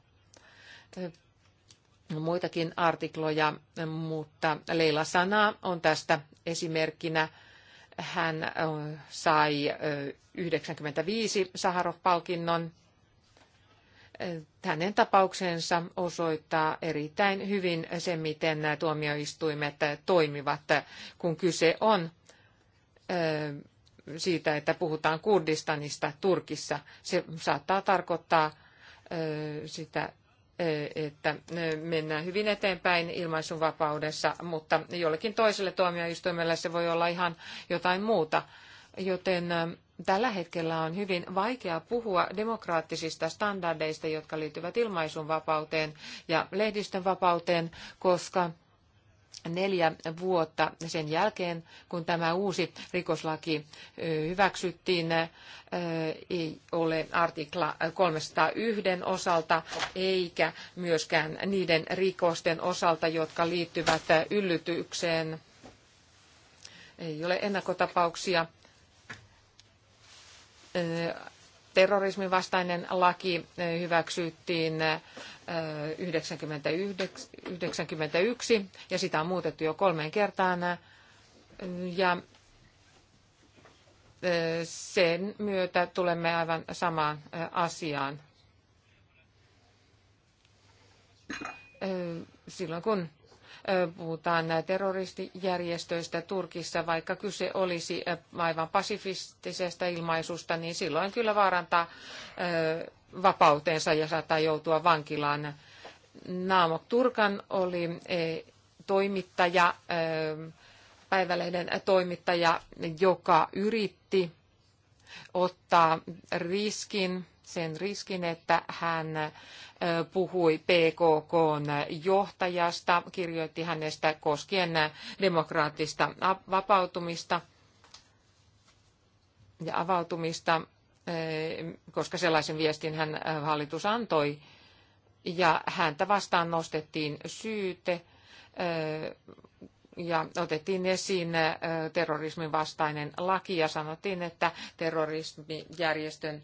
muitakin artikloja, mutta Leila Sana on tästä esimerkkinä. Hän sai 95 Saharov-palkinnon hänen tapauksensa osoittaa erittäin hyvin sen, miten nämä tuomioistuimet toimivat, kun kyse on siitä, että puhutaan Kurdistanista Turkissa. Se saattaa tarkoittaa sitä, että mennään hyvin eteenpäin ilmaisunvapaudessa, mutta jollekin toiselle tuomioistuimelle se voi olla ihan jotain muuta joten tällä hetkellä on hyvin vaikea puhua demokraattisista standardeista, jotka liittyvät ilmaisunvapauteen ja lehdistönvapauteen, koska neljä vuotta sen jälkeen, kun tämä uusi rikoslaki hyväksyttiin, ei ole artikla 301 osalta eikä myöskään niiden rikosten osalta, jotka liittyvät yllytykseen. Ei ole ennakkotapauksia terrorismin vastainen laki eh, hyväksyttiin 1991 eh, ja sitä on muutettu jo kolmeen kertaan. Ja eh, sen myötä tulemme aivan samaan asiaan. Silloin kun puhutaan terroristijärjestöistä Turkissa, vaikka kyse olisi aivan pasifistisesta ilmaisusta, niin silloin kyllä vaarantaa vapautensa ja saattaa joutua vankilaan. Naamok Turkan oli e, toimittaja, päivälehden toimittaja, joka yritti ottaa riskin sen riskin, että hän puhui PKKn johtajasta, kirjoitti hänestä koskien demokraattista vapautumista ja avautumista, koska sellaisen viestin hän hallitus antoi. Ja häntä vastaan nostettiin syyte ja otettiin esiin terrorismin vastainen laki ja sanottiin, että terrorismijärjestön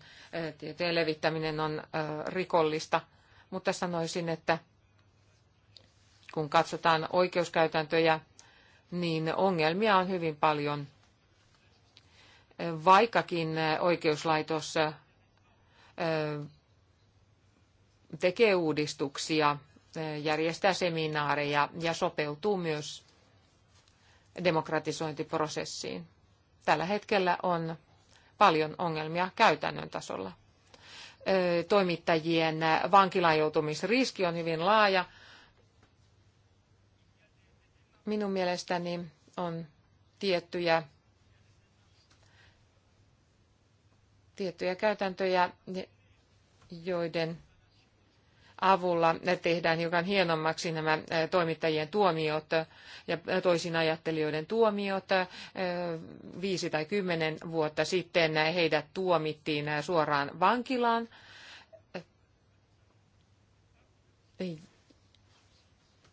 tietojen levittäminen on rikollista. Mutta sanoisin, että kun katsotaan oikeuskäytäntöjä, niin ongelmia on hyvin paljon. Vaikkakin oikeuslaitos tekee uudistuksia, järjestää seminaareja ja sopeutuu myös demokratisointiprosessiin. Tällä hetkellä on paljon ongelmia käytännön tasolla. Toimittajien vankilaan joutumisriski on hyvin laaja. Minun mielestäni on tiettyjä, tiettyjä käytäntöjä, joiden avulla tehdään hiukan hienommaksi nämä toimittajien tuomiot ja toisinajattelijoiden tuomiot. Viisi tai kymmenen vuotta sitten heidät tuomittiin suoraan vankilaan.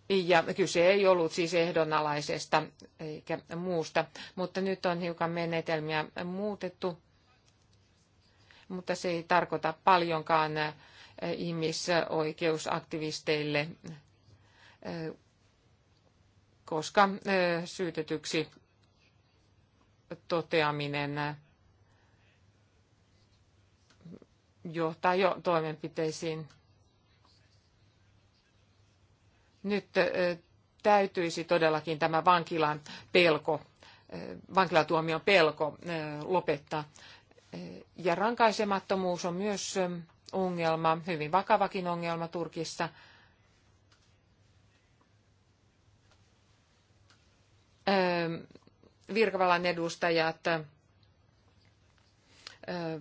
Ja kyse ei ollut siis ehdonalaisesta eikä muusta, mutta nyt on hiukan menetelmiä muutettu, mutta se ei tarkoita paljonkaan ihmisoikeusaktivisteille, koska syytetyksi toteaminen johtaa jo toimenpiteisiin. Nyt täytyisi todellakin tämä vankilan pelko, vankilatuomion pelko lopettaa. Ja rankaisemattomuus on myös ongelma, hyvin vakavakin ongelma Turkissa. Öö, Virkavalan edustajat öö,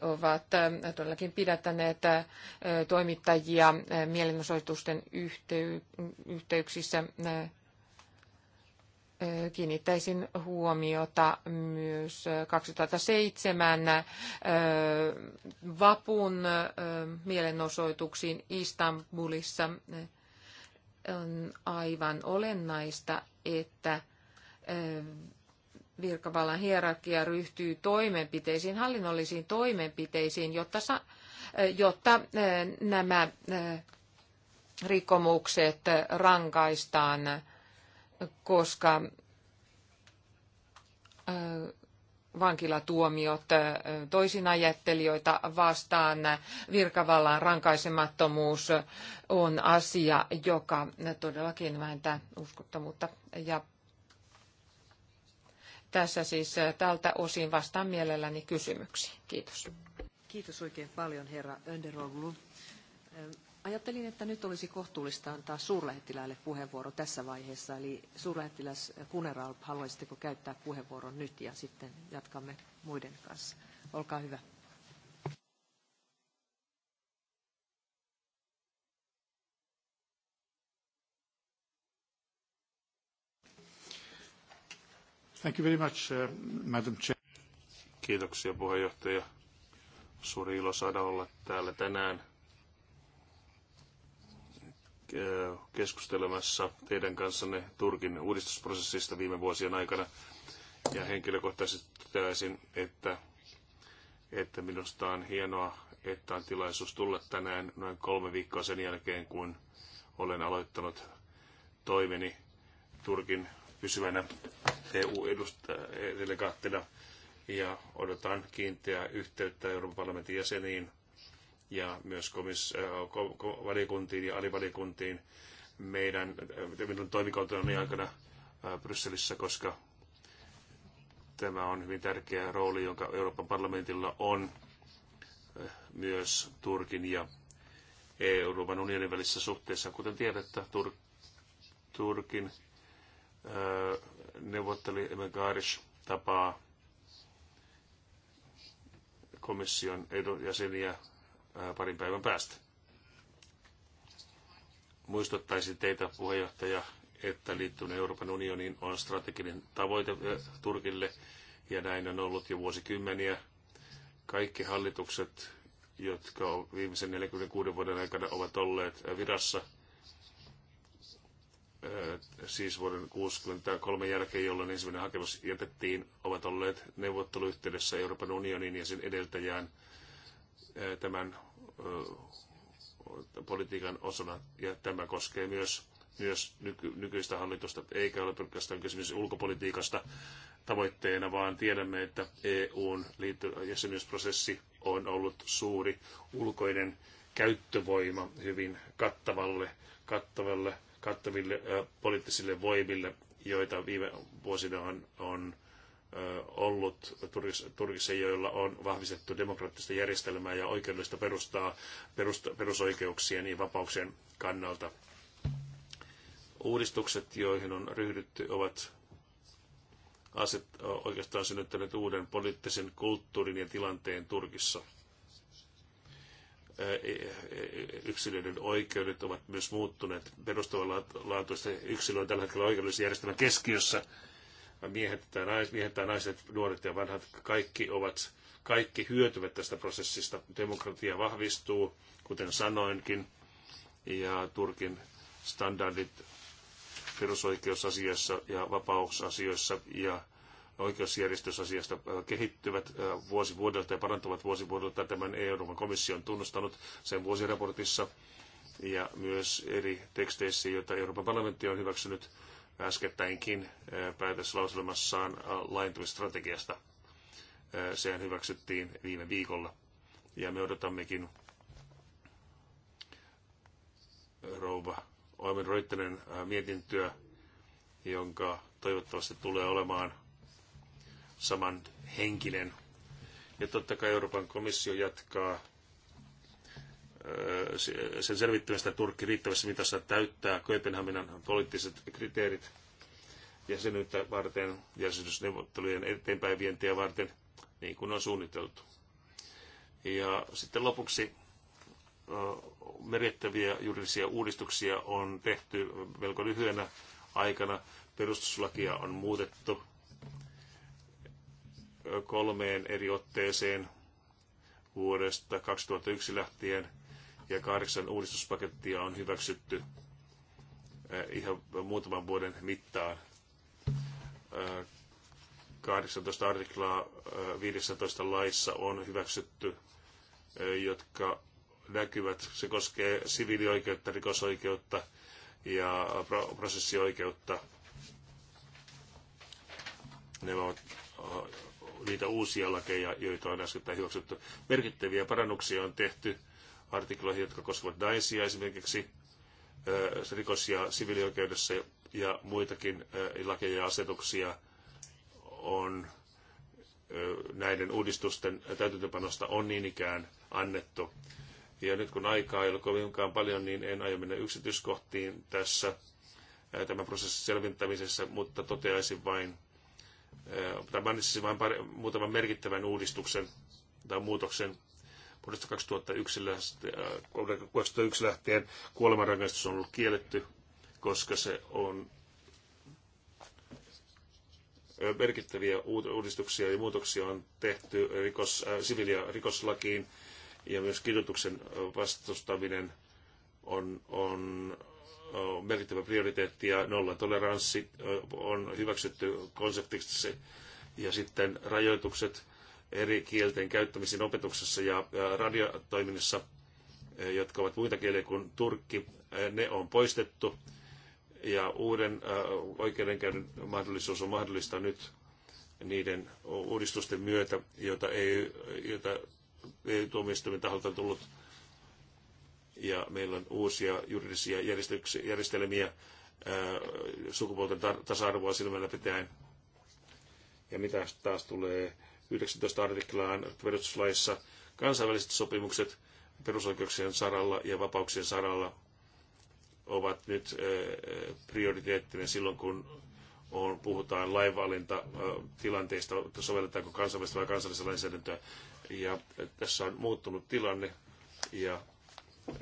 ovat öö, todellakin pidättäneet toimittajia mielenosoitusten yhteyksissä kiinnittäisin huomiota myös 2007 vapun mielenosoituksiin Istanbulissa. On aivan olennaista, että virkavallan hierarkia ryhtyy toimenpiteisiin, hallinnollisiin toimenpiteisiin, jotta, jotta nämä rikkomukset rankaistaan koska vankilatuomiot toisinajättelijöitä vastaan, virkavallan rankaisemattomuus on asia, joka todellakin vähentää uskottavuutta. Ja tässä siis tältä osin vastaan mielelläni kysymyksiin. Kiitos. Kiitos oikein paljon herra Önderoglu. Ajattelin, että nyt olisi kohtuullista antaa suurlähettiläälle puheenvuoro tässä vaiheessa. Eli suurlähettiläs Kuneral, haluaisitteko käyttää puheenvuoron nyt ja sitten jatkamme muiden kanssa. Olkaa hyvä. Thank you very much, uh, Madam Chair. Kiitoksia puheenjohtaja. Suuri ilo saada olla täällä tänään keskustelemassa teidän kanssanne Turkin uudistusprosessista viime vuosien aikana. Ja henkilökohtaisesti toteaisin, että, että minusta on hienoa, että on tilaisuus tulla tänään noin kolme viikkoa sen jälkeen, kun olen aloittanut toimeni Turkin pysyvänä EU-delegaattina e ja odotan kiinteää yhteyttä Euroopan parlamentin jäseniin ja myös komis, äh, valiokuntiin ja alivaliokuntiin meidän, äh, meidän toimikauteni aikana äh, Brysselissä, koska tämä on hyvin tärkeä rooli, jonka Euroopan parlamentilla on myös Turkin ja Euroopan unionin välissä suhteessa. Kuten tiedätte, Tur- Turkin neuvotteli Emekarish tapaa komission jäseniä Äh, parin päivän päästä. Muistuttaisin teitä, puheenjohtaja, että liittyminen Euroopan unioniin on strateginen tavoite äh, Turkille, ja näin on ollut jo vuosikymmeniä. Kaikki hallitukset, jotka viimeisen 46 vuoden aikana ovat olleet äh, virassa, siis vuoden 1963 jälkeen, jolloin ensimmäinen hakemus jätettiin, ovat olleet neuvotteluyhteydessä Euroopan unionin ja sen edeltäjään tämän politiikan osana, ja tämä koskee myös, myös nyky, nykyistä hallitusta, eikä ole pelkästään kysymys ulkopolitiikasta tavoitteena, vaan tiedämme, että EUn jäsenyysprosessi on ollut suuri ulkoinen käyttövoima hyvin kattavalle, kattavalle kattaville ö, poliittisille voimille, joita viime vuosina on, on ollut Turkissa, joilla on vahvistettu demokraattista järjestelmää ja oikeudellista perustaa perust, perusoikeuksien ja vapauksien kannalta. Uudistukset, joihin on ryhdytty, ovat aset, oikeastaan synnyttäneet uuden poliittisen kulttuurin ja tilanteen Turkissa. E, e, yksilöiden oikeudet ovat myös muuttuneet perustavanlaatuista on tällä hetkellä oikeudellisen järjestelmän keskiössä miehet tai, nais, miehet tai naiset, nuoret ja vanhat, kaikki, ovat, kaikki hyötyvät tästä prosessista. Demokratia vahvistuu, kuten sanoinkin, ja Turkin standardit perusoikeusasiassa ja vapausasioissa ja oikeusjärjestysasiasta äh, kehittyvät äh, vuosi vuodelta ja parantuvat vuosi vuodelta. Tämän Euroopan komissio on tunnustanut sen vuosiraportissa ja myös eri teksteissä, joita Euroopan parlamentti on hyväksynyt äskettäinkin eh, päätöslauselmassaan eh, laajentumistrategiasta. Eh, sehän hyväksyttiin viime viikolla ja me odotammekin rouva Oimen Roittinen mietintyä, jonka toivottavasti tulee olemaan saman henkinen. Ja totta kai Euroopan komissio jatkaa sen selvittämistä Turkki riittävässä mitassa täyttää Kööpenhaminan poliittiset kriteerit jäsenyyttä varten, jäsenyysneuvottelujen eteenpäin vientiä varten, niin kuin on suunniteltu. Ja sitten lopuksi merkittäviä juridisia uudistuksia on tehty melko lyhyenä aikana. Perustuslakia on muutettu kolmeen eri otteeseen vuodesta 2001 lähtien – ja kahdeksan uudistuspakettia on hyväksytty eh, ihan muutaman vuoden mittaan. 18 eh, artiklaa 15 eh, laissa on hyväksytty, jotka näkyvät. Se koskee siviilioikeutta, rikosoikeutta ja prosessioikeutta. Ne ovat niitä uusia lakeja, joita on äsken hyväksytty. Merkittäviä parannuksia on tehty artikloihin, jotka koskevat naisia esimerkiksi rikos- ja siviilioikeudessa ja muitakin lakeja ja asetuksia on näiden uudistusten täytäntöpanosta on niin ikään annettu. Ja nyt kun aikaa ei ole kovinkaan paljon, niin en aio mennä yksityiskohtiin tässä tämän prosessin selvittämisessä, mutta toteaisin vain, tai mainitsisin vain pari, muutaman merkittävän uudistuksen tai muutoksen, vuodesta 2001 lähtien, 2001 lähtien kuolemanrangaistus on ollut kielletty, koska se on äh, merkittäviä uudistuksia ja muutoksia on tehty rikos, äh, sivili- ja rikoslakiin ja myös kidutuksen äh, vastustaminen on, on äh, merkittävä prioriteetti ja nollatoleranssi on hyväksytty konseptiksi ja sitten rajoitukset eri kielten käyttämisen opetuksessa ja radiotoiminnassa, eh, jotka ovat muita kieliä kuin turkki, eh, ne on poistettu ja uuden eh, oikeudenkäynnin mahdollisuus on mahdollista nyt niiden uudistusten myötä, joita ei, joita ei tuomioistuimen taholta tullut. Ja meillä on uusia juridisia järjestelmiä sukupuolten tasa-arvoa silmällä pitäen. Ja mitä taas tulee 19 artiklaan perustuslaissa kansainväliset sopimukset perusoikeuksien saralla ja vapauksien saralla ovat nyt eh, prioriteettinen silloin, kun on, puhutaan lainvalintatilanteista, sovelletaanko kansainvälistä vai kansallista lainsäädäntöä. Ja eh, tässä on muuttunut tilanne ja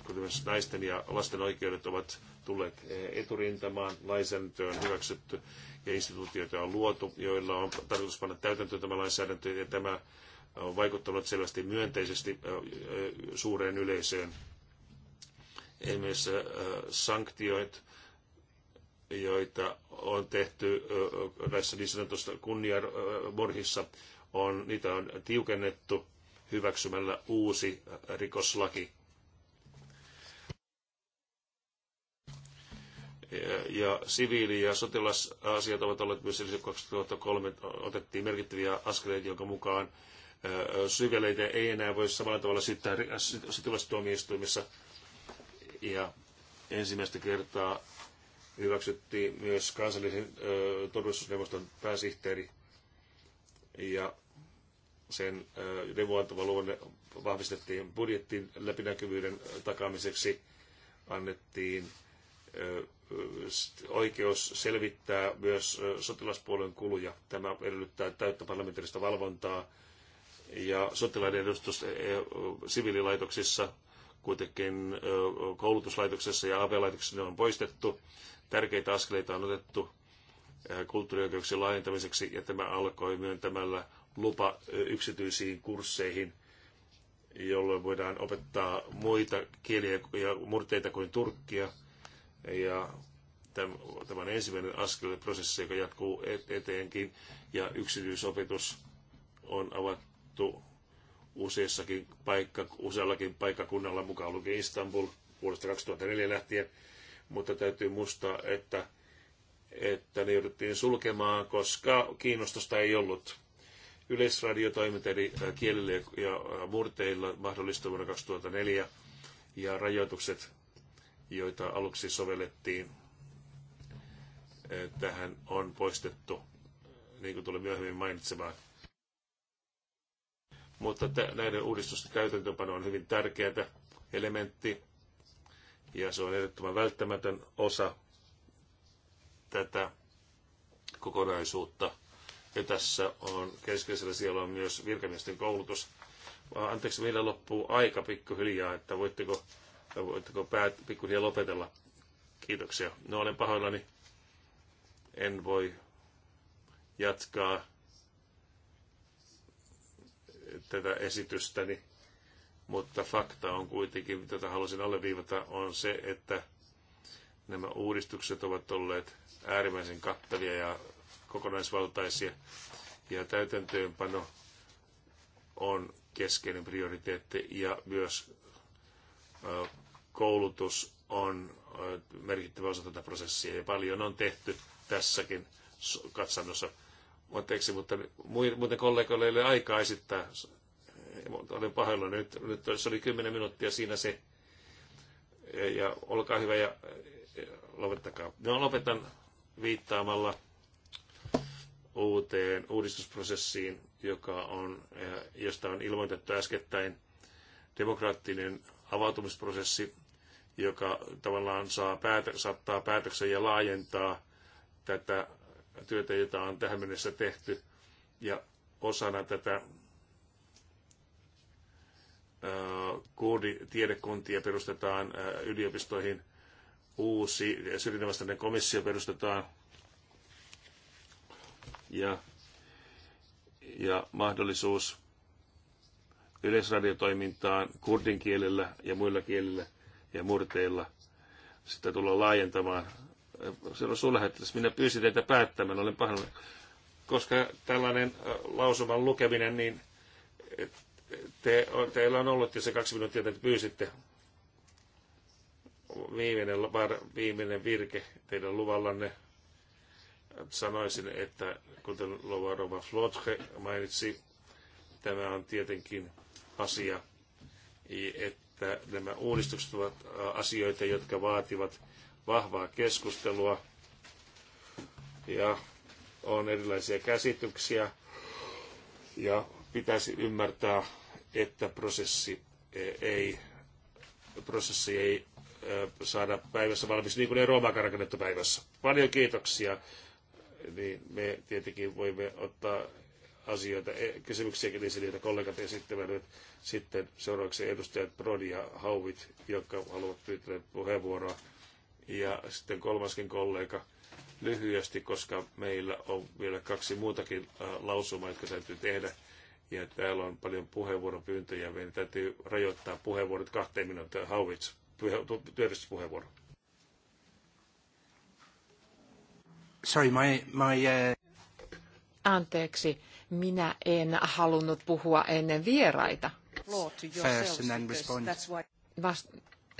kun myös naisten ja lasten oikeudet ovat tulleet eturintamaan, lainsäädäntöä on hyväksytty ja instituutioita on luotu, joilla on tarkoitus panna täytäntöön tämä lainsäädäntö ja tämä on vaikuttanut selvästi myönteisesti suureen yleisöön. Esimerkiksi sanktioit, joita on tehty näissä niin sanotussa kunniamorhissa, on, niitä on tiukennettu hyväksymällä uusi rikoslaki ja siviili- ja sotilasasiat ovat olleet myös sellaisia, 2003 otettiin merkittäviä askeleita, jonka mukaan syveleitä ei enää voi samalla tavalla syyttää sotilastuomioistuimissa. Ja ensimmäistä kertaa hyväksyttiin myös kansallisen turvallisuusneuvoston pääsihteeri ja sen neuvoantava luonne vahvistettiin budjettiin läpinäkyvyyden takaamiseksi, annettiin oikeus selvittää myös sotilaspuolen kuluja. Tämä edellyttää täyttä parlamentaarista valvontaa ja sotilaiden edustus siviililaitoksissa, kuitenkin koulutuslaitoksessa ja AV-laitoksessa ne on poistettu. Tärkeitä askeleita on otettu kulttuurioikeuksien laajentamiseksi ja tämä alkoi myöntämällä lupa yksityisiin kursseihin, jolloin voidaan opettaa muita kieliä ja murteita kuin turkkia – ja tämä on ensimmäinen askel prosessi, joka jatkuu eteenkin. Ja yksityisopetus on avattu useissakin paikka, useallakin paikkakunnalla, mukaan lukien Istanbul vuodesta 2004 lähtien. Mutta täytyy muistaa, että, että ne jouduttiin sulkemaan, koska kiinnostusta ei ollut. Yleisradiotoiminta eli äh, kielille ja murteilla mahdollistui vuonna 2004 ja rajoitukset joita aluksi sovellettiin, eh, tähän on poistettu, niin kuin tuli myöhemmin mainitsemaan. Mutta näiden uudistusten täytäntöpano on hyvin tärkeä elementti, ja se on ehdottoman välttämätön osa tätä kokonaisuutta. Ja tässä on keskeisellä siellä on myös virkamiesten koulutus. Anteeksi, meillä loppuu aika pikkuhiljaa, että voitteko Voitteko päät pikkuhiljaa lopetella? Kiitoksia. No olen pahoillani. En voi jatkaa tätä esitystäni, mutta fakta on kuitenkin, tätä halusin alleviivata, on se, että nämä uudistukset ovat olleet äärimmäisen kattavia ja kokonaisvaltaisia, ja täytäntöönpano on keskeinen prioriteetti ja myös koulutus on merkittävä osa tätä prosessia ja paljon on tehty tässäkin katsannossa. Anteeksi, mutta muuten kollegoille ei ole aikaa esittää. Olen pahoilla nyt. Nyt se oli 10 minuuttia siinä se. Ja olkaa hyvä ja lopettakaa. No lopetan viittaamalla uuteen uudistusprosessiin, joka on, josta on ilmoitettu äskettäin demokraattinen avautumisprosessi joka tavallaan saa päätö, saattaa päätöksen ja laajentaa tätä työtä, jota on tähän mennessä tehty. Ja osana tätä kooditiedekuntia perustetaan yliopistoihin, uusi syrjinnänvastainen komissio perustetaan ja, ja mahdollisuus yleisradiotoimintaan kurdin kielellä ja muilla kielillä ja murteilla. Sitä tullaan laajentamaan. Silloin suurlähettiläs, minä pyysin teitä päättämään, olen pahoillani. Koska tällainen lausuman lukeminen, niin te, teillä on ollut jo se kaksi minuuttia, että pyysitte viimeinen, viimeinen virke teidän luvallanne. Sanoisin, että kuten Lovarova Flotre mainitsi, tämä on tietenkin asia, että että nämä uudistukset ovat asioita, jotka vaativat vahvaa keskustelua ja on erilaisia käsityksiä ja pitäisi ymmärtää, että prosessi ei, prosessi ei saada päivässä valmis, niin kuin ei Roomaa rakennettu päivässä. Paljon kiitoksia. Niin me tietenkin voimme ottaa asioita, e, kysymyksiäkin esille, joita kollegat esittävät. Sitten seuraavaksi edustajat Prodi ja Hauvit, jotka haluavat pyytää puheenvuoroa. Ja sitten kolmaskin kollega lyhyesti, koska meillä on vielä kaksi muutakin äh, lausumaa, jotka täytyy tehdä. Ja täällä on paljon puheenvuoropyyntöjä. Meidän täytyy rajoittaa puheenvuorot kahteen minuuttiin. Hauvits, työllisyyspuheenvuoro. Sorry, my, my, uh... Anteeksi minä en halunnut puhua ennen vieraita. Vast,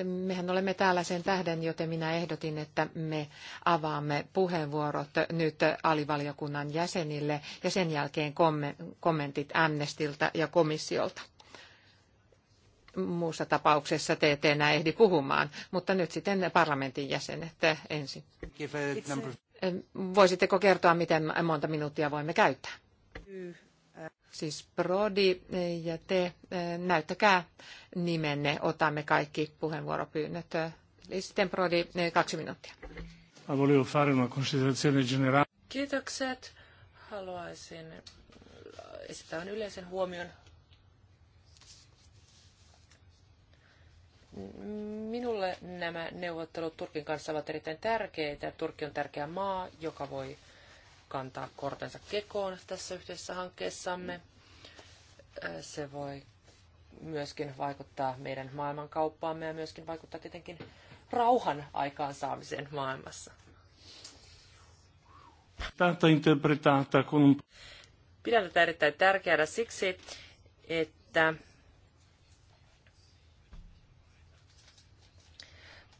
mehän olemme täällä sen tähden, joten minä ehdotin, että me avaamme puheenvuorot nyt alivaliokunnan jäsenille ja sen jälkeen kommentit Amnestiltä ja komissiolta. Muussa tapauksessa te ette enää ehdi puhumaan, mutta nyt sitten parlamentin jäsenet ensin. Voisitteko kertoa, miten monta minuuttia voimme käyttää? Siis Brody eh, ja te, eh, näyttäkää nimenne. Otamme kaikki puheenvuoropyynnöt. Eh, eli sitten Brody, kaksi minuuttia. Kiitokset. Haluaisin esittää yleisen huomion Minulle nämä neuvottelut Turkin kanssa ovat erittäin tärkeitä. Turkki on tärkeä maa, joka voi kantaa kortensa kekoon tässä yhteisessä hankkeessamme. Äh, se voi myöskin vaikuttaa meidän maailmankauppaamme ja myöskin vaikuttaa tietenkin rauhan aikaansaamiseen maailmassa. Pidän tätä erittäin tärkeänä siksi, että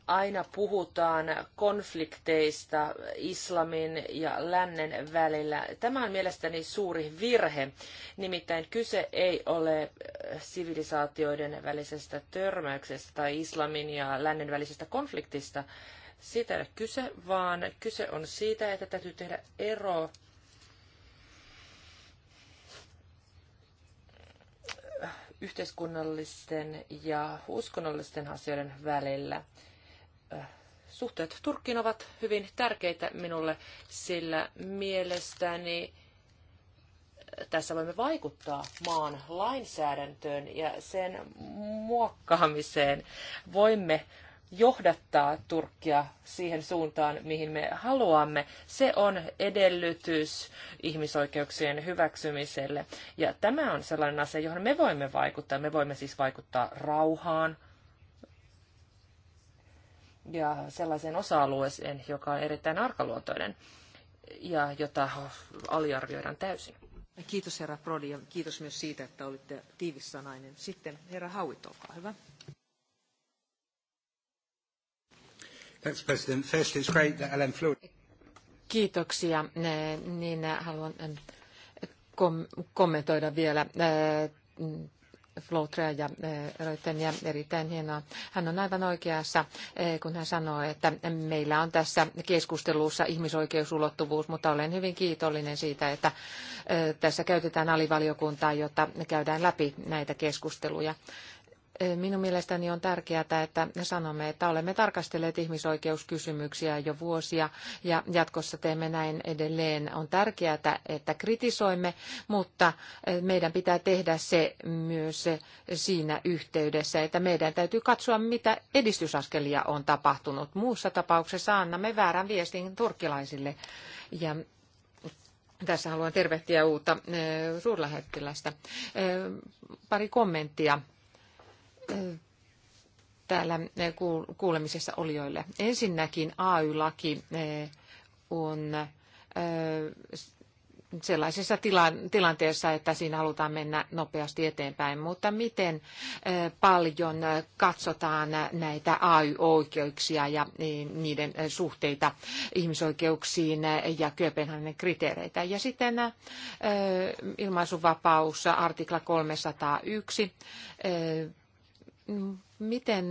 aina puhutaan konflikteista islamin ja lännen välillä. Tämä on mielestäni suuri virhe, nimittäin kyse ei ole eh, sivilisaatioiden välisestä törmäyksestä tai islamin ja lännen välisestä konfliktista. Siitä ei ole kyse, vaan kyse on siitä, että täytyy tehdä ero eh, yhteiskunnallisten ja uskonnollisten asioiden välillä. Äh, suhteet Turkkiin ovat hyvin tärkeitä minulle, sillä mielestäni äh, tässä voimme vaikuttaa maan lainsäädäntöön ja sen muokkaamiseen. Voimme johdattaa Turkkia siihen suuntaan, mihin me haluamme. Se on edellytys ihmisoikeuksien hyväksymiselle. Ja tämä on sellainen asia, johon me voimme vaikuttaa. Me voimme siis vaikuttaa rauhaan, ja sellaiseen osa-alueeseen, joka on erittäin arkaluontoinen ja jota aliarvioidaan täysin. Kiitos herra Prodi ja kiitos myös siitä, että olitte tiivissanainen. Sitten herra Hauit, olkaa hyvä. Thanks, President. First, it's great that Kiitoksia. Niin äh, haluan äh, kommentoida vielä äh, Flowtrea ja eh, Röyteniä erittäin hienoa. Hän on aivan oikeassa, eh, kun hän sanoo, että meillä on tässä keskustelussa ihmisoikeusulottuvuus, mutta olen hyvin kiitollinen siitä, että eh, tässä käytetään alivaliokuntaa, jotta käydään läpi näitä keskusteluja. Minun mielestäni on tärkeää, että sanomme, että olemme tarkastelleet ihmisoikeuskysymyksiä jo vuosia ja jatkossa teemme näin edelleen. On tärkeää, että kritisoimme, mutta meidän pitää tehdä se myös siinä yhteydessä, että meidän täytyy katsoa, mitä edistysaskelia on tapahtunut. Muussa tapauksessa annamme väärän viestin turkkilaisille. Ja tässä haluan tervehtiä uutta suurlähettilästä. Pari kommenttia täällä eh, kuulemisessa olijoille. Ensinnäkin AY-laki eh, on eh, sellaisessa tilanteessa, että siinä halutaan mennä nopeasti eteenpäin, mutta miten paljon katsotaan näitä AY-oikeuksia ja niiden suhteita ihmisoikeuksiin ja Kööpenhaminen kriteereitä. Ja sitten ilmaisuvapaus, artikla 301, miten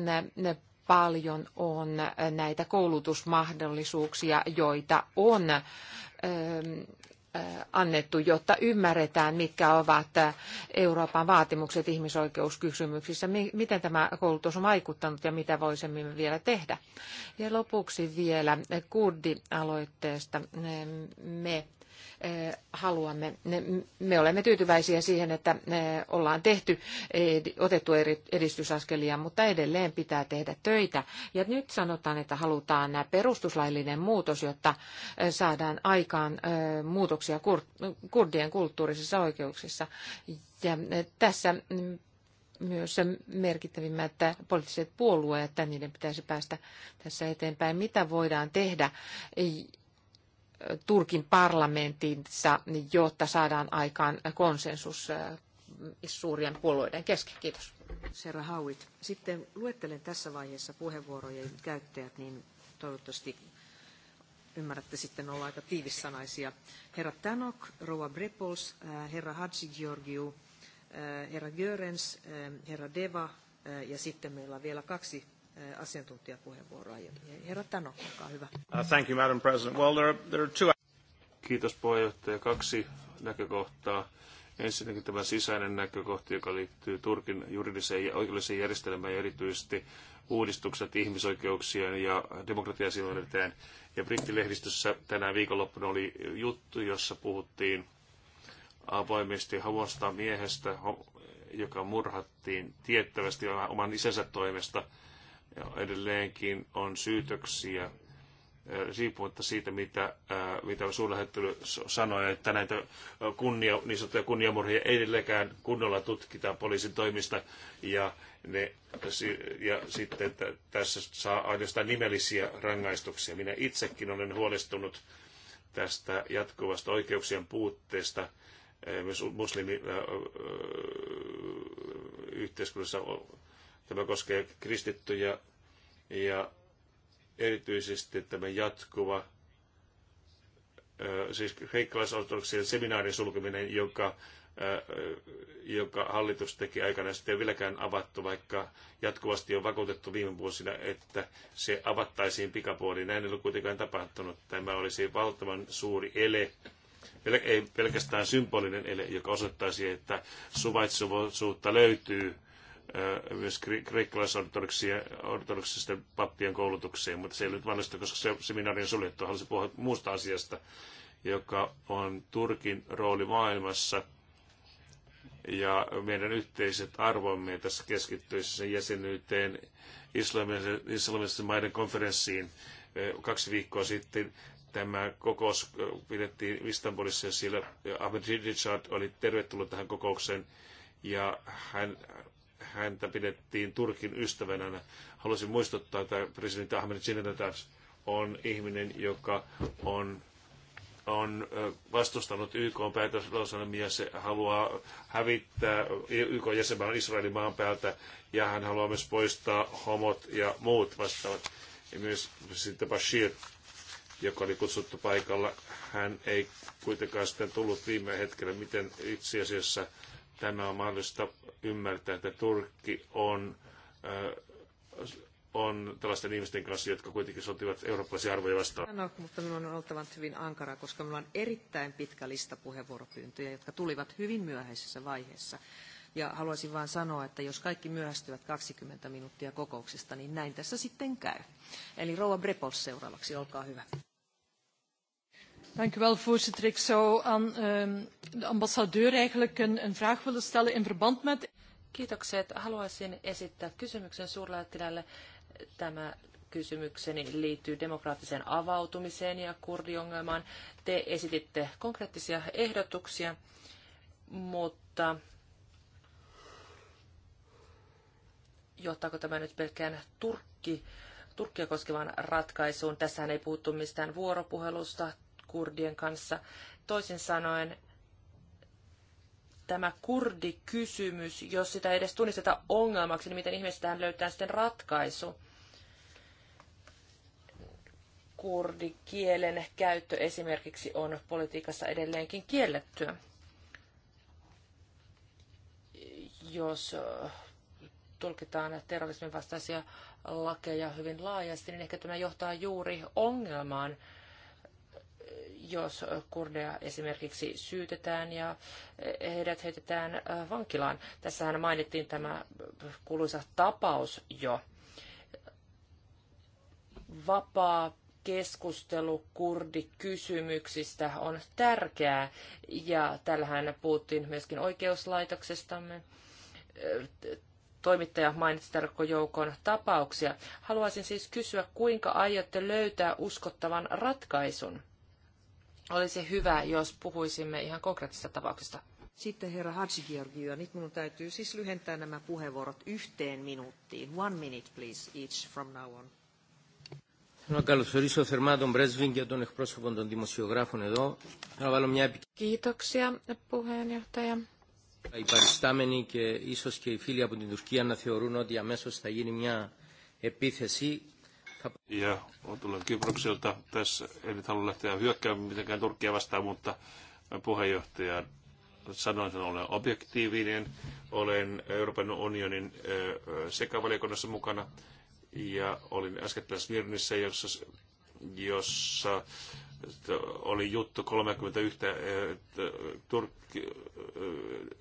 paljon on näitä koulutusmahdollisuuksia, joita on annettu, jotta ymmärretään, mitkä ovat Euroopan vaatimukset ihmisoikeuskysymyksissä, miten tämä koulutus on vaikuttanut ja mitä voisimme vielä tehdä. Ja lopuksi vielä kurdialoitteesta me Eh, haluamme. Me olemme tyytyväisiä siihen, että eh, ollaan tehty, otettu edistysaskelia, mutta edelleen pitää tehdä töitä. Ja nyt sanotaan, että halutaan nämä perustuslaillinen muutos, jotta eh, saadaan aikaan muutoksia kurdien kulttuurisissa oikeuksissa. Ja tässä mm, myös merkittävimmät poliittiset puolueet, että niiden pitäisi päästä tässä eteenpäin. Mitä voidaan tehdä, Turkin parlamentissa, jotta saadaan aikaan konsensus äh, suurien puolueiden kesken. Kiitos. Serra Hauit. Sitten luettelen tässä vaiheessa puheenvuorojen käyttäjät, niin toivottavasti ymmärrätte sitten olla aika tiivissanaisia. Herra Tanok, Rova Brepols, äh, herra Hadzi äh, herra Görens, herra Deva ja sitten meillä on vielä kaksi Eh, asiantuntijapuheenvuoroa. Herra Tano, olkaa hyvä. Uh, thank you, Madam President. Well, there are, there are two... Kiitos puheenjohtaja. Kaksi näkökohtaa. Ensinnäkin tämä sisäinen näkökohta, joka liittyy Turkin juridiseen ja oikeudelliseen järjestelmään ja erityisesti uudistukset ihmisoikeuksien ja demokratiasioiden eteen. Ja brittilehdistössä tänään viikonloppuna oli juttu, jossa puhuttiin avoimesti havosta miehestä, joka murhattiin tiettävästi oman isänsä toimesta – edelleenkin on syytöksiä riippumatta siitä, mitä, mitä suurlähettely sanoi, että näitä kunnia, niin sanottuja kunniamurhia ei edelleenkään kunnolla tutkitaan poliisin toimista ja, ne, ja sitten että tässä saa ainoastaan nimellisiä rangaistuksia. Minä itsekin olen huolestunut tästä jatkuvasta oikeuksien puutteesta myös yhteiskunnassa. Tämä koskee kristittyjä ja erityisesti tämä jatkuva, siis kreikkalaisortodoksien seminaarin sulkeminen, jonka, jonka hallitus teki aikana, sitä ei vieläkään avattu, vaikka jatkuvasti on vakuutettu viime vuosina, että se avattaisiin pikapuoliin. Näin ei ole kuitenkaan tapahtunut. Tämä olisi valtavan suuri ele ei pelkästään symbolinen ele, joka osoittaisi, että suvaitsevuutta löytyy myös kreikkalaisortodoksisten pappien koulutukseen, mutta se ei nyt mahdollista, koska se seminaari on suljettu. Haluaisin puhua muusta asiasta, joka on Turkin rooli maailmassa ja meidän yhteiset arvomme tässä keskittyisi sen jäsenyyteen islamisen maiden konferenssiin kaksi viikkoa sitten. Tämä kokous pidettiin Istanbulissa ja siellä Richard oli tervetullut tähän kokoukseen ja hän häntä pidettiin Turkin ystävänä. Haluaisin muistuttaa, että presidentti Ahmed taas on ihminen, joka on on vastustanut YK päätöslauselmia, se haluaa hävittää YK jäsenmaan Israelin maan päältä ja hän haluaa myös poistaa homot ja muut vastaavat. Ja myös sitten Bashir, joka oli kutsuttu paikalla, hän ei kuitenkaan sitten tullut viime hetkellä, miten itse asiassa Tämä on mahdollista ymmärtää, että Turkki on, äh, on tällaisten ihmisten kanssa, jotka kuitenkin sotivat eurooppalaisia arvoja vastaan. No, mutta minun on oltava hyvin ankara, koska minulla on erittäin pitkä lista puheenvuoropyyntöjä, jotka tulivat hyvin myöhäisessä vaiheessa. Ja haluaisin vain sanoa, että jos kaikki myöhästyvät 20 minuuttia kokouksesta, niin näin tässä sitten käy. Eli Rouva Brepos seuraavaksi, olkaa hyvä voorzitter. Ik zou aan ehm, de ambassadeur eigenlijk een, vraag willen stellen in verband met... Kiitokset. Haluaisin esittää kysymyksen suurlähettilälle. Tämä kysymykseni liittyy demokraattiseen avautumiseen ja kurdiongelmaan. Te esititte konkreettisia ehdotuksia, mutta johtaako tämä nyt pelkään Turkki, Turkkia koskevaan ratkaisuun? Tässähän ei puhuttu mistään vuoropuhelusta kurdien kanssa. Toisin sanoen tämä kurdikysymys, jos sitä ei edes tunnisteta ongelmaksi, niin miten ihmeessä tähän löytää sitten ratkaisu? Kurdikielen käyttö esimerkiksi on politiikassa edelleenkin kiellettyä. Jos tulkitaan terrorismin vastaisia lakeja hyvin laajasti, niin ehkä tämä johtaa juuri ongelmaan, jos kurdeja esimerkiksi syytetään ja heidät heitetään äh, vankilaan. Tässähän mainittiin tämä kuuluisa tapaus jo. Vapaa keskustelu kurdikysymyksistä on tärkeää ja tällähän puhuttiin myöskin oikeuslaitoksestamme toimittaja mainitsi tarkko joukon tapauksia. Haluaisin siis kysyä, kuinka aiotte löytää uskottavan ratkaisun? Olisi hyvä, jos puhuisimme ihan konkreettisista tapauksista. Sitten herra ja nyt minun täytyy siis lyhentää nämä puheenvuorot yhteen minuuttiin. One minute please each from now on. Kiitoksia, puheenjohtaja. Οι παριστάμενοι και ίσως και οι φίλοι από την Τουρκία να θεωρούν ότι αμέσως θα γίνει μια επίθεση ja tulee Kyprokselta. Tässä en nyt halua lähteä hyökkäämään mitenkään Turkkia vastaan, mutta puheenjohtaja sanoin, että olen objektiivinen. Olen Euroopan unionin sekavaliokunnassa mukana ja olin äskettäin Smirnissä, jossa, jossa oli juttu 31 Turkki,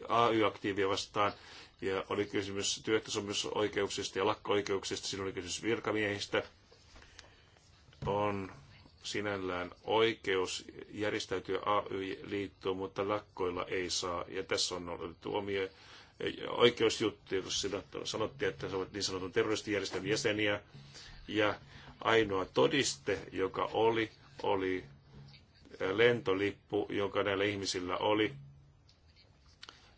AY-aktiivia vastaan ja oli kysymys työehtosopimusoikeuksista ja lakko-oikeuksista. Siinä oli kysymys virkamiehistä on sinällään oikeus järjestäytyä AY-liittoon, mutta lakkoilla ei saa. Ja tässä on otettu omia oikeusjuttuja, koska siinä sanottiin, että he ovat niin sanotun terroristijärjestön jäseniä. Ja ainoa todiste, joka oli, oli äh, lentolippu, joka näillä ihmisillä oli,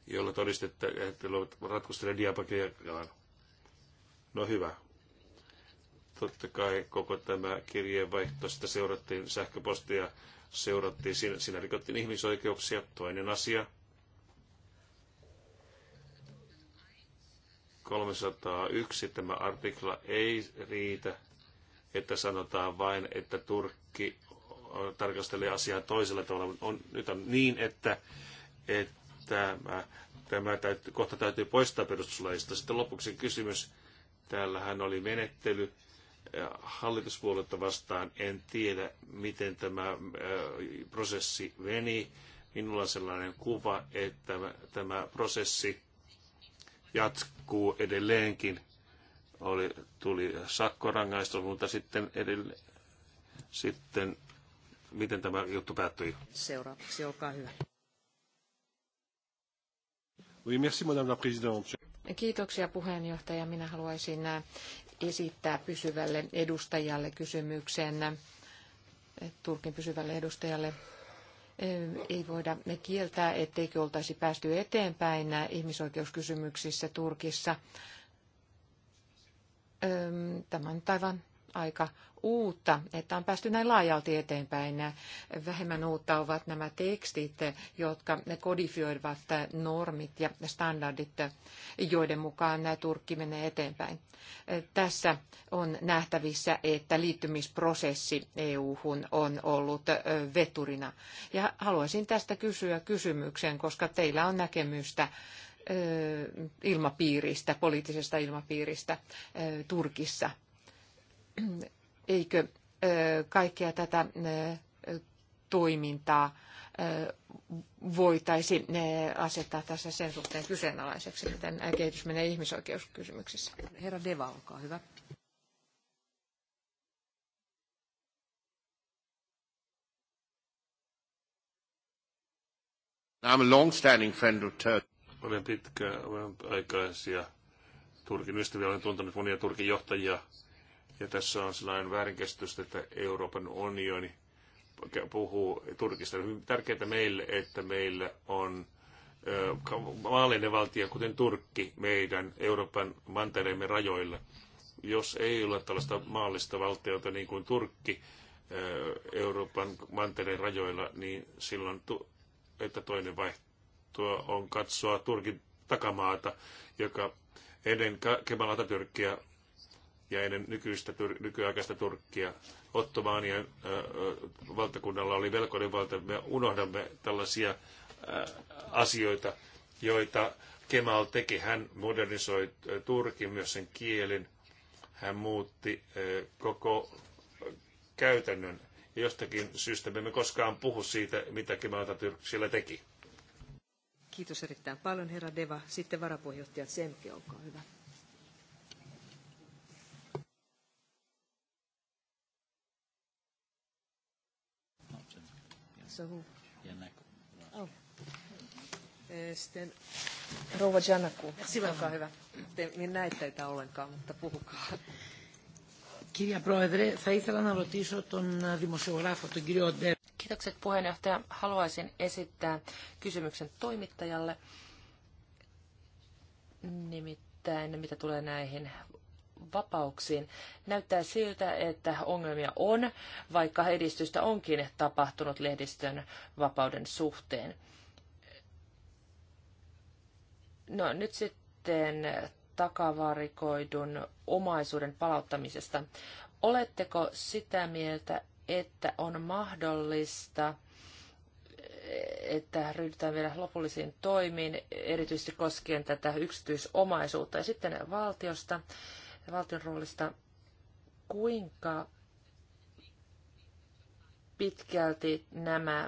jolla todistettiin, että he olivat ratkustelleet diapakeakaan. No hyvä, Totta kai koko tämä kirjeenvaihto, sitä seurattiin sähköpostia, seurattiin, siinä, siinä rikottiin ihmisoikeuksia. Toinen asia, 301 tämä artikla ei riitä, että sanotaan vain, että Turkki tarkastelee asiaa toisella tavalla. On, nyt on niin, että, että äh, tämä täytyy, kohta täytyy poistaa perustuslaista. Sitten lopuksi kysymys. Täällähän oli menettely, hallituspuoletta vastaan. En tiedä, miten tämä prosessi veni. Minulla on sellainen kuva, että tämä prosessi jatkuu edelleenkin. Oli, tuli sakkorangaistus, mutta sitten, edelle, sitten miten tämä juttu päättyi? Seuraavaksi, olkaa hyvä. Oui, merci, Madame la Kiitoksia puheenjohtaja. Minä haluaisin esittää pysyvälle edustajalle kysymyksen, Turkin pysyvälle edustajalle. Ei voida kieltää, etteikö oltaisi päästy eteenpäin ihmisoikeuskysymyksissä Turkissa. Tämä on aivan aika uutta, että on päästy näin laajalti eteenpäin. Vähemmän uutta ovat nämä tekstit, jotka kodifioivat normit ja standardit, joiden mukaan Turkki menee eteenpäin. Tässä on nähtävissä, että liittymisprosessi EU-hun on ollut veturina. Ja haluaisin tästä kysyä kysymyksen, koska teillä on näkemystä ilmapiiristä, poliittisesta ilmapiiristä Turkissa eikö kaikkea tätä toimintaa voitaisi asettaa tässä sen suhteen kyseenalaiseksi, miten kehitys menee ihmisoikeuskysymyksissä. Herra Deva, olkaa hyvä. I'm a long-standing friend of Turkey. Olen pitkä, olen aikaisia Turkin ystäviä, olen tuntenut monia Turkin johtajia ja tässä on sellainen väärinkäsitys, että Euroopan unioni puhuu Turkista. On hyvin tärkeää meille, että meillä on maallinen valtio, kuten Turkki, meidän Euroopan mantereemme rajoilla. Jos ei ole tällaista maallista valtiota niin kuin Turkki Euroopan mantereen rajoilla, niin silloin, että toinen vaihtoehto on katsoa Turkin takamaata, joka ennen Kemal Atatürkia ja ennen nykyistä, nykyaikaista Turkkia. Ottomaanien valtakunnalla oli velkoinen valta. Me unohdamme tällaisia asioita, joita Kemal teki. Hän modernisoi Turkin, myös sen kielen. Hän muutti koko käytännön. Ja jostakin syystä me emme koskaan puhu siitä, mitä Kemal Atatürk siellä teki. Kiitos erittäin paljon, herra Deva. Sitten varapuheenjohtaja Sempi, olkaa hyvä. So. Janaku. Oh. Eh, sitten rouva Janaku, olkaa hyvä. Te en näe teitä ollenkaan, mutta puhukaa. Kirja Proedre, θα ήθελα να ρωτήσω τον δημοσιογράφο, τον κύριο Ντέρ. Kiitokset puheenjohtaja. Haluaisin esittää kysymyksen toimittajalle. Nimittäin mitä tulee näihin vapauksiin. Näyttää siltä, että ongelmia on, vaikka edistystä onkin tapahtunut lehdistön vapauden suhteen. No nyt sitten takavarikoidun omaisuuden palauttamisesta. Oletteko sitä mieltä, että on mahdollista, että ryhdytään vielä lopullisiin toimiin, erityisesti koskien tätä yksityisomaisuutta ja sitten valtiosta? ja valtion roolista. Kuinka pitkälti nämä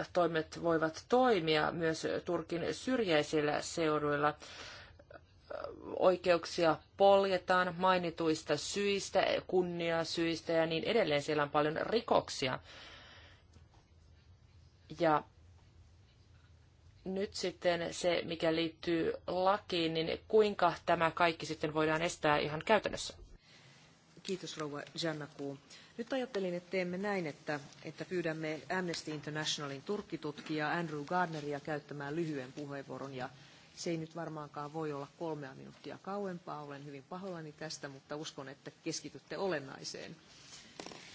äh, toimet voivat toimia myös Turkin syrjäisillä seuduilla? Äh, oikeuksia poljetaan mainituista syistä, kunnia syistä ja niin edelleen. Siellä on paljon rikoksia. Ja nyt sitten se, mikä liittyy lakiin, niin kuinka tämä kaikki sitten voidaan estää ihan käytännössä? Kiitos rouva Jannaku. Nyt ajattelin, että teemme näin, että, että pyydämme Amnesty Internationalin turkkitutkija Andrew Gardneria käyttämään lyhyen puheenvuoron. Ja se ei nyt varmaankaan voi olla kolmea minuuttia kauempaa. Olen hyvin pahoillani tästä, mutta uskon, että keskitytte olennaiseen.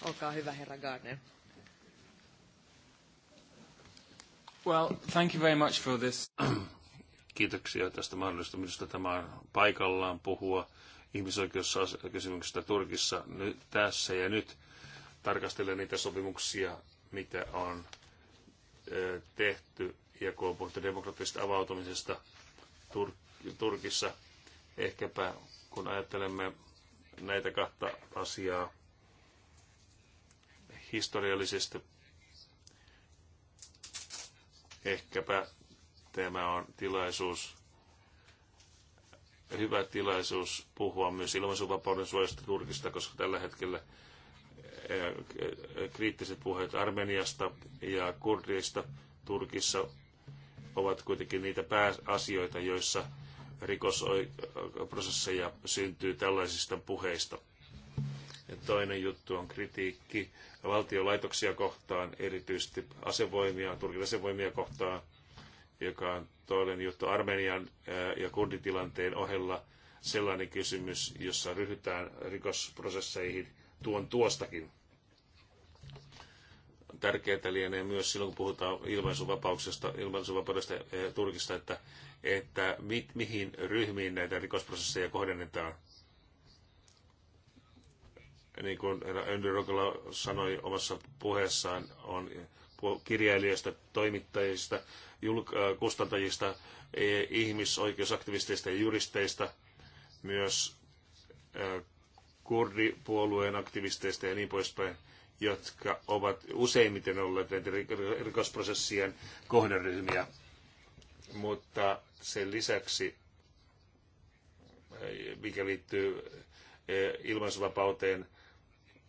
Olkaa hyvä, herra Gardner. Well, thank you very much for this. *clears throat* Kiitoksia tästä mahdollistumisesta. Tämä on paikallaan puhua ihmisoikeuskysymyksistä Turkissa nyt, tässä ja nyt. tarkastella niitä sopimuksia, mitä on ö, tehty ja kun on puhuttu demokraattisesta avautumisesta Tur- Turkissa, ehkäpä kun ajattelemme näitä kahta asiaa historiallisesti Ehkäpä tämä on tilaisuus, hyvä tilaisuus puhua myös ilmaisuvapauden suojasta Turkista, koska tällä hetkellä eh, eh, kriittiset puheet Armeniasta ja Kurdista Turkissa ovat kuitenkin niitä pääasioita, joissa rikosprosesseja syntyy tällaisista puheista. Ja toinen juttu on kritiikki valtiolaitoksia kohtaan, erityisesti asevoimia, Turkin asevoimia kohtaan, joka on toinen juttu Armenian äh, ja kurditilanteen ohella sellainen kysymys, jossa ryhdytään rikosprosesseihin tuon tuostakin. Tärkeää lienee myös silloin, kun puhutaan ilmaisuvapauksesta, ilmaisuvapaudesta äh, Turkista, että, että mi, mihin ryhmiin näitä rikosprosesseja kohdennetaan – niin kuin Andrew Rokola sanoi omassa puheessaan, on kirjailijoista, toimittajista, äh, kustantajista, e, ihmisoikeusaktivisteista ja juristeista, myös äh, kurdipuolueen aktivisteista ja niin poispäin, jotka ovat useimmiten olleet näiden rikosprosessien kohderyhmiä. Mutta sen lisäksi, mikä liittyy e, ilmaisuvapauteen,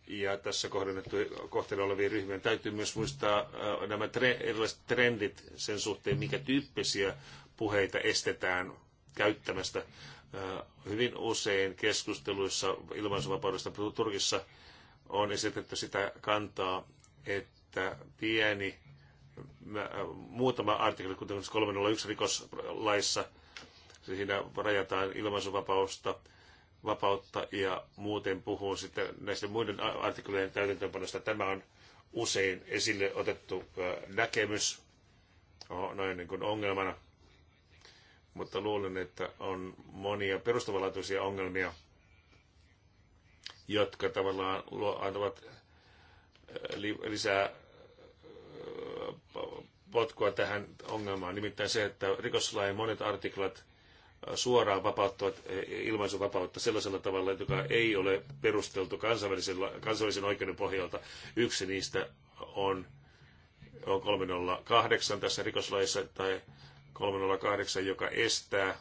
ja tässä kohdennettu kohteena olevien ryhmien täytyy myös muistaa äh, nämä tre, erilaiset trendit sen suhteen, mikä tyyppisiä puheita estetään käyttämästä. Äh, hyvin usein keskusteluissa ilmaisuvapaudesta Turkissa on esitetty sitä kantaa, että pieni äh, muutama artikli, kuten 301 rikoslaissa, siinä rajataan ilmaisuvapausta – vapautta ja muuten puhuu sitten näistä muiden artikkelien täytäntöönpanosta. Tämä on usein esille otettu näkemys noin niin kuin ongelmana, mutta luulen, että on monia perustavanlaatuisia ongelmia, jotka tavallaan antavat lisää potkua tähän ongelmaan. Nimittäin se, että rikoslain monet artiklat suoraan vapauttavat eh, ilmaisuvapautta sellaisella tavalla, joka ei ole perusteltu kansainvälisen oikeuden pohjalta. Yksi niistä on, on 308 tässä rikoslaissa tai 308, joka estää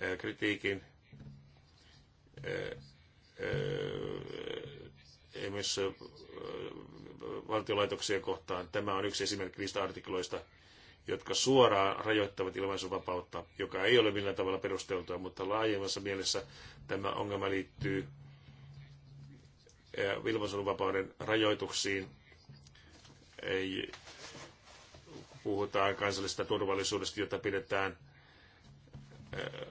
eh, kritiikin esimerkiksi eh, valtiolaitoksia kohtaan. Tämä on yksi esimerkki niistä artikloista, jotka suoraan rajoittavat ilmaisuvapautta, joka ei ole millään tavalla perusteltua, mutta laajemmassa mielessä tämä ongelma liittyy eh, ilmaisunvapauden rajoituksiin. Ei, puhutaan kansallisesta turvallisuudesta, jota pidetään, eh,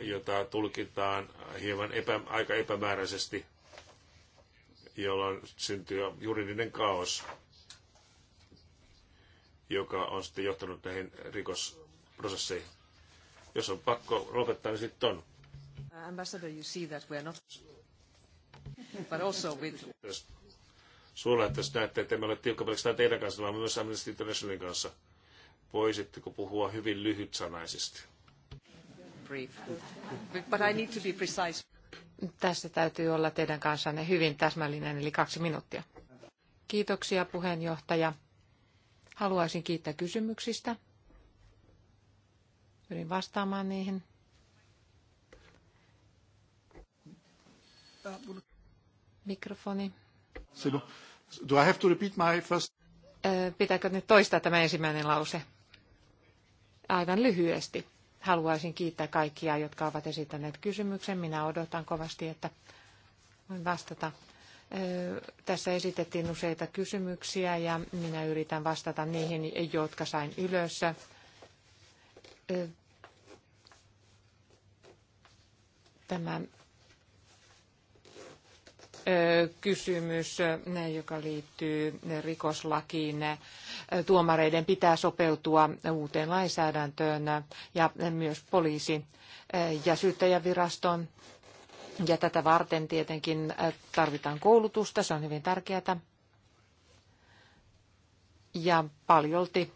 jota tulkitaan hieman epä, aika epämääräisesti, jolloin syntyy juridinen kaos joka on sitten johtanut näihin rikosprosesseihin. Jos on pakko lopettaa, niin sitten on. Uh, Ambassador, you see that we are not... But also with... Sulla, että jos näette, että emme ole tiukka pelkästään teidän kanssa, vaan myös Amnesty Internationalin kanssa. Voisitteko puhua hyvin lyhytsanaisesti? Brief. But I need to be precise. Tässä täytyy olla teidän kanssanne hyvin täsmällinen, eli kaksi minuuttia. Kiitoksia puheenjohtaja. Haluaisin kiittää kysymyksistä. Pyrin vastaamaan niihin. Mikrofoni. Do I have to repeat my first... Pitääkö nyt toistaa tämä ensimmäinen lause? Aivan lyhyesti. Haluaisin kiittää kaikkia, jotka ovat esittäneet kysymyksen. Minä odotan kovasti, että voin vastata tässä esitettiin useita kysymyksiä ja minä yritän vastata niihin, jotka sain ylös. Tämä kysymys, joka liittyy rikoslakiin. Tuomareiden pitää sopeutua uuteen lainsäädäntöön ja myös poliisi ja syyttäjäviraston ja tätä varten tietenkin äh, tarvitaan koulutusta, se on hyvin tärkeää. Ja paljolti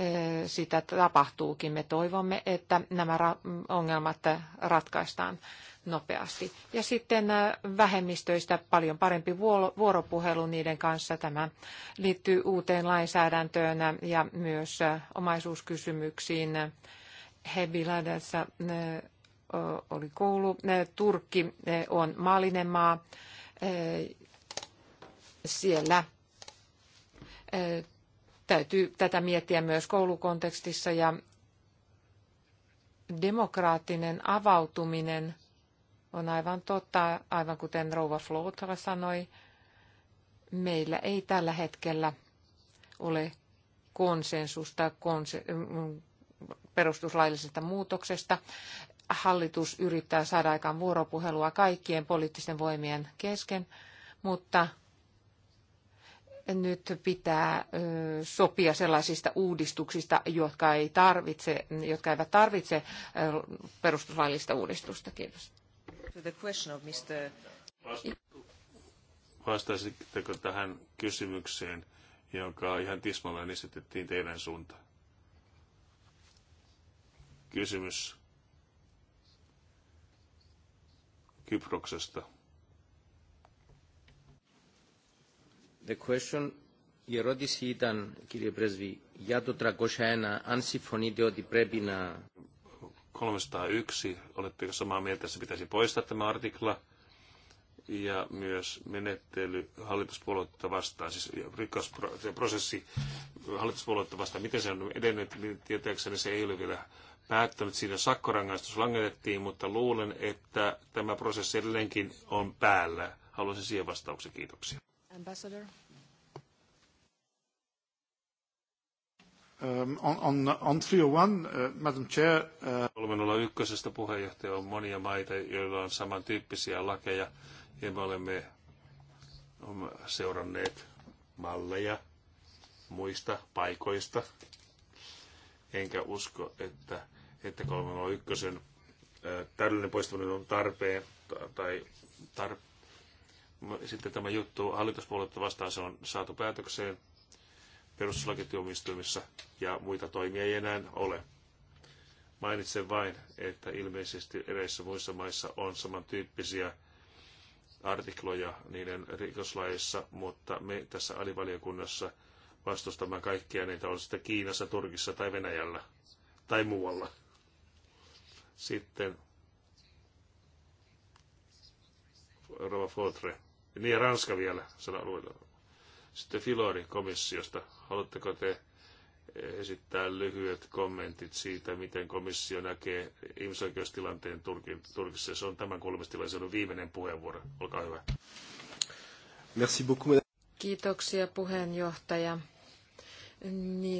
äh, sitä tapahtuukin. Me toivomme, että nämä ongelmat äh, ratkaistaan nopeasti. Ja sitten vähemmistöistä paljon parempi vuoropuhelu niiden kanssa. Tämä liittyy uuteen lainsäädäntöön ja myös omaisuuskysymyksiin. Hebiladassa oli koulu. Turkki on maallinen maa. Siellä täytyy tätä miettiä myös koulukontekstissa ja demokraattinen avautuminen on aivan totta, aivan kuten Rouva Flotra sanoi. Meillä ei tällä hetkellä ole konsensusta konse- mm, perustuslaillisesta muutoksesta hallitus yrittää saada aikaan vuoropuhelua kaikkien poliittisten voimien kesken, mutta nyt pitää sopia sellaisista uudistuksista, jotka, ei tarvitse, jotka eivät tarvitse perustuslaillista uudistusta. Kiitos. Vastaisitteko tähän kysymykseen, joka ihan tismalleen esitettiin teidän suuntaan? Kysymys Kyproksesta. The question, η ερώτηση ήταν, κύριε Πρέσβη, για το 301, αν συμφωνείτε ότι πρέπει να... 301, oletteko samaa mieltä, että se pitäisi poistaa tämä artikla? ja myös menettely hallituspuoluetta vastaan, siis rikosprosessi hallituspuoluetta vastaan, miten se on edennyt, niin tietääkseni se ei ole vielä päättänyt, siinä sakkorangaistus langetettiin, mutta luulen, että tämä prosessi edelleenkin on päällä. Haluaisin siihen vastauksen. Kiitoksia. Ambassador. Um, on, on, on 301, uh, Madam uh, puheenjohtaja on monia maita, joilla on samantyyppisiä lakeja, ja me olemme seuranneet malleja muista paikoista, enkä usko, että, että 301 täydellinen poistuminen on tarpeen tai tar... sitten tämä juttu hallituspuoletta vastaan se on saatu päätökseen perustuslakituomioistuimissa ja muita toimia ei enää ole. Mainitsen vain, että ilmeisesti eräissä muissa maissa on samantyyppisiä artikloja niiden rikoslaissa, mutta me tässä alivaliokunnassa – vastustamaan kaikkia niitä, on sitten Kiinassa, Turkissa tai Venäjällä tai muualla. Sitten Rova Fotre. Niin, ja Ranska vielä sanalueella. Sitten Filori komissiosta. Haluatteko te esittää lyhyet kommentit siitä, miten komissio näkee ihmisoikeustilanteen Turkin, Turkissa. Se on tämän kuulemistilaisuuden viimeinen puheenvuoro. Olkaa hyvä. Merci beaucoup, Kiitoksia puheenjohtaja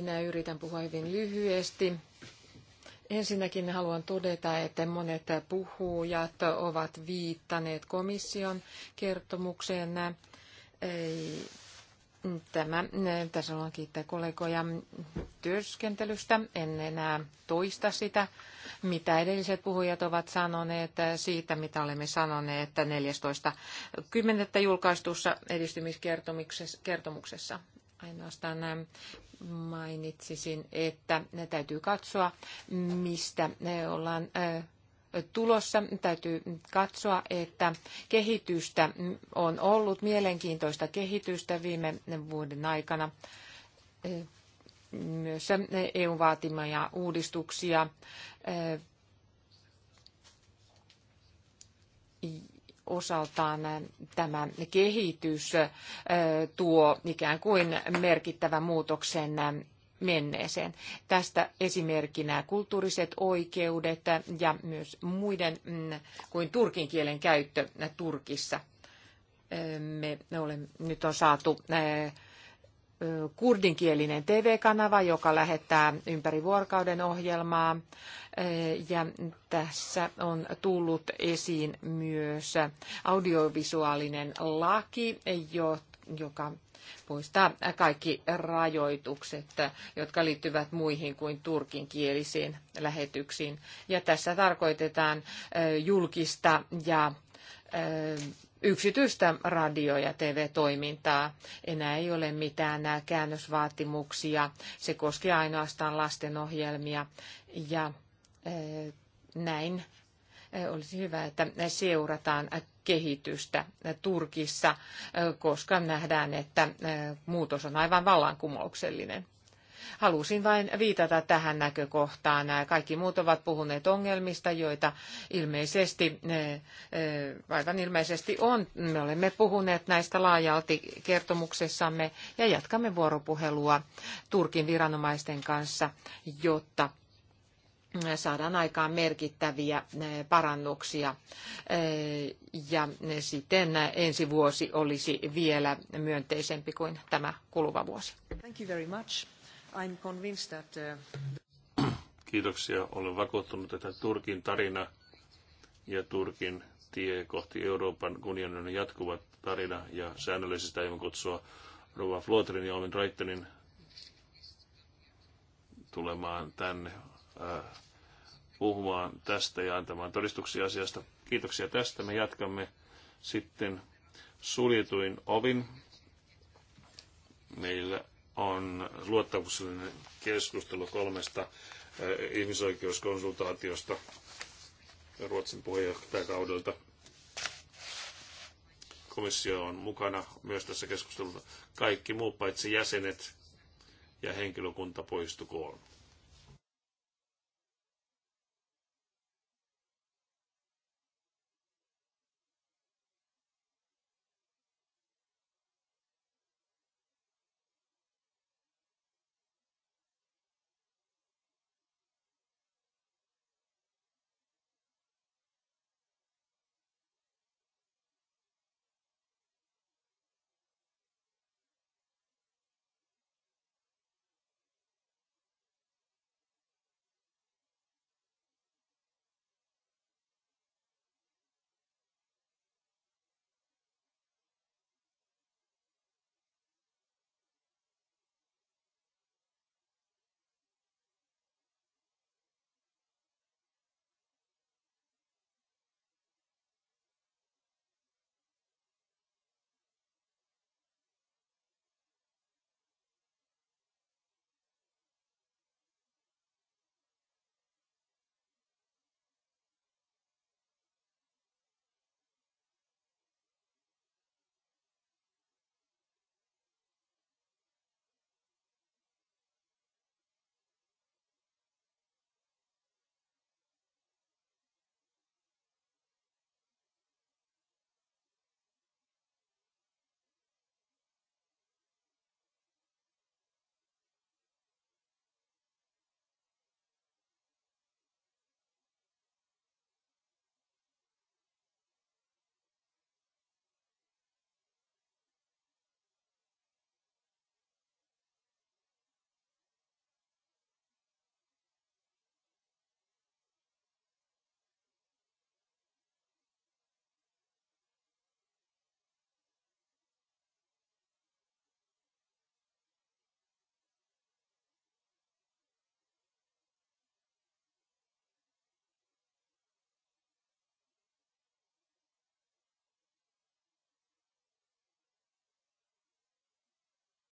mä yritän puhua hyvin lyhyesti. Ensinnäkin haluan todeta, että monet puhujat ovat viittaneet komission kertomukseen. Tämä, tässä haluan kiittää kollegoja työskentelystä. En enää toista sitä, mitä edelliset puhujat ovat sanoneet siitä, mitä olemme sanoneet 14.10. julkaistussa edistymiskertomuksessa ainoastaan ähm, mainitsisin, että ne täytyy katsoa, mistä ne äh, ollaan äh, tulossa. Täytyy katsoa, että kehitystä mm, on ollut mielenkiintoista kehitystä viime vuoden aikana. Äh, myös EU-vaatimia uudistuksia osaltaan tämä kehitys tuo ikään kuin merkittävän muutoksen menneeseen. Tästä esimerkkinä kulttuuriset oikeudet ja myös muiden mm, kuin turkin kielen käyttö Turkissa. Me olemme, nyt on saatu kurdinkielinen TV-kanava, joka lähettää ympäri vuorokauden ohjelmaa. Ja tässä on tullut esiin myös audiovisuaalinen laki, joka poistaa kaikki rajoitukset, jotka liittyvät muihin kuin turkinkielisiin lähetyksiin. Ja tässä tarkoitetaan julkista ja yksityistä radio- ja TV-toimintaa. Enää ei ole mitään nämä käännösvaatimuksia. Se koski ainoastaan lastenohjelmia ja e, näin e, olisi hyvä, että seurataan kehitystä Turkissa, e, koska nähdään, että muutos on aivan vallankumouksellinen. Halusin vain viitata tähän näkökohtaan. Kaikki muut ovat puhuneet ongelmista, joita ilmeisesti, e, aivan ilmeisesti on. Me olemme puhuneet näistä laajalti kertomuksessamme ja jatkamme vuoropuhelua Turkin viranomaisten kanssa, jotta saadaan aikaan merkittäviä e, parannuksia e, ja siten ensi vuosi olisi vielä myönteisempi kuin tämä kuluva vuosi. Thank you very much. I'm convinced that, uh... Kiitoksia. Olen vakuuttunut, että Turkin tarina ja Turkin tie kohti Euroopan unionin jatkuva tarina ja säännöllisesti aivan kutsua Rova Flotrin ja Olin Raittenin tulemaan tänne äh, puhumaan tästä ja antamaan todistuksia asiasta. Kiitoksia tästä. Me jatkamme sitten suljetuin ovin. Meillä on luottamuksellinen keskustelu kolmesta eh, ihmisoikeuskonsultaatiosta Ruotsin puheenjohtajakaudelta. Komissio on mukana myös tässä keskustelussa. Kaikki muut paitsi jäsenet ja henkilökunta poistukoon.